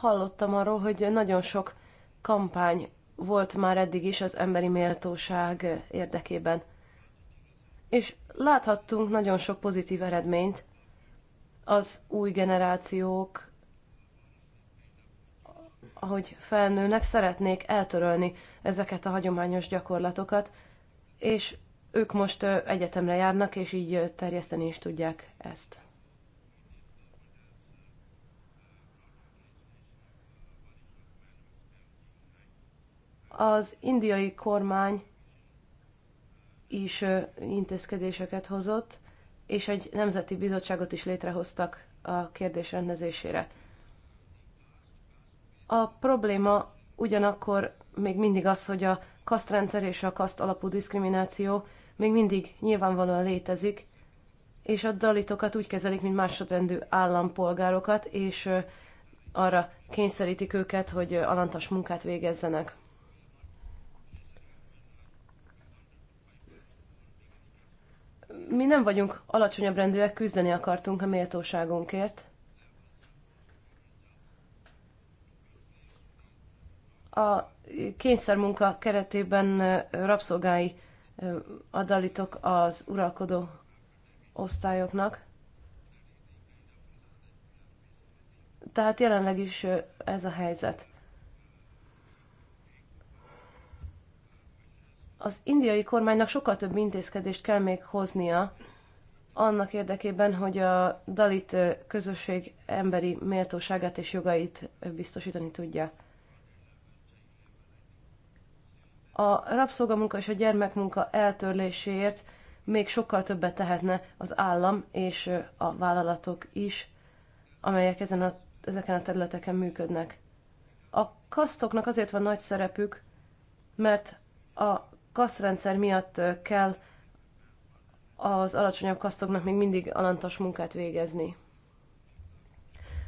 hallottam arról, hogy nagyon sok kampány volt már eddig is az emberi méltóság érdekében. És láthattunk nagyon sok pozitív eredményt az új generációk, ahogy felnőnek, szeretnék eltörölni ezeket a hagyományos gyakorlatokat, és ők most egyetemre járnak, és így terjeszteni is tudják ezt. Az indiai kormány is intézkedéseket hozott, és egy nemzeti bizottságot is létrehoztak a kérdés rendezésére. A probléma ugyanakkor még mindig az, hogy a kasztrendszer és a kaszt alapú diszkrimináció még mindig nyilvánvalóan létezik, és a dalitokat úgy kezelik, mint másodrendű állampolgárokat, és arra kényszerítik őket, hogy alantas munkát végezzenek. mi nem vagyunk alacsonyabb rendűek, küzdeni akartunk a méltóságunkért. A kényszermunka keretében rabszolgái adalitok az uralkodó osztályoknak. Tehát jelenleg is ez a helyzet. Az indiai kormánynak sokkal több intézkedést kell még hoznia annak érdekében, hogy a dalit közösség emberi méltóságát és jogait biztosítani tudja. A rabszolgamunka és a gyermekmunka eltörléséért még sokkal többet tehetne az állam és a vállalatok is, amelyek ezen a, ezeken a területeken működnek. A kasztoknak azért van nagy szerepük, mert a kaszrendszer miatt kell az alacsonyabb kasztoknak még mindig alantas munkát végezni.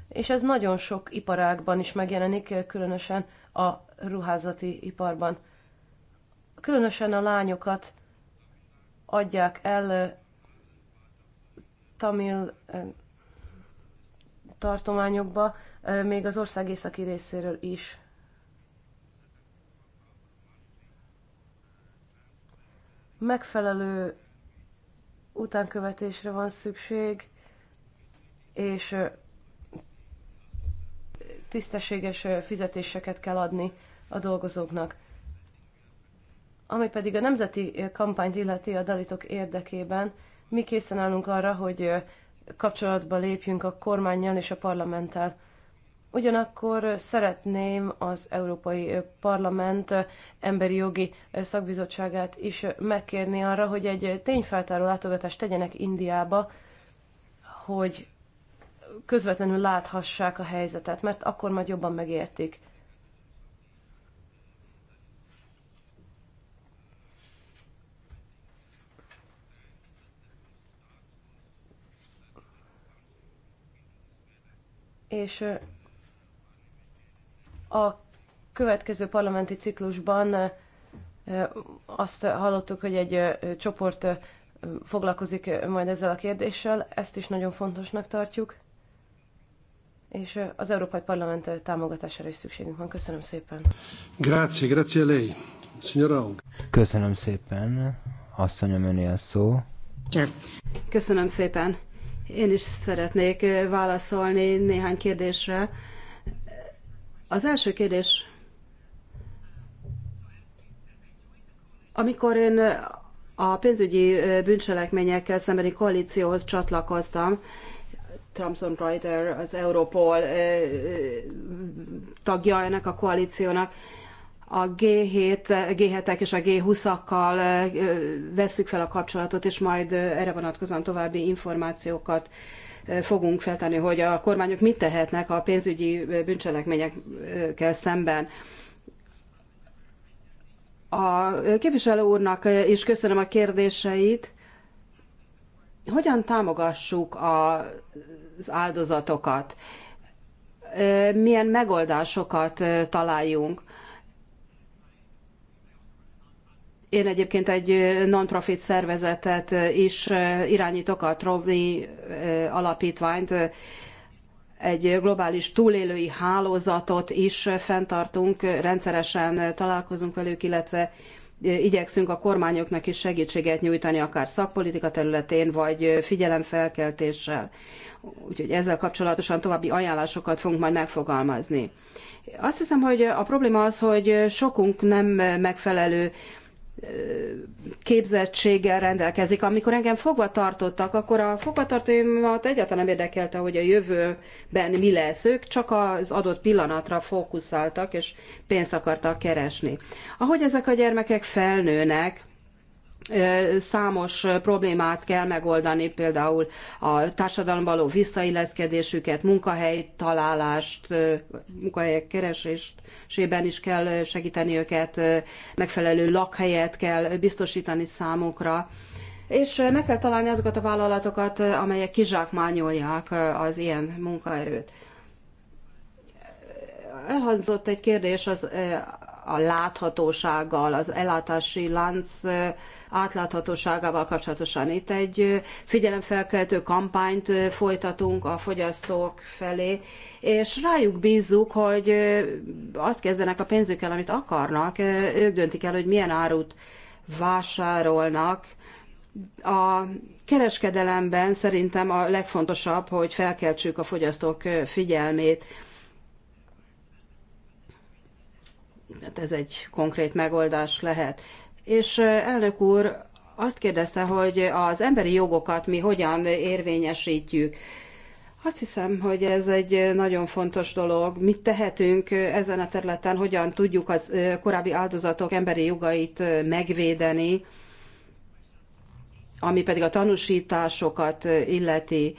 És ez nagyon sok iparágban is megjelenik, különösen a ruházati iparban. Különösen a lányokat adják el tamil tartományokba, még az ország északi részéről is. Megfelelő utánkövetésre van szükség, és tisztességes fizetéseket kell adni a dolgozóknak. Ami pedig a nemzeti kampányt illeti a dalitok érdekében, mi készen állunk arra, hogy kapcsolatba lépjünk a kormányjal és a parlamenttel. Ugyanakkor szeretném az Európai Parlament Emberi Jogi Szakbizottságát is megkérni arra, hogy egy tényfeltáró látogatást tegyenek Indiába, hogy közvetlenül láthassák a helyzetet, mert akkor majd jobban megértik. És a következő parlamenti ciklusban azt hallottuk, hogy egy csoport foglalkozik majd ezzel a kérdéssel, ezt is nagyon fontosnak tartjuk, és az Európai Parlament támogatására is szükségünk van. Köszönöm szépen. Grazie, grazie lei. Signora Köszönöm szépen. Asszonyom, öné a szó. Köszönöm szépen. Én is szeretnék válaszolni néhány kérdésre, az első kérdés, amikor én a pénzügyi bűncselekményekkel szembeni koalícióhoz csatlakoztam, Trumpson Reuter, az Europol tagja ennek a koalíciónak, a G7, G7-ek és a G20-akkal vesszük fel a kapcsolatot, és majd erre vonatkozóan további információkat fogunk feltenni, hogy a kormányok mit tehetnek a pénzügyi bűncselekményekkel szemben. A képviselő úrnak is köszönöm a kérdéseit. Hogyan támogassuk az áldozatokat? milyen megoldásokat találjunk. Én egyébként egy non-profit szervezetet is irányítok, a Trobli alapítványt, egy globális túlélői hálózatot is fenntartunk, rendszeresen találkozunk velük, illetve igyekszünk a kormányoknak is segítséget nyújtani, akár szakpolitika területén, vagy figyelemfelkeltéssel. Úgyhogy ezzel kapcsolatosan további ajánlásokat fogunk majd megfogalmazni. Azt hiszem, hogy a probléma az, hogy sokunk nem megfelelő képzettséggel rendelkezik. Amikor engem fogva tartottak, akkor a fogvatartóimat egyáltalán nem érdekelte, hogy a jövőben mi lesz. Ők csak az adott pillanatra fókuszáltak, és pénzt akartak keresni. Ahogy ezek a gyermekek felnőnek, számos problémát kell megoldani, például a társadalom való visszailleszkedésüket, munkahely találást, munkahelyek keresésében is kell segíteni őket, megfelelő lakhelyet kell biztosítani számukra, és meg kell találni azokat a vállalatokat, amelyek kizsákmányolják az ilyen munkaerőt. Elhangzott egy kérdés az a láthatósággal, az ellátási lánc átláthatóságával kapcsolatosan. Itt egy figyelemfelkeltő kampányt folytatunk a fogyasztók felé, és rájuk bízzuk, hogy azt kezdenek a pénzükkel, amit akarnak, ők döntik el, hogy milyen árut vásárolnak. A kereskedelemben szerintem a legfontosabb, hogy felkeltsük a fogyasztók figyelmét hát ez egy konkrét megoldás lehet. És elnök úr azt kérdezte, hogy az emberi jogokat mi hogyan érvényesítjük. Azt hiszem, hogy ez egy nagyon fontos dolog. Mit tehetünk ezen a területen, hogyan tudjuk az korábbi áldozatok emberi jogait megvédeni, ami pedig a tanúsításokat illeti.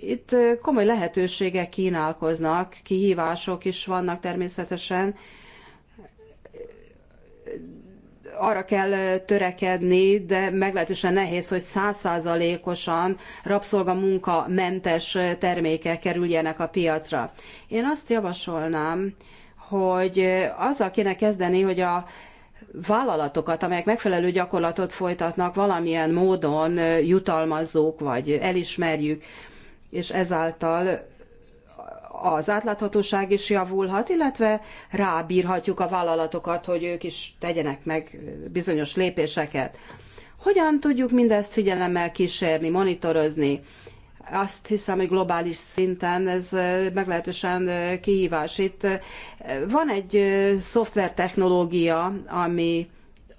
Itt komoly lehetőségek kínálkoznak, kihívások is vannak természetesen, arra kell törekedni, de meglehetősen nehéz, hogy százszázalékosan rabszolgamunka mentes termékek kerüljenek a piacra. Én azt javasolnám, hogy azzal kéne kezdeni, hogy a vállalatokat, amelyek megfelelő gyakorlatot folytatnak, valamilyen módon jutalmazzuk, vagy elismerjük, és ezáltal az átláthatóság is javulhat, illetve rábírhatjuk a vállalatokat, hogy ők is tegyenek meg bizonyos lépéseket. Hogyan tudjuk mindezt figyelemmel kísérni, monitorozni? Azt hiszem, hogy globális szinten ez meglehetősen kihívás. Itt van egy szoftvertechnológia, ami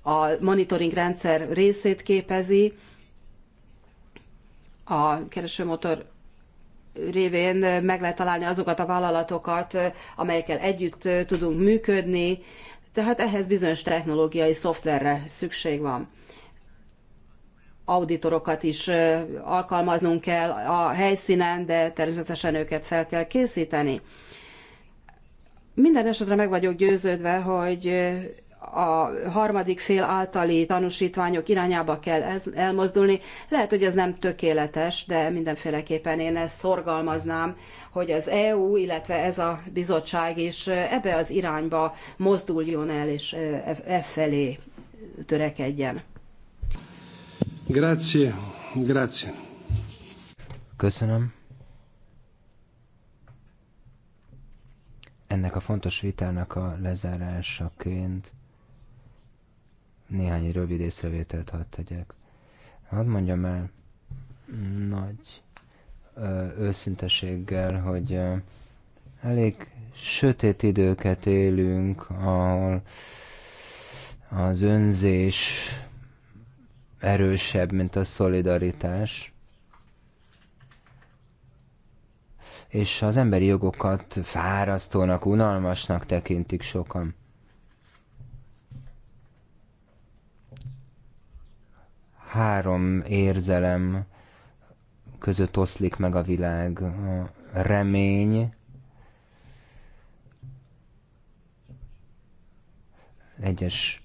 a monitoring rendszer részét képezi, a keresőmotor révén meg lehet találni azokat a vállalatokat, amelyekkel együtt tudunk működni, tehát ehhez bizonyos technológiai szoftverre szükség van. Auditorokat is alkalmaznunk kell a helyszínen, de természetesen őket fel kell készíteni. Minden esetre meg vagyok győződve, hogy a harmadik fél általi tanúsítványok irányába kell ez, elmozdulni. Lehet, hogy ez nem tökéletes, de mindenféleképpen én ezt szorgalmaznám, hogy az EU, illetve ez a bizottság is ebbe az irányba mozduljon el, és e, e felé törekedjen. Grazie, grazie. Köszönöm. Ennek a fontos vitának a lezárásaként néhány rövid észrevételt hadd tegyek. Hadd mondjam el nagy őszinteséggel, hogy elég sötét időket élünk, ahol az önzés erősebb, mint a szolidaritás. És az emberi jogokat fárasztónak, unalmasnak tekintik sokan. három érzelem között oszlik meg a világ. A remény, egyes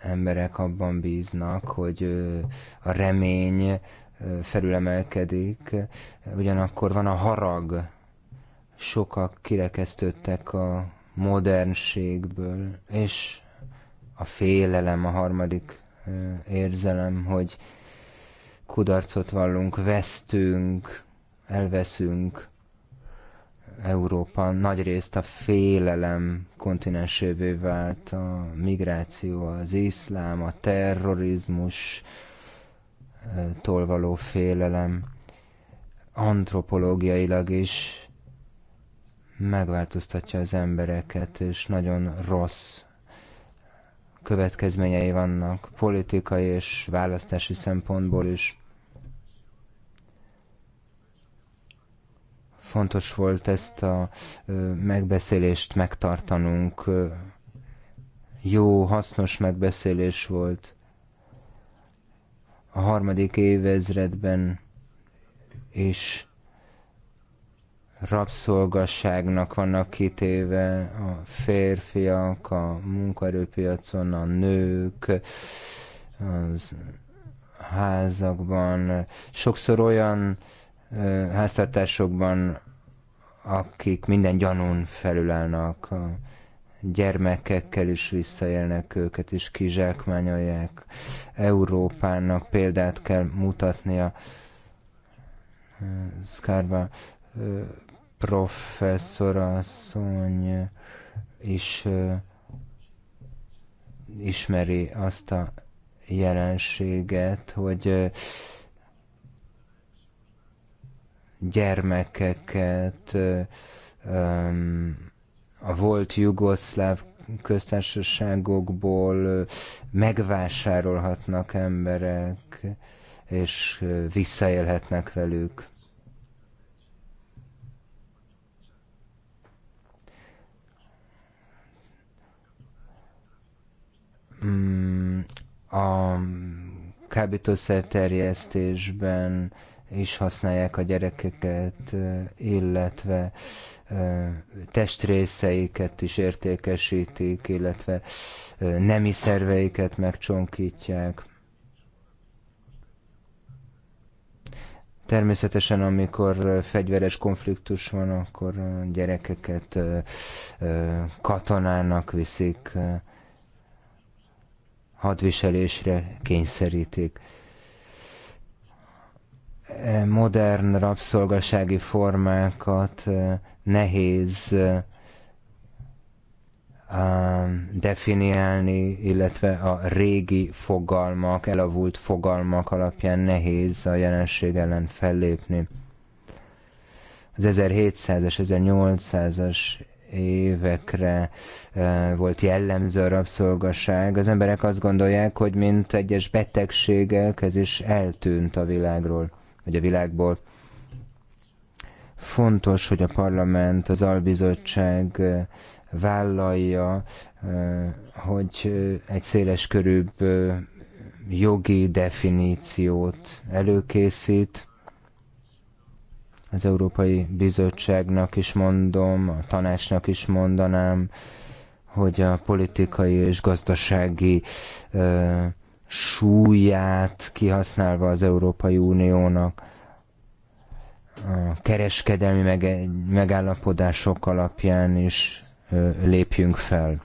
emberek abban bíznak, hogy a remény felülemelkedik, ugyanakkor van a harag. Sokak kirekesztődtek a modernségből, és a félelem a harmadik érzelem, hogy kudarcot vallunk, vesztünk, elveszünk. Európa nagy részt a félelem kontinensévé vált, a migráció, az iszlám, a terrorizmus, tolvaló félelem antropológiailag is megváltoztatja az embereket, és nagyon rossz következményei vannak politikai és választási szempontból is. Fontos volt ezt a megbeszélést megtartanunk. Jó, hasznos megbeszélés volt. A harmadik évezredben és rabszolgasságnak vannak kitéve a férfiak, a munkaerőpiacon a nők, az házakban, sokszor olyan ö, háztartásokban, akik minden gyanún felülállnak, a gyermekekkel is visszaélnek őket, és kizsákmányolják. Európának példát kell mutatnia. Szkárba professzorasszony is ismeri azt a jelenséget, hogy gyermekeket a volt jugoszláv köztársaságokból megvásárolhatnak emberek, és visszaélhetnek velük. Mm, a kábítószerterjesztésben is használják a gyerekeket, illetve testrészeiket is értékesítik, illetve nemi szerveiket megcsonkítják. Természetesen, amikor fegyveres konfliktus van, akkor gyerekeket katonának viszik, hadviselésre kényszerítik. E, modern rabszolgasági formákat e, nehéz e, definiálni, illetve a régi fogalmak, elavult fogalmak alapján nehéz a jelenség ellen fellépni. Az 1700-as, 1800-as évekre eh, volt jellemző a rabszolgaság. Az emberek azt gondolják, hogy mint egyes betegségek ez is eltűnt a világról, vagy a világból. Fontos, hogy a parlament, az albizottság eh, vállalja, eh, hogy egy széles körűbb jogi definíciót előkészít, az Európai Bizottságnak is mondom, a tanácsnak is mondanám, hogy a politikai és gazdasági ö, súlyát kihasználva az Európai Uniónak a kereskedelmi megállapodások alapján is lépjünk fel.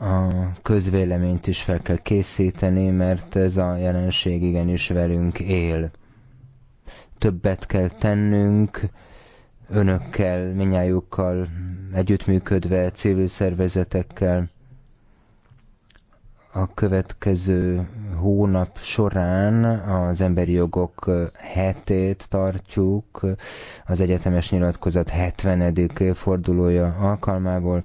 a közvéleményt is fel kell készíteni, mert ez a jelenség igenis velünk él. Többet kell tennünk, önökkel, minnyájukkal együttműködve, civil szervezetekkel a következő hónap során az emberi jogok hetét tartjuk, az egyetemes nyilatkozat 70. évfordulója alkalmából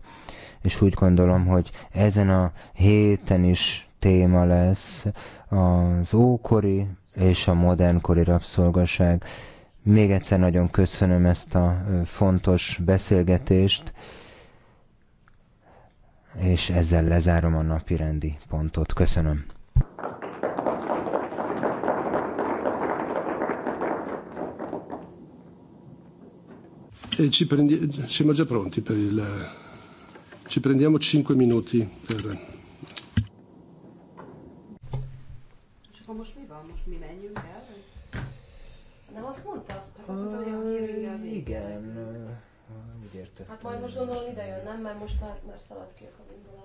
és úgy gondolom, hogy ezen a héten is téma lesz az ókori és a modernkori rabszolgaság. Még egyszer nagyon köszönöm ezt a fontos beszélgetést, és ezzel lezárom a napi rendi pontot. Köszönöm. E ci prendi... siamo già pronti per il Ci prendiamo 5 minuti per... Hát a hát majd most gondolom ide jön, nem? Mert most már, már szaladt ki a kabinból a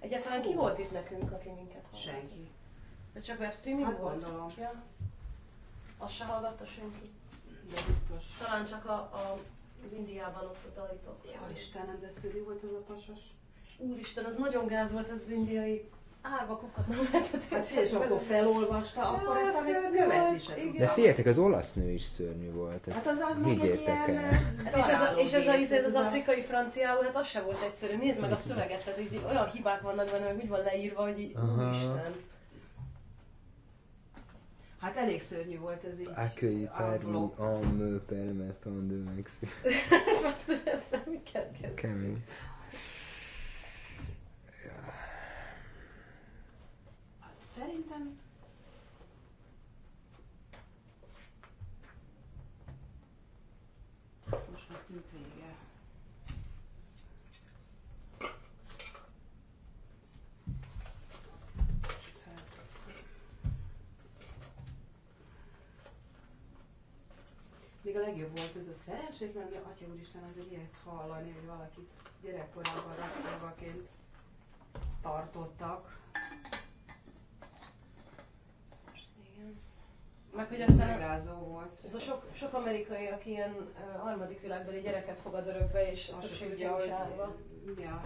Egyáltalán ki volt itt nekünk, aki minket hallott? Senki. De csak webstreaming hát volt? gondolom. Ja. Azt se hallgatta senki. De biztos. Talán csak a, a az Indiában ott a dalitok. Ja, Istenem, de szörnyű volt ez a pasas. Úristen, az nagyon gáz volt az indiai kukat nem lehetett. Hát figyelj, és akkor felolvasta, ja, akkor ezt amit követni se tudta. De figyeljetek, az olasz nő is szörnyű volt. Hát ezt hát az az még egy ilyen eh, hát és, ez a, és ez, a, ez, az afrikai franciául, hát az se volt egyszerű. Nézd meg a szöveget, tehát így, olyan hibák vannak benne, meg úgy van leírva, hogy így, Aha. úristen. Hát elég szörnyű volt ez így. Accueilli parmi en permet, permettant de m'exprimer. ez már ez nem kedves. Kemény. Hát szerintem most már még a legjobb volt ez a szerencsétlen, de Atya Úristen azért ilyet hallani, hogy valakit gyerekkorában rabszolgaként tartottak. Igen. Meg hogy aztán volt. Ez a sok, sok amerikai, aki ilyen uh, harmadik világbeli gyereket fogad örökbe, és a se tudja, hogy... Ja.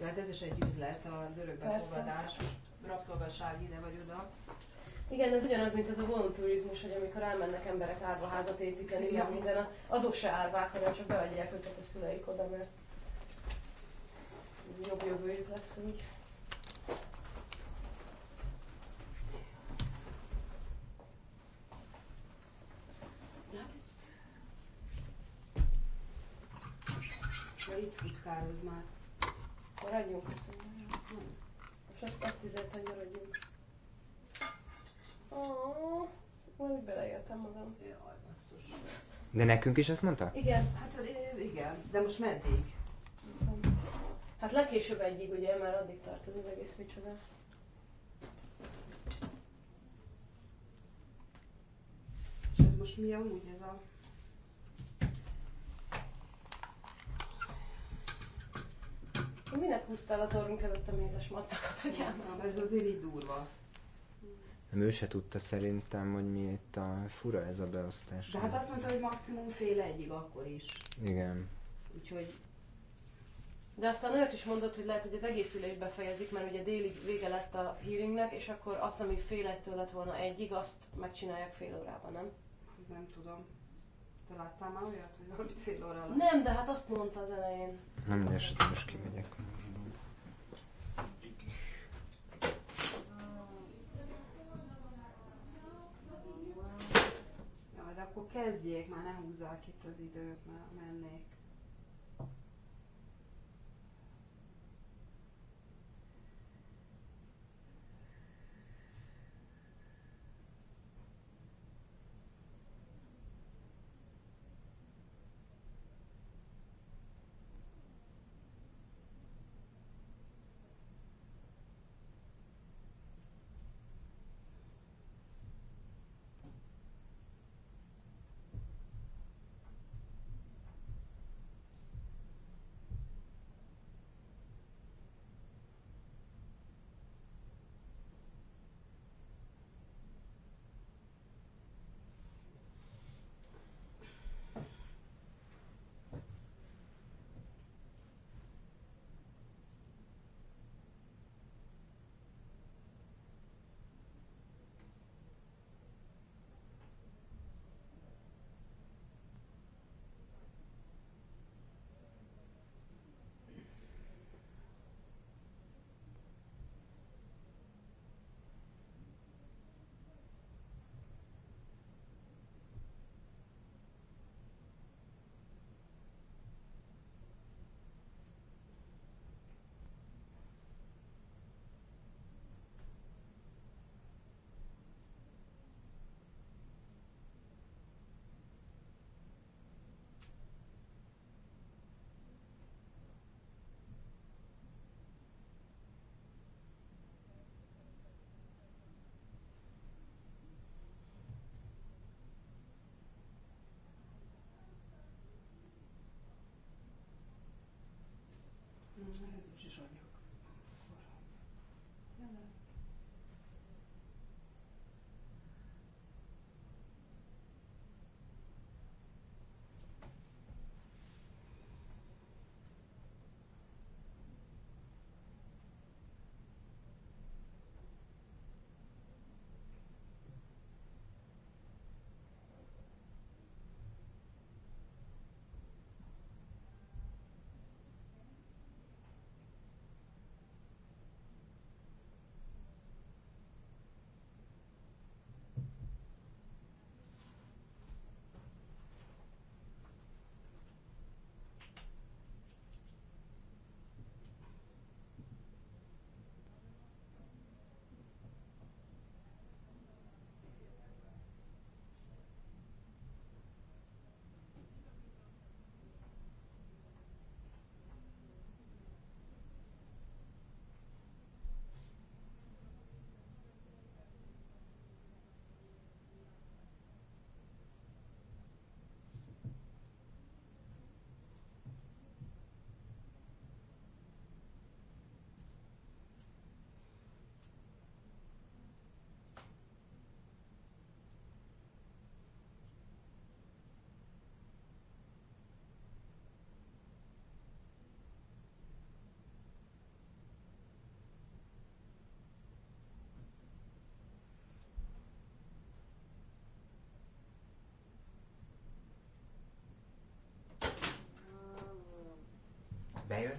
ja, hát ez is egy üzlet, az örökbefogadás, rabszolgasság ide vagy oda. Igen, ez ugyanaz, mint ez a volunturizmus, hogy amikor elmennek emberek árvaházat építeni, ja. minden, azok se árvák, hanem csak beadják őket a szüleik oda, mert jobb jövőjük lesz így. Ja, hát itt futkároz már. Maradjunk, köszönöm. Most azt, azt izéltem, maradjunk nem magam. Jaj, basszus. De nekünk is ezt mondta? Igen, hát igen, de most meddig? Hát legkésőbb egyig, ugye, már addig tart ez az egész micsoda. És ez most mi úgy ez a... Minek húztál az orrunk előtt a mézes macokat, hogy Ez azért így durva ő se tudta szerintem, hogy mi itt a fura ez a beosztás. De hát azt mondta, hogy maximum fél egyig akkor is. Igen. Úgyhogy... De aztán olyat is mondott, hogy lehet, hogy az egész ülés befejezik, mert ugye délig vége lett a hearingnek, és akkor azt, ami fél egytől lett volna egyig, azt megcsinálják fél órában, nem? Nem tudom. Te láttál már olyat, hogy valamit fél óra lett? Nem, de hát azt mondta az elején. Nem, de most kimegyek. kezdjék, már ne húzzák itt az időt, mert mennék.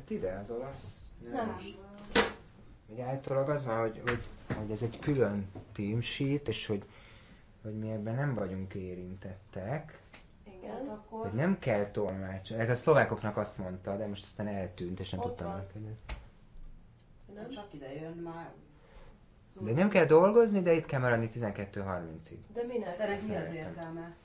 jött hát ide az olasz? Nem. nem. Ugye általában az van, hogy, hogy, hogy ez egy külön team sheet, és hogy, hogy mi ebben nem vagyunk érintettek. Igen. Hát akkor... Hogy nem kell tolmács. Ez hát a szlovákoknak azt mondta, de most aztán eltűnt, és nem Ott tudtam elkezdeni. Nem csak ide jön már. De nem kell dolgozni, de itt kell maradni 12.30-ig. De minek? De mi az értelme?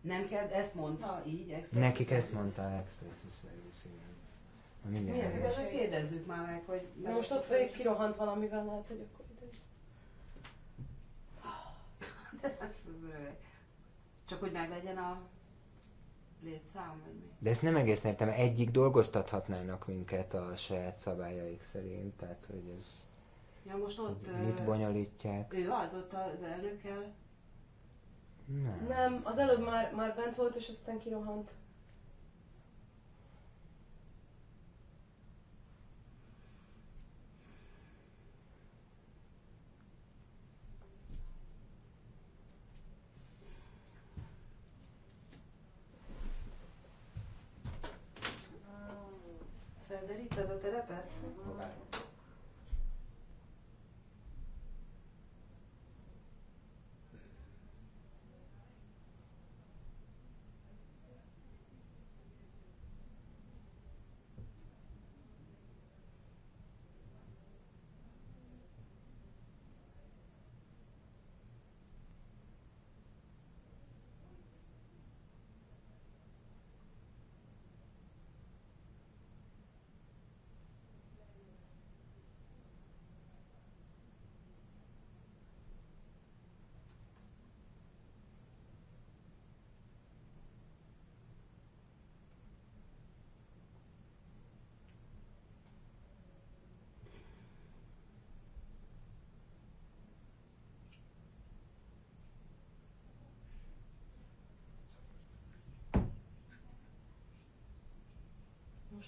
Nem kell, ezt mondta így? Express Nekik ezt mondta Expressis Service, igen. Miért? Ezzel kérdezzük már meg, hogy... Na most ott fel... kirohant valamivel, lehet, hogy akkor ide. De ez az Csak hogy meg legyen a létszám, De ezt nem egészen értem, egyik dolgoztathatnának minket a saját szabályaik szerint, tehát hogy ez... Ja, most ott... Mit bonyolítják? Ő az, ott az elnökkel nem. Nem, az előbb már, már bent volt, és aztán kirohant. Felderíted a terepet?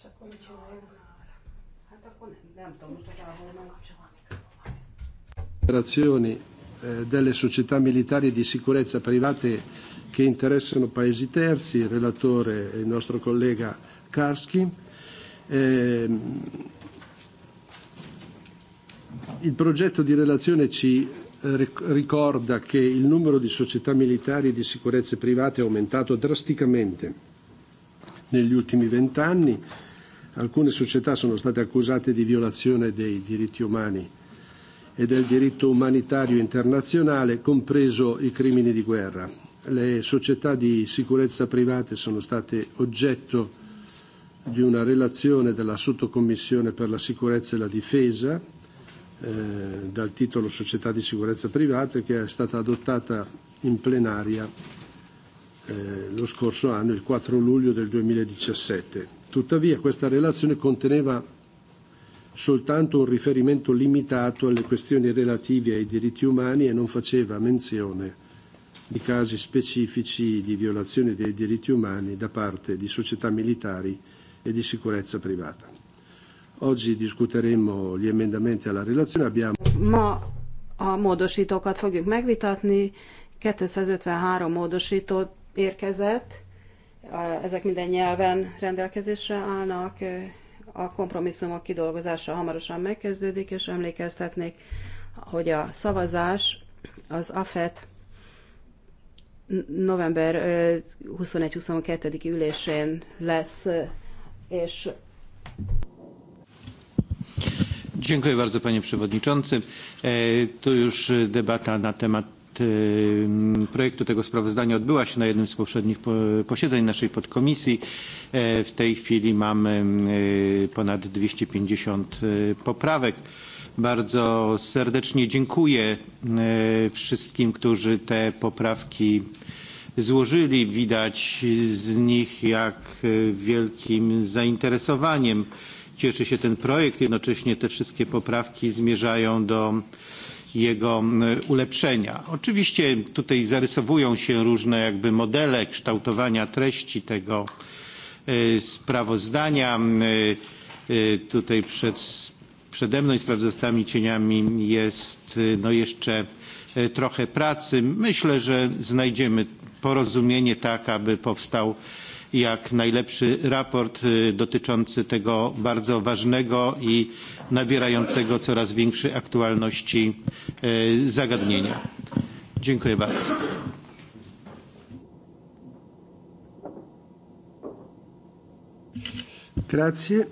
most akkor mit csináljunk? Hát akkor nem, nem tudom, most akkor Operazioni eh, delle società militari di sicurezza private che interessano paesi terzi, il relatore è il nostro collega Karski. Ehm, il progetto di relazione ci eh, ricorda che il numero di società militari di sicurezza private è aumentato drasticamente negli ultimi vent'anni alcune società sono state accusate di violazione dei diritti umani e del diritto umanitario internazionale, compreso i crimini di guerra. Le società di sicurezza private sono state oggetto di una relazione della Sottocommissione per la sicurezza e la difesa, eh, dal titolo Società di sicurezza private, che è stata adottata in plenaria eh, lo scorso anno, il 4 luglio del 2017. Tuttavia questa relazione conteneva soltanto un riferimento limitato alle questioni relative ai diritti umani e non faceva menzione di casi specifici di violazione dei diritti umani da parte di società militari e di sicurezza privata. Oggi discuteremo gli emendamenti alla relazione. Abbiamo... Ma a modosítókat fogjuk megvitatni. 253 módosító érkezett ezek minden nyelven rendelkezésre állnak, a kompromisszumok kidolgozása hamarosan megkezdődik, és emlékeztetnék, hogy a szavazás az AFET november 21-22. ülésén lesz, és Dziękuję bardzo panie przewodniczący. E, to już debata na temat projektu tego sprawozdania odbyła się na jednym z poprzednich posiedzeń naszej podkomisji. E, w tej chwili mamy ponad 250 poprawek. Bardzo serdecznie dziękuję wszystkim, którzy te poprawki złożyli. Widać z nich, jak wielkim zainteresowaniem cieszy się ten projekt. Jednocześnie te wszystkie poprawki zmierzają do jego ulepszenia. Oczywiście tutaj zarysowują się różne jakby modele kształtowania treści tego e, sprawozdania. E, e, tutaj przed, przede mną i sprawozdawcami cieniami jest no jeszcze trochę pracy. Myślę, że znajdziemy porozumienie tak, aby powstał jak najlepszy raport dotyczący tego bardzo ważnego i nabierającego coraz większej aktualności zagadnienia. Dziękuję bardzo. Grazie.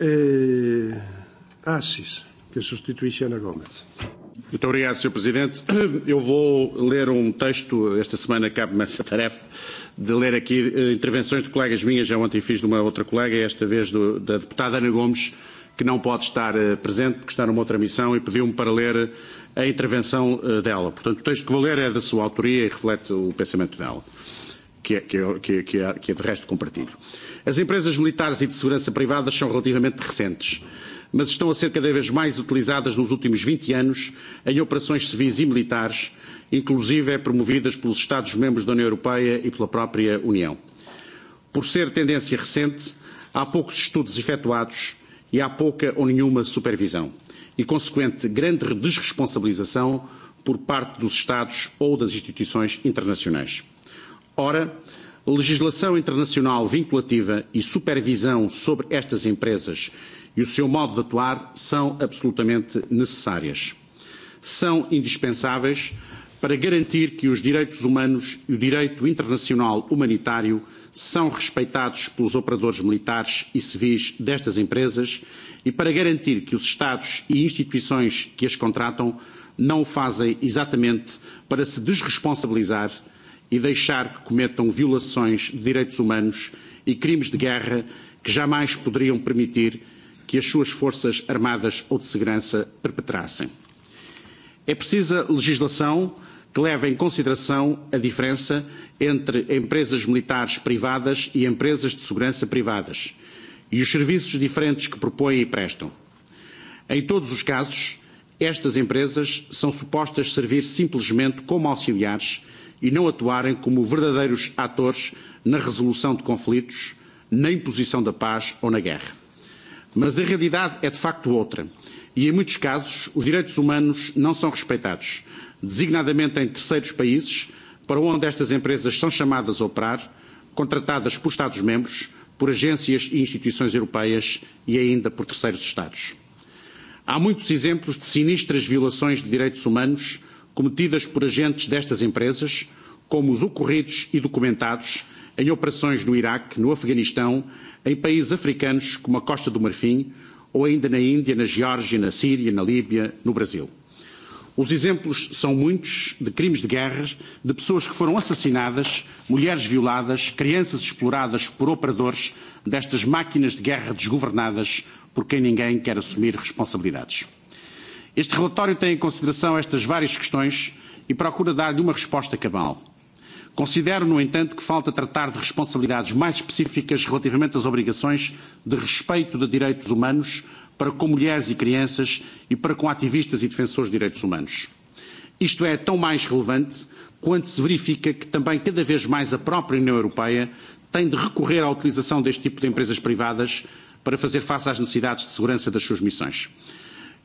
Eh, Assis, que substituisce Ana Gomes. Muito obrigado, Sr. Presidente. Eu vou ler um texto, esta semana cabe-me essa tarefa, de ler aqui eh, intervenções de colegas minhas, já ontem fiz de uma outra colega, esta vez do, da deputada Ana Gomes, que não pode estar eh, presente porque está numa outra missão e pediu-me para ler a intervenção eh, dela. Portanto, o texto que vou ler é da sua autoria e reflete o pensamento dela, que é, que é, que é, que é, que é de resto compartilho. As empresas militares e de segurança privada são relativamente recentes, mas estão a ser cada vez mais utilizadas nos últimos 20 anos em operações civis e militares inclusive promovidas pelos Estados-membros da União Europeia e pela própria União. Por ser tendência recente, há poucos estudos efetuados e há pouca ou nenhuma supervisão, e consequente grande desresponsabilização por parte dos Estados ou das instituições internacionais. Ora, legislação internacional vinculativa e supervisão sobre estas empresas e o seu modo de atuar são absolutamente necessárias. São indispensáveis para garantir que os direitos humanos e o direito internacional humanitário são respeitados pelos operadores militares e civis destas empresas e para garantir que os Estados e instituições que as contratam não o fazem exatamente para se desresponsabilizar e deixar que cometam violações de direitos humanos e crimes de guerra que jamais poderiam permitir que as suas forças armadas ou de segurança perpetrassem. É precisa legislação que leva em consideração a diferença entre empresas militares privadas e empresas de segurança privadas e os serviços diferentes que propõem e prestam. Em todos os casos, estas empresas são supostas servir simplesmente como auxiliares e não atuarem como verdadeiros atores na resolução de conflitos, na imposição da paz ou na guerra. Mas a realidade é de facto outra e, em muitos casos, os direitos humanos não são respeitados designadamente em terceiros países, para onde estas empresas são chamadas a operar, contratadas por Estados-membros, por agências e instituições europeias e ainda por terceiros Estados. Há muitos exemplos de sinistras violações de direitos humanos cometidas por agentes destas empresas, como os ocorridos e documentados em operações no Iraque, no Afeganistão, em países africanos como a Costa do Marfim ou ainda na Índia, na Geórgia, na Síria, na Líbia, no Brasil. Os exemplos são muitos de crimes de guerra, de pessoas que foram assassinadas, mulheres violadas, crianças exploradas por operadores destas máquinas de guerra desgovernadas por quem ninguém quer assumir responsabilidades. Este relatório tem em consideração estas várias questões e procura dar-lhe uma resposta cabal. Considero, no entanto, que falta tratar de responsabilidades mais específicas relativamente às obrigações de respeito de direitos humanos para com mulheres e crianças e para com ativistas e defensores de direitos humanos. Isto é tão mais relevante quando se verifica que também cada vez mais a própria União Europeia tem de recorrer à utilização deste tipo de empresas privadas para fazer face às necessidades de segurança das suas missões.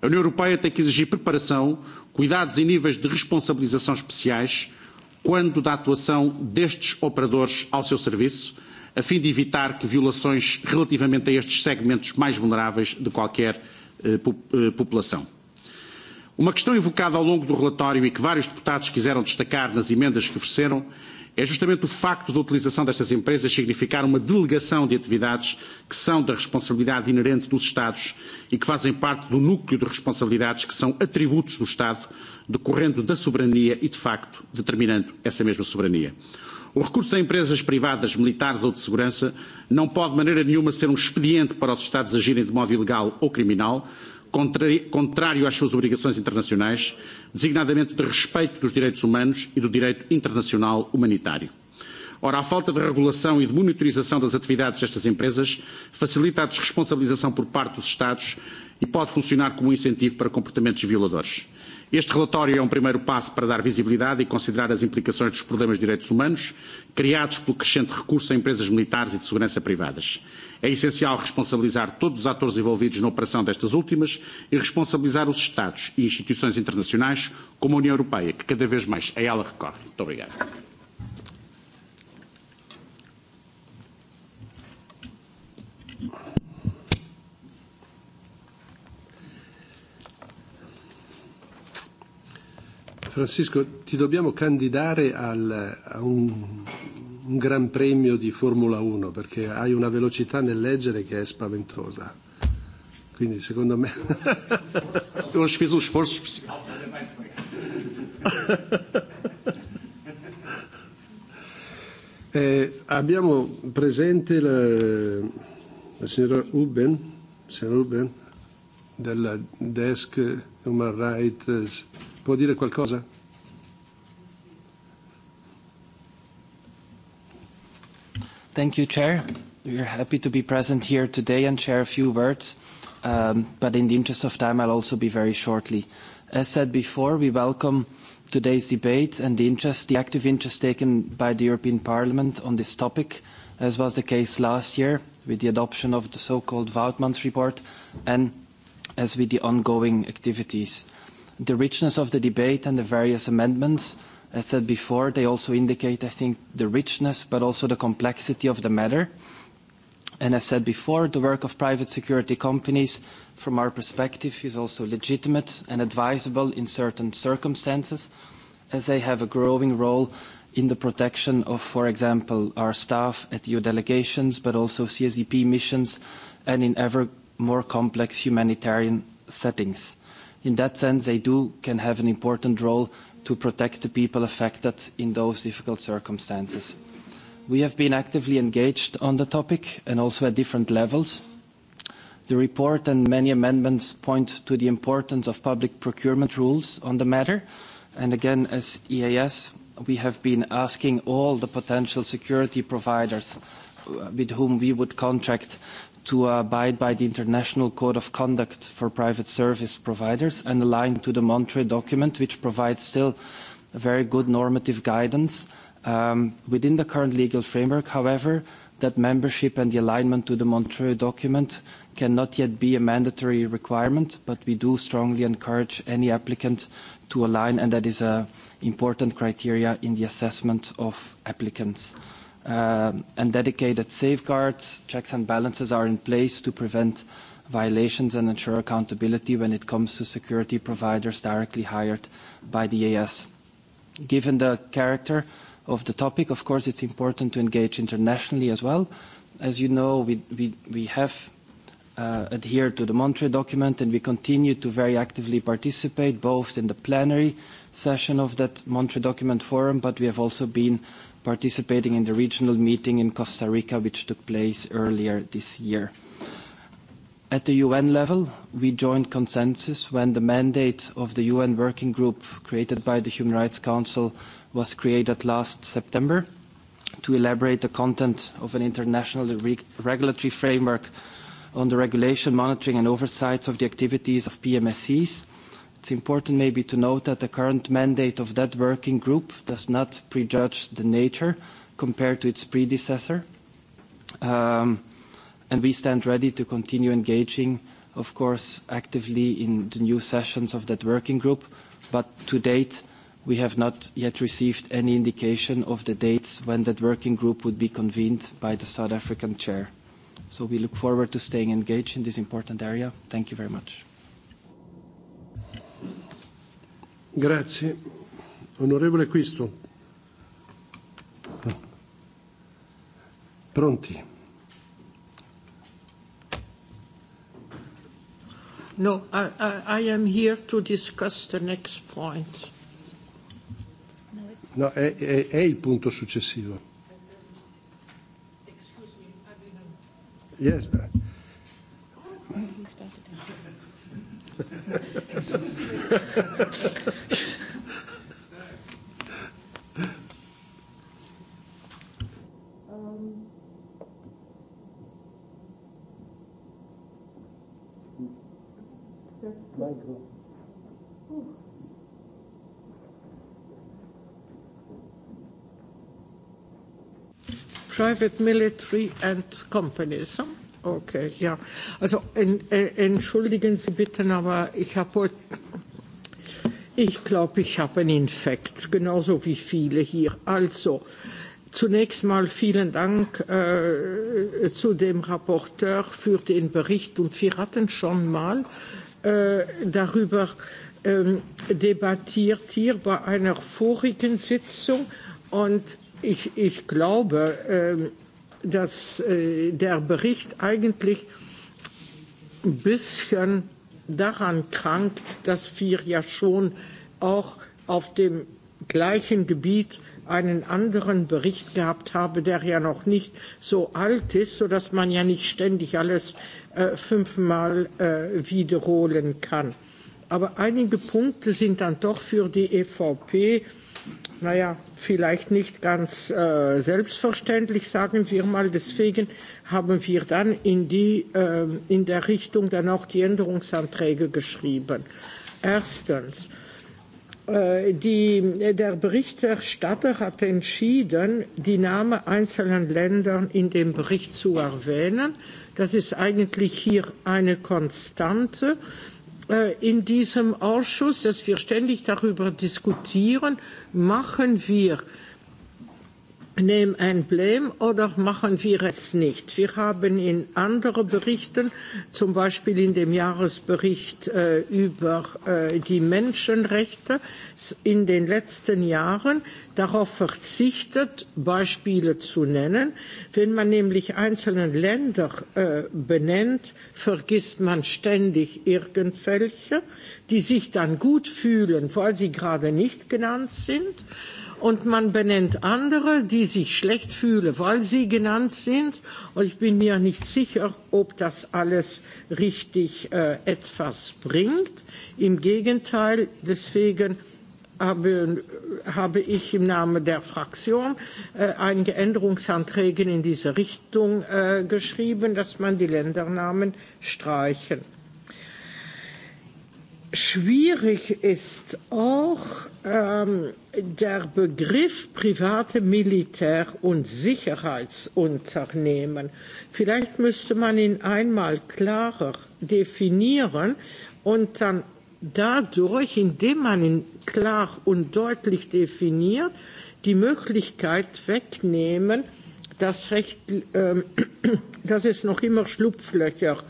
A União Europeia tem que exigir preparação, cuidados e níveis de responsabilização especiais quando da atuação destes operadores ao seu serviço, a fim de evitar que violações relativamente a estes segmentos mais vulneráveis de qualquer eh, eh, população. Uma questão evocada ao longo do relatório e que vários deputados quiseram destacar nas emendas que ofereceram é justamente o facto da utilização destas empresas significar uma delegação de atividades que são da responsabilidade inerente dos Estados e que fazem parte do núcleo de responsabilidades que são atributos do Estado, decorrendo da soberania e, de facto, determinando essa mesma soberania. O recurso a empresas privadas, militares ou de segurança não pode de maneira nenhuma ser um expediente para os Estados agirem de modo ilegal ou criminal, contrário às suas obrigações internacionais, designadamente de respeito dos direitos humanos e do direito internacional humanitário. Ora, a falta de regulação e de monitorização das atividades destas empresas facilita a desresponsabilização por parte dos Estados e pode funcionar como um incentivo para comportamentos violadores. Este relatório é um primeiro passo para dar visibilidade e considerar as implicações dos problemas de direitos humanos criados pelo crescente recurso a empresas militares e de segurança privadas. É essencial responsabilizar todos os atores envolvidos na operação destas últimas e responsabilizar os Estados e instituições internacionais, como a União Europeia, que cada vez mais a ela recorre. Muito obrigado. Francisco, ti dobbiamo candidare al, a un, un gran premio di Formula 1 perché hai una velocità nel leggere che è spaventosa. Quindi secondo me... ho fatto uno sforzo. speciale. eh, abbiamo presente la, la signora Uben, signora Uben della Desk Human Rights può dire qualcosa? Thank you, Chair. We're happy to be present here today and share a few words, um, but in the interest of time, I'll also be very shortly. As said before, we welcome today's debate and the interest, the active interest taken by the European Parliament on this topic, as was the case last year with the adoption of the so-called Woutmans report and as with the ongoing activities the richness of the debate and the various amendments. As said before, they also indicate, I think, the richness but also the complexity of the matter. And as said before, the work of private security companies, from our perspective, is also legitimate and advisable in certain circumstances, as they have a growing role in the protection of, for example, our staff at EU delegations, but also CSDP missions, and in ever more complex humanitarian settings in that sense, they do can have an important role to protect the people affected in those difficult circumstances. We have been actively engaged on the topic and also at different levels. The report and many amendments point to the importance of public procurement rules on the matter. And again, as EAS, we have been asking all the potential security providers uh, with whom we would contract to abide by the International Code of Conduct for Private Service Providers and align to the Montreux document, which provides still very good normative guidance um, within the current legal framework. However, that membership and the alignment to the Montreux document cannot yet be a mandatory requirement, but we do strongly encourage any applicant to align, and that is an important criteria in the assessment of applicants. Um, and dedicated safeguards, checks and balances are in place to prevent violations and ensure accountability when it comes to security providers directly hired by the AS. Given the character of the topic, of course, it's important to engage internationally as well. As you know, we, we, we have uh, adhered to the Montre document and we continue to very actively participate both in the plenary session of that Montre document forum, but we have also been participating in the regional meeting in Costa Rica, which took place earlier this year. At the UN level, we joined consensus when the mandate of the UN Working Group created by the Human Rights Council was created last September to elaborate the content of an international regulatory framework on the regulation, monitoring and oversight of the activities of PMSCs It's important maybe to note that the current mandate of that working group does not prejudge the nature compared to its predecessor. Um, and we stand ready to continue engaging, of course, actively in the new sessions of that working group. But to date, we have not yet received any indication of the dates when that working group would be convened by the South African chair. So we look forward to staying engaged in this important area. Thank you very much. Grazie. Onorevole Quisto. Pronti? No, I, I, I am here to discuss the next point. No, è, è, è il punto successivo. Excuse me, I didn't... Yes. private military and companies. Huh? Okay, ja. Also en, en, entschuldigen Sie bitte, aber ich habe ich glaube, ich habe einen Infekt, genauso wie viele hier. Also, zunächst mal vielen Dank äh, zu dem Rapporteur für den Bericht. Und wir hatten schon mal äh, darüber ähm, debattiert hier bei einer vorigen Sitzung. Und ich, ich glaube, äh, dass äh, der Bericht eigentlich ein bisschen daran krankt, dass wir ja schon auch auf dem gleichen Gebiet einen anderen Bericht gehabt habe, der ja noch nicht so alt ist, sodass man ja nicht ständig alles äh, fünfmal äh, wiederholen kann. Aber einige Punkte sind dann doch für die EVP äh, naja, vielleicht nicht ganz äh, selbstverständlich, sagen wir mal. Deswegen haben wir dann in, die, äh, in der Richtung dann auch die Änderungsanträge geschrieben. Erstens, äh, die, der Berichterstatter hat entschieden, die Namen einzelner Länder in dem Bericht zu erwähnen. Das ist eigentlich hier eine Konstante. Äh, Äh, in diesem Ausschuss, dass wir ständig darüber diskutieren, machen wir nehmen ein Blame oder machen wir es nicht. Wir haben in anderen Berichten, zum Beispiel in dem Jahresbericht äh, über äh, die Menschenrechte in den letzten Jahren darauf verzichtet, Beispiele zu nennen. Wenn man nämlich einzelne Länder äh, benennt, vergisst man ständig irgendwelche, die sich dann gut fühlen, weil sie gerade nicht genannt sind. Äh, und man benennt andere, die sich schlecht fühlen, weil sie genannt sind. Und ich bin mir nicht sicher, ob das alles richtig äh, etwas bringt. Im Gegenteil, deswegen habe, habe ich im Namen der Fraktion äh, einige Änderungsanträge in diese Richtung äh, geschrieben, dass man die Ländernamen streichen Schwierig ist auch ähm, der Begriff private Militär- und Sicherheitsunternehmen. Vielleicht müsste man ihn einmal klarer definieren und dann dadurch, indem man ihn klar und deutlich definiert, die Möglichkeit wegnehmen, dass, recht, äh, dass es noch immer Schlupflöcher gibt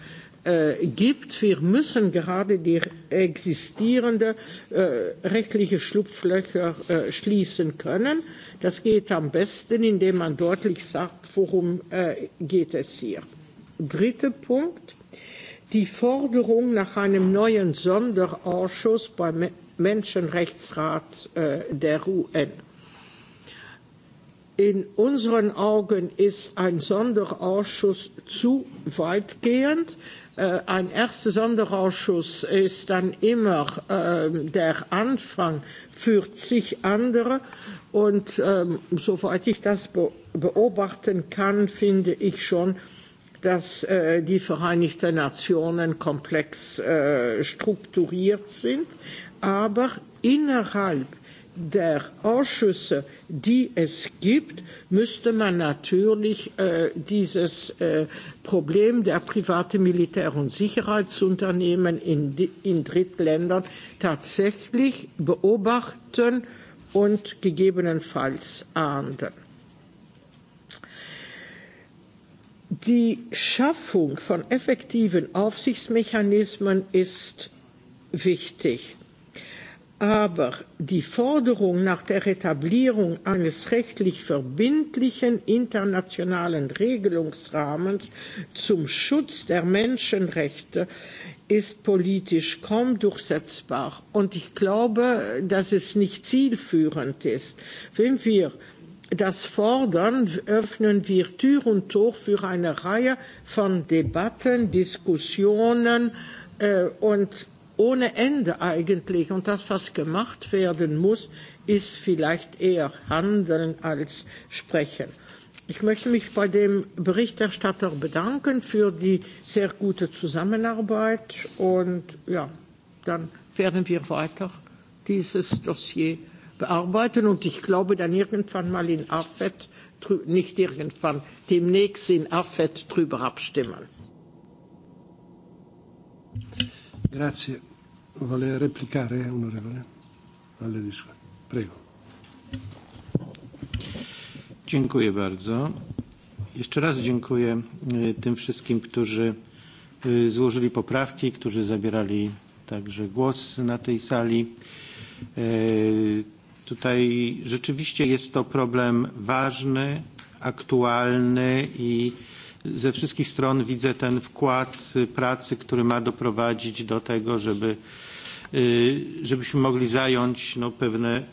Äh, gibt. Wir müssen gerade die existierenden äh, rechtlichen Schlupflöcher äh, schließen können. Das geht am besten, indem man deutlich sagt, worum äh, geht es hier. Dritter Punkt. Die Forderung nach einem neuen Sonderausschuss beim Menschenrechtsrat äh, der UN. In unseren Augen ist ein Sonderausschuss zu weitgehend. Äh, ein erster Sonderausschuss ist dann immer äh, der Anfang für zig andere. Und ähm, soweit ich das be beobachten kann, finde ich schon, dass äh, die Vereinigten Nationen komplex äh, strukturiert sind. Aber innerhalb der Ausschüsse, die es gibt, müsste man natürlich äh, dieses äh, Problem der private Militär- und Sicherheitsunternehmen in, in Drittländern tatsächlich beobachten und gegebenenfalls ahnden. Die Schaffung von effektiven Aufsichtsmechanismen ist wichtig. Aber die Forderung nach der Etablierung eines rechtlich verbindlichen internationalen Regelungsrahmens zum Schutz der Menschenrechte ist politisch kaum durchsetzbar. Und ich glaube, dass es nicht zielführend ist. Wenn wir das fordern, öffnen wir Tür und Tor für eine Reihe von Debatten, Diskussionen äh, und ohne Ende eigentlich. Und das, was gemacht werden muss, ist vielleicht eher Handeln als Sprechen. Ich möchte mich bei dem Berichterstatter bedanken für die sehr gute Zusammenarbeit. Und ja, dann werden wir weiter dieses Dossier bearbeiten. Und ich glaube, dann irgendwann mal in AFET, nicht irgendwann, demnächst in AFET drüber abstimmen. Grazie. Vuole replicare, eh, onorevole? Alle Prego. Dziękuję bardzo. Jeszcze raz dziękuję e, tym wszystkim, którzy e, złożyli poprawki, którzy zabierali także głos na tej sali. E, tutaj rzeczywiście jest to problem ważny, aktualny i ze wszystkich stron widzę ten wkład pracy, który ma doprowadzić do tego, żeby żebyśmy mogli zająć no, pewne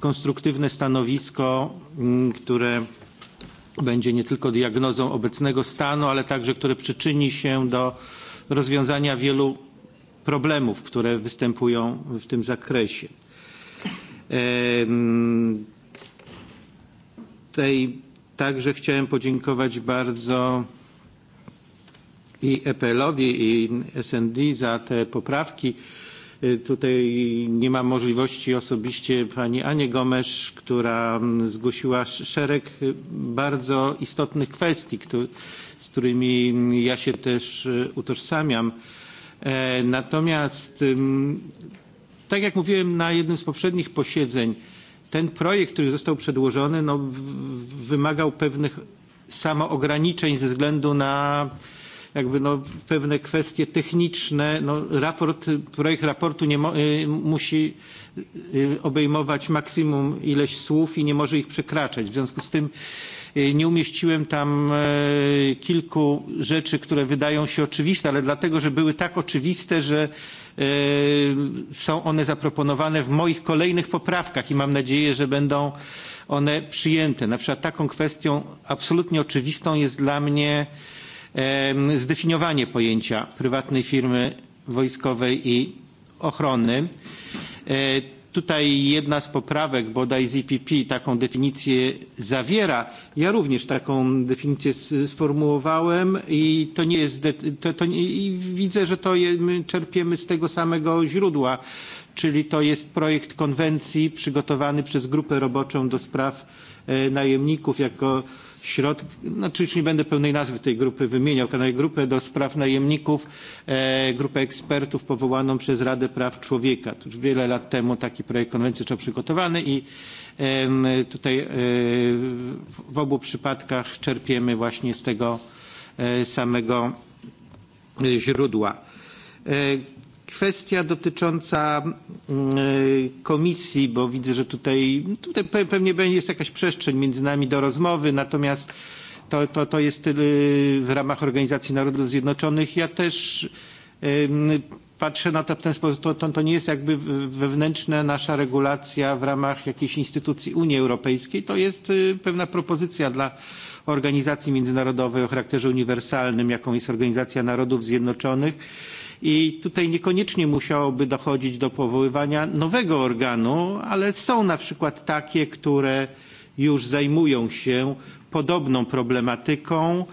konstruktywne stanowisko, mm, które będzie nie tylko diagnozą obecnego stanu, ale także które przyczyni się do rozwiązania wielu problemów, które występują w tym zakresie. Tej także chciałem podziękować bardzo i EPL-owi, i SND za te poprawki. Tutaj nie ma możliwości osobiście pani Anie Gomesz, która mm, zgłosiła szereg bardzo istotnych kwestii, z którymi mm, ja się też utożsamiam. E, natomiast, tak jak mówiłem na jednym z poprzednich posiedzeń, ten projekt, który został przedłożony, no, wymaga pewnych samoograniczeń ze względu na jakby no, pewne kwestie techniczne. No, raport, projekt raportu nie mo, y, musi y, obejmować maksimum ileś słów i nie może ich przekraczać. W związku z tym y, nie umieściłem tam y, kilku rzeczy, które wydają się oczywiste, ale dlatego, że były tak oczywiste, że y, są one zaproponowane w moich kolejnych poprawkach i mam nadzieję, że będą one przyjęte. Na przykład taką kwestią absolutnie oczywistą jest dla mnie zdefiniowanie pojęcia prywatnej firmy wojskowej i ochrony. E, tutaj jedna z poprawek, bodaj z EPP, taką definicję zawiera. Ja również taką definicję sformułowałem i to nie jest, to, to nie, i widzę, że to je, my czerpiemy z tego samego źródła, czyli to jest projekt konwencji przygotowany przez grupę roboczą do spraw e, najemników jako środki, znaczy już nie będę pełnej nazwy tej grupy wymieniał, ale grupę do spraw najemników, e, grupę ekspertów powołaną przez Radę Praw Człowieka. Tuż wiele lat temu taki projekt konwencji został przygotowany i e, tutaj e, w obu przypadkach czerpiemy właśnie z tego e, samego źródła. E, Kwestia dotycząca e, komisji, bo widzę, że tutaj, tutaj pewnie jest jakaś przestrzeń między nami do rozmowy, natomiast to, to, to jest w ramach Organizacji Narodów Zjednoczonych. Ja też patrzę na to w ten sposób, to, to, to nie jest jakby wewnętrzna nasza regulacja w ramach jakiejś instytucji Unii Europejskiej, to jest e, pewna propozycja dla organizacji międzynarodowej o charakterze uniwersalnym, jaką jest Organizacja Narodów Zjednoczonych i tutaj niekoniecznie musiałoby dochodzić do powoływania nowego organu, ale są na przykład takie, które już zajmują się podobną problematyką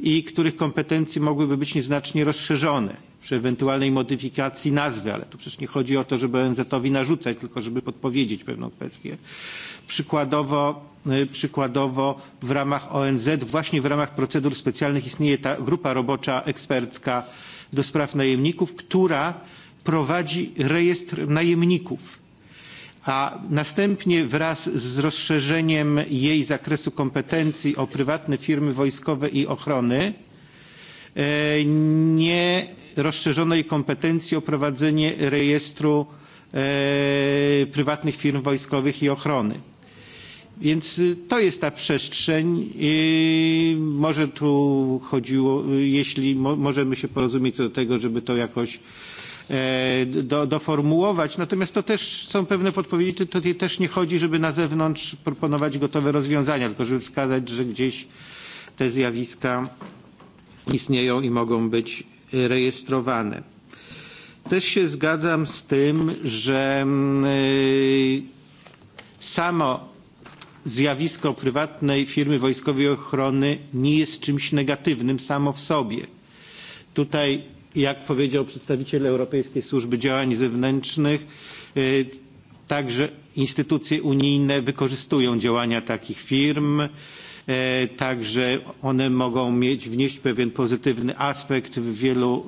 i których kompetencje mogłyby być nieznacznie rozszerzone przy ewentualnej modyfikacji nazwy, ale tu przecież nie chodzi o to, żeby ONZ-owi narzucać, tylko żeby podpowiedzieć pewną kwestię. Przykładowo, przykładowo w ramach ONZ, właśnie w ramach procedur specjalnych istnieje ta grupa robocza ekspercka do spraw najemników, która prowadzi rejestr najemników a następnie wraz z rozszerzeniem jej zakresu kompetencji o prywatne firmy wojskowe i ochrony e, nie rozszerzono jej kompetencji o prowadzenie rejestru e, prywatnych firm wojskowych i ochrony. Więc to jest ta przestrzeń. I może tu chodziło, jeśli możemy się porozumieć co do tego, żeby to jakoś e, do, doformułować. Natomiast to też są pewne podpowiedzi. To tutaj też nie chodzi, żeby na zewnątrz proponować gotowe rozwiązania, tylko żeby wskazać, że gdzieś te zjawiska istnieją i mogą być rejestrowane. Też się zgadzam z tym, że mm, samo zjawisko prywatnej firmy wojskowej ochrony nie jest czymś negatywnym samo w sobie. Tutaj, jak powiedział przedstawiciel Europejskiej Służby Działań Zewnętrznych, także instytucje unijne wykorzystują działania takich firm. Także one mogą mieć, wnieść pewien pozytywny aspekt w wielu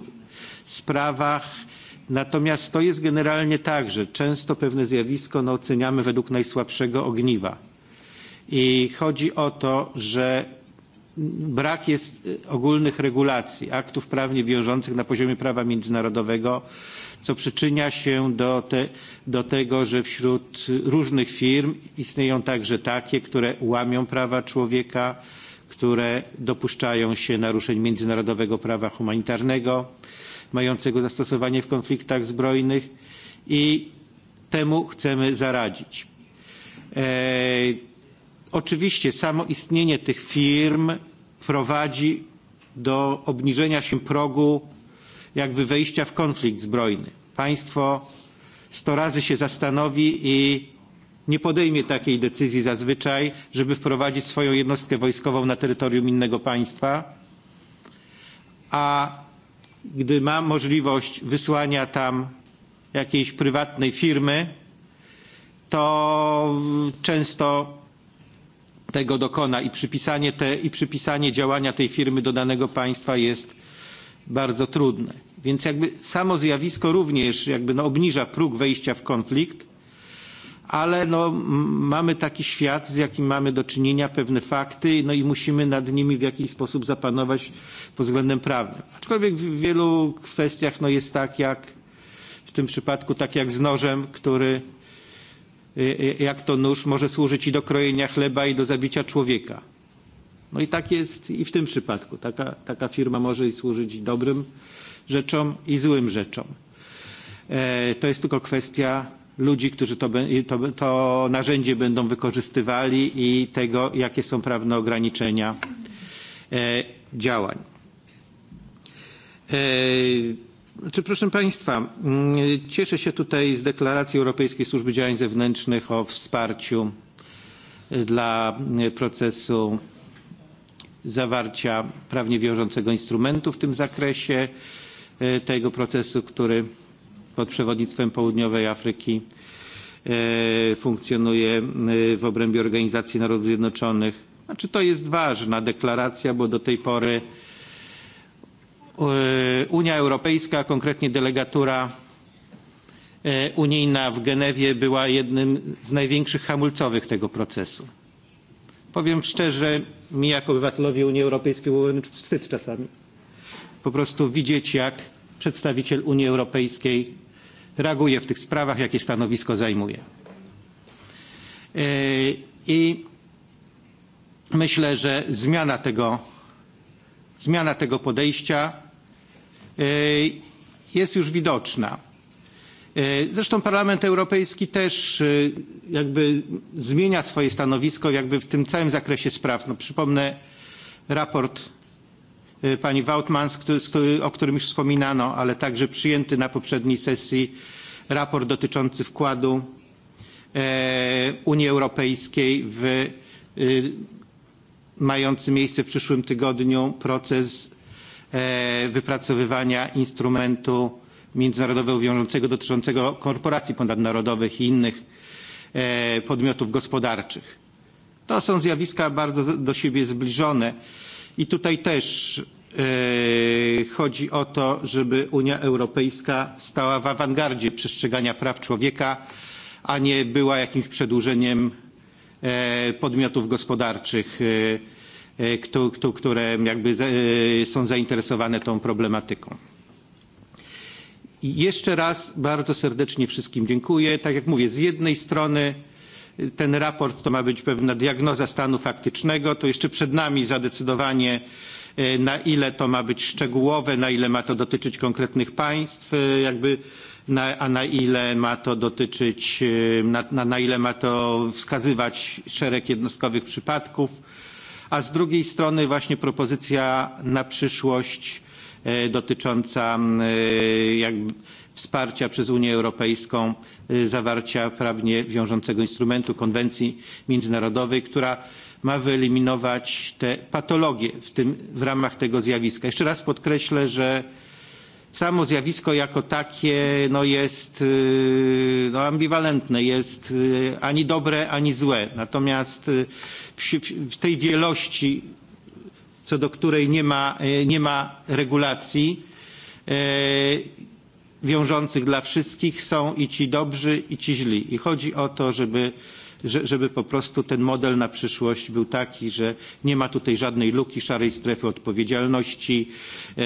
sprawach. Natomiast to jest generalnie tak, że często pewne zjawisko no, oceniamy według najsłabszego ogniwa I chodzi o to, że brak jest e, ogólnych regulacji, aktów prawnie wiążących na poziomie prawa międzynarodowego, co przyczynia się do, te, do tego, że wśród różnych firm istnieją także takie, które łamią prawa człowieka, które dopuszczają się naruszeń międzynarodowego prawa humanitarnego, mającego zastosowanie w konfliktach zbrojnych i temu chcemy zaradzić. Eee, Oczywiście samo istnienie tych firm prowadzi do obniżenia się progu jakby wejścia w konflikt zbrojny. Państwo sto razy się zastanowi i nie podejmie takiej decyzji zazwyczaj, żeby wprowadzić swoją jednostkę wojskową na terytorium innego państwa, a gdy ma możliwość wysłania tam jakiejś prywatnej firmy, to często tego dokona i przypisanie, te, i przypisanie działania tej firmy do danego państwa jest bardzo trudne. Więc jakby samo zjawisko również jakby no obniża próg wejścia w konflikt, ale no mamy taki świat, z jakim mamy do czynienia, pewne fakty, no i musimy nad nimi w jakiś sposób zapanować pod względem prawnym. Aczkolwiek w wielu kwestiach no jest tak jak w tym przypadku tak jak z nożem, który E, e, jak to nóż może służyć i do krojenia chleba i do zabicia człowieka. No i tak jest i w tym przypadku. Taka, taka firma może służyć i dobrym rzeczom i złym rzeczom. E, to jest tylko kwestia ludzi, którzy to, to, to narzędzie będą wykorzystywali i tego, jakie są prawne ograniczenia działań. Czy proszę Państwa, mm, cieszę się tutaj z deklaracji Europejskiej Służby Działań Zewnętrznych o wsparciu dla procesu zawarcia prawnie wiążącego instrumentu w tym zakresie, tego procesu, który pod przewodnictwem Południowej Afryki funkcjonuje w obrębie Organizacji Narodów Zjednoczonych. Znaczy to jest ważna deklaracja, bo do tej pory Unia Europejska, konkretnie delegatura e, unijna w Genewie była jednym z największych hamulcowych tego procesu. Powiem szczerze, mi jako obywatelowi Unii Europejskiej było wstyd czasami. Po prostu widzieć, jak przedstawiciel Unii Europejskiej reaguje w tych sprawach, jakie stanowisko zajmuje. E, I myślę, że zmiana tego, zmiana tego podejścia E, jest już widoczna. E, zresztą Parlament Europejski też e, jakby zmienia swoje stanowisko jakby w tym całym zakresie spraw. No, przypomnę raport pani Wautmans, o którym już wspominano, ale także przyjęty na poprzedniej sesji raport dotyczący wkładu Unii Europejskiej w mający miejsce w przyszłym tygodniu proces E, wypracowywania instrumentu międzynarodowego wiążącego dotyczącego korporacji ponadnarodowych i innych e, podmiotów gospodarczych. To są zjawiska bardzo do siebie zbliżone i tutaj też e, chodzi o to, żeby Unia Europejska stała w awangardzie przestrzegania praw człowieka, a nie była jakimś przedłużeniem podmiotów gospodarczych E, które jakby e, są zainteresowane tą problematyką. Jeszcze raz bardzo serdecznie wszystkim dziękuję. Tak jak mówię, z jednej strony e, ten raport to ma być pewna diagnoza stanu faktycznego, to jeszcze przed nami zadecydowanie na ile to ma być szczegółowe, na ile ma to dotyczyć konkretnych państw, jakby na, a na ile ma to dotyczyć, na, na, na ile ma to wskazywać szereg jednostkowych przypadków a z drugiej strony właśnie propozycja na przyszłość e, dotycząca e, jakby wsparcia przez Unię Europejską e, zawarcia prawnie wiążącego instrumentu konwencji międzynarodowej, która ma wyeliminować te patologie w, tym, w ramach tego zjawiska. Jeszcze raz podkreślę, że samo zjawisko jako takie no, jest no, ambiwalentne, jest ani dobre, ani złe. Natomiast w, w tej wielości, co do której nie ma, nie ma regulacji wiążących dla wszystkich, są i ci dobrzy, i ci źli. I chodzi o to, żeby żeby po prostu ten model na przyszłość był taki, że nie ma tutaj żadnej luki, szarej strefy odpowiedzialności, e,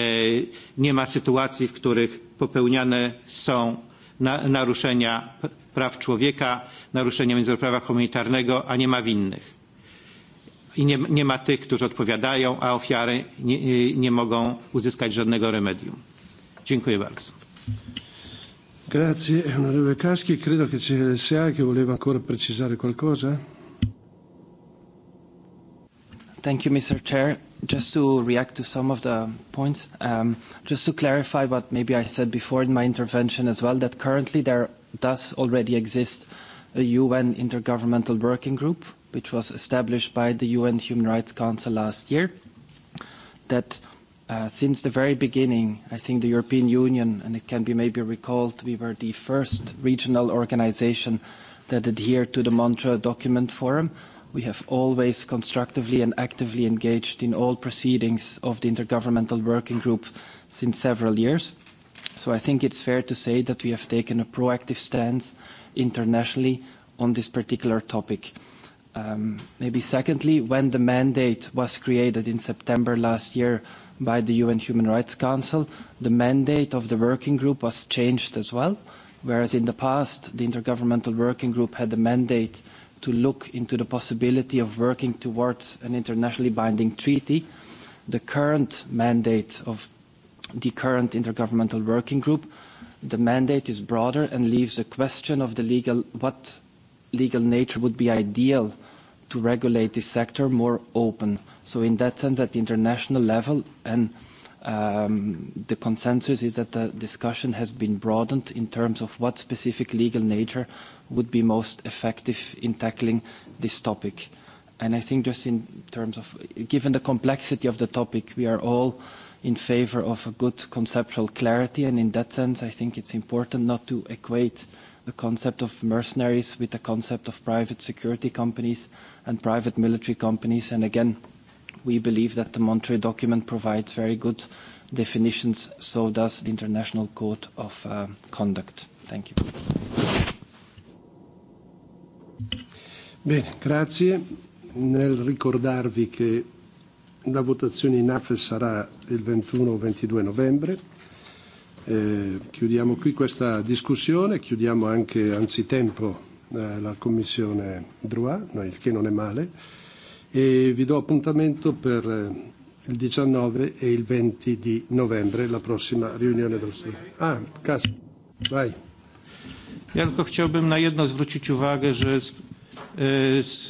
nie ma sytuacji, w których popełniane są naruszenia praw człowieka, naruszenia międzynarodowego prawa humanitarnego, a nie ma winnych. I nie, nie ma tych, którzy odpowiadają, a ofiary nie, nie mogą uzyskać żadnego remedium. Dziękuję bardzo. Grazie, onorevole Caschi. Credo che c'è l'SA che voleva ancora precisare qualcosa. Thank you, Mr. Chair. Just to react to some of the points, um, just to clarify what maybe I said before in my intervention as well, that currently there does already exist a UN Intergovernmental Working Group, which was established by the UN Human Rights Council last year, that Uh, since the very beginning, I think the European Union, and it can be maybe recalled, we were the first regional organization that adhered to the Mantra Document Forum. We have always constructively and actively engaged in all proceedings of the Intergovernmental Working Group since several years. So I think it's fair to say that we have taken a proactive stance internationally on this particular topic. Um, maybe secondly, when the mandate was created in September last year, by the UN Human Rights Council, the mandate of the working group was changed as well, whereas in the past the Intergovernmental Working Group had the mandate to look into the possibility of working towards an internationally binding treaty. The current mandate of the current Intergovernmental Working Group, the mandate is broader and leaves a question of the legal, what legal nature would be ideal to regulate this sector more open. So in that sense, at the international level, and um, the consensus is that the discussion has been broadened in terms of what specific legal nature would be most effective in tackling this topic. And I think just in terms of, given the complexity of the topic, we are all in favor of a good conceptual clarity, and in that sense, I think it's important not to equate the concept of mercenaries with the concept of private security companies and private military companies. And again, we believe that the Monterey document provides very good definitions, so does the International Code of uh, Conduct. Thank you. Bene, grazie. Nel ricordarvi che la votazione in AFE sarà il 21 o 22 novembre Eh, chiudiamo qui questa discussione, chiudiamo anche anzitempo eh, la commissione Droit, no, il che non è male, e vi do appuntamento per eh, il 19 e il 20 di novembre, la prossima riunione del Senato. Ah, Kas, vai. Ja tylko chciałbym na jedno zwrócić uwagę, że z, e, z,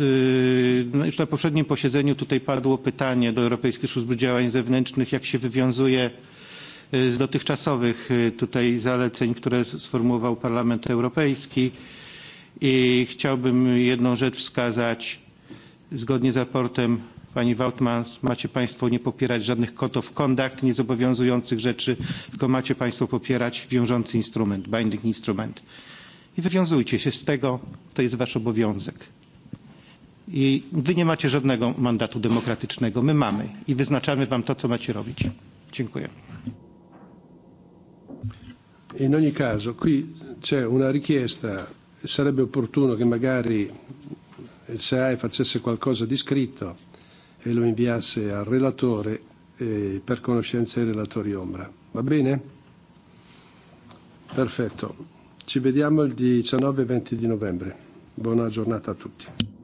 no już na poprzednim posiedzeniu tutaj padło pytanie do Europejskiej Służby Działań Zewnętrznych, jak się wywiązuje E, z dotychczasowych e, tutaj zaleceń, które sformułował Parlament Europejski. I chciałbym jedną rzecz wskazać. Zgodnie z raportem pani Wautmans, macie Państwo nie popierać żadnych code of conduct, niezobowiązujących rzeczy, tylko macie Państwo popierać wiążący instrument, binding instrument. I wywiązujcie się z tego, to jest Wasz obowiązek. I Wy nie macie żadnego mandatu demokratycznego, my mamy i wyznaczamy Wam to, co macie robić. Dziękuję. In ogni caso qui c'è una richiesta, sarebbe opportuno che magari il SEAE facesse qualcosa di scritto e lo inviasse al relatore eh, per conoscenza dei relatori ombra. Va bene? Perfetto. Ci vediamo il 19 e 20 di novembre. Buona giornata a tutti.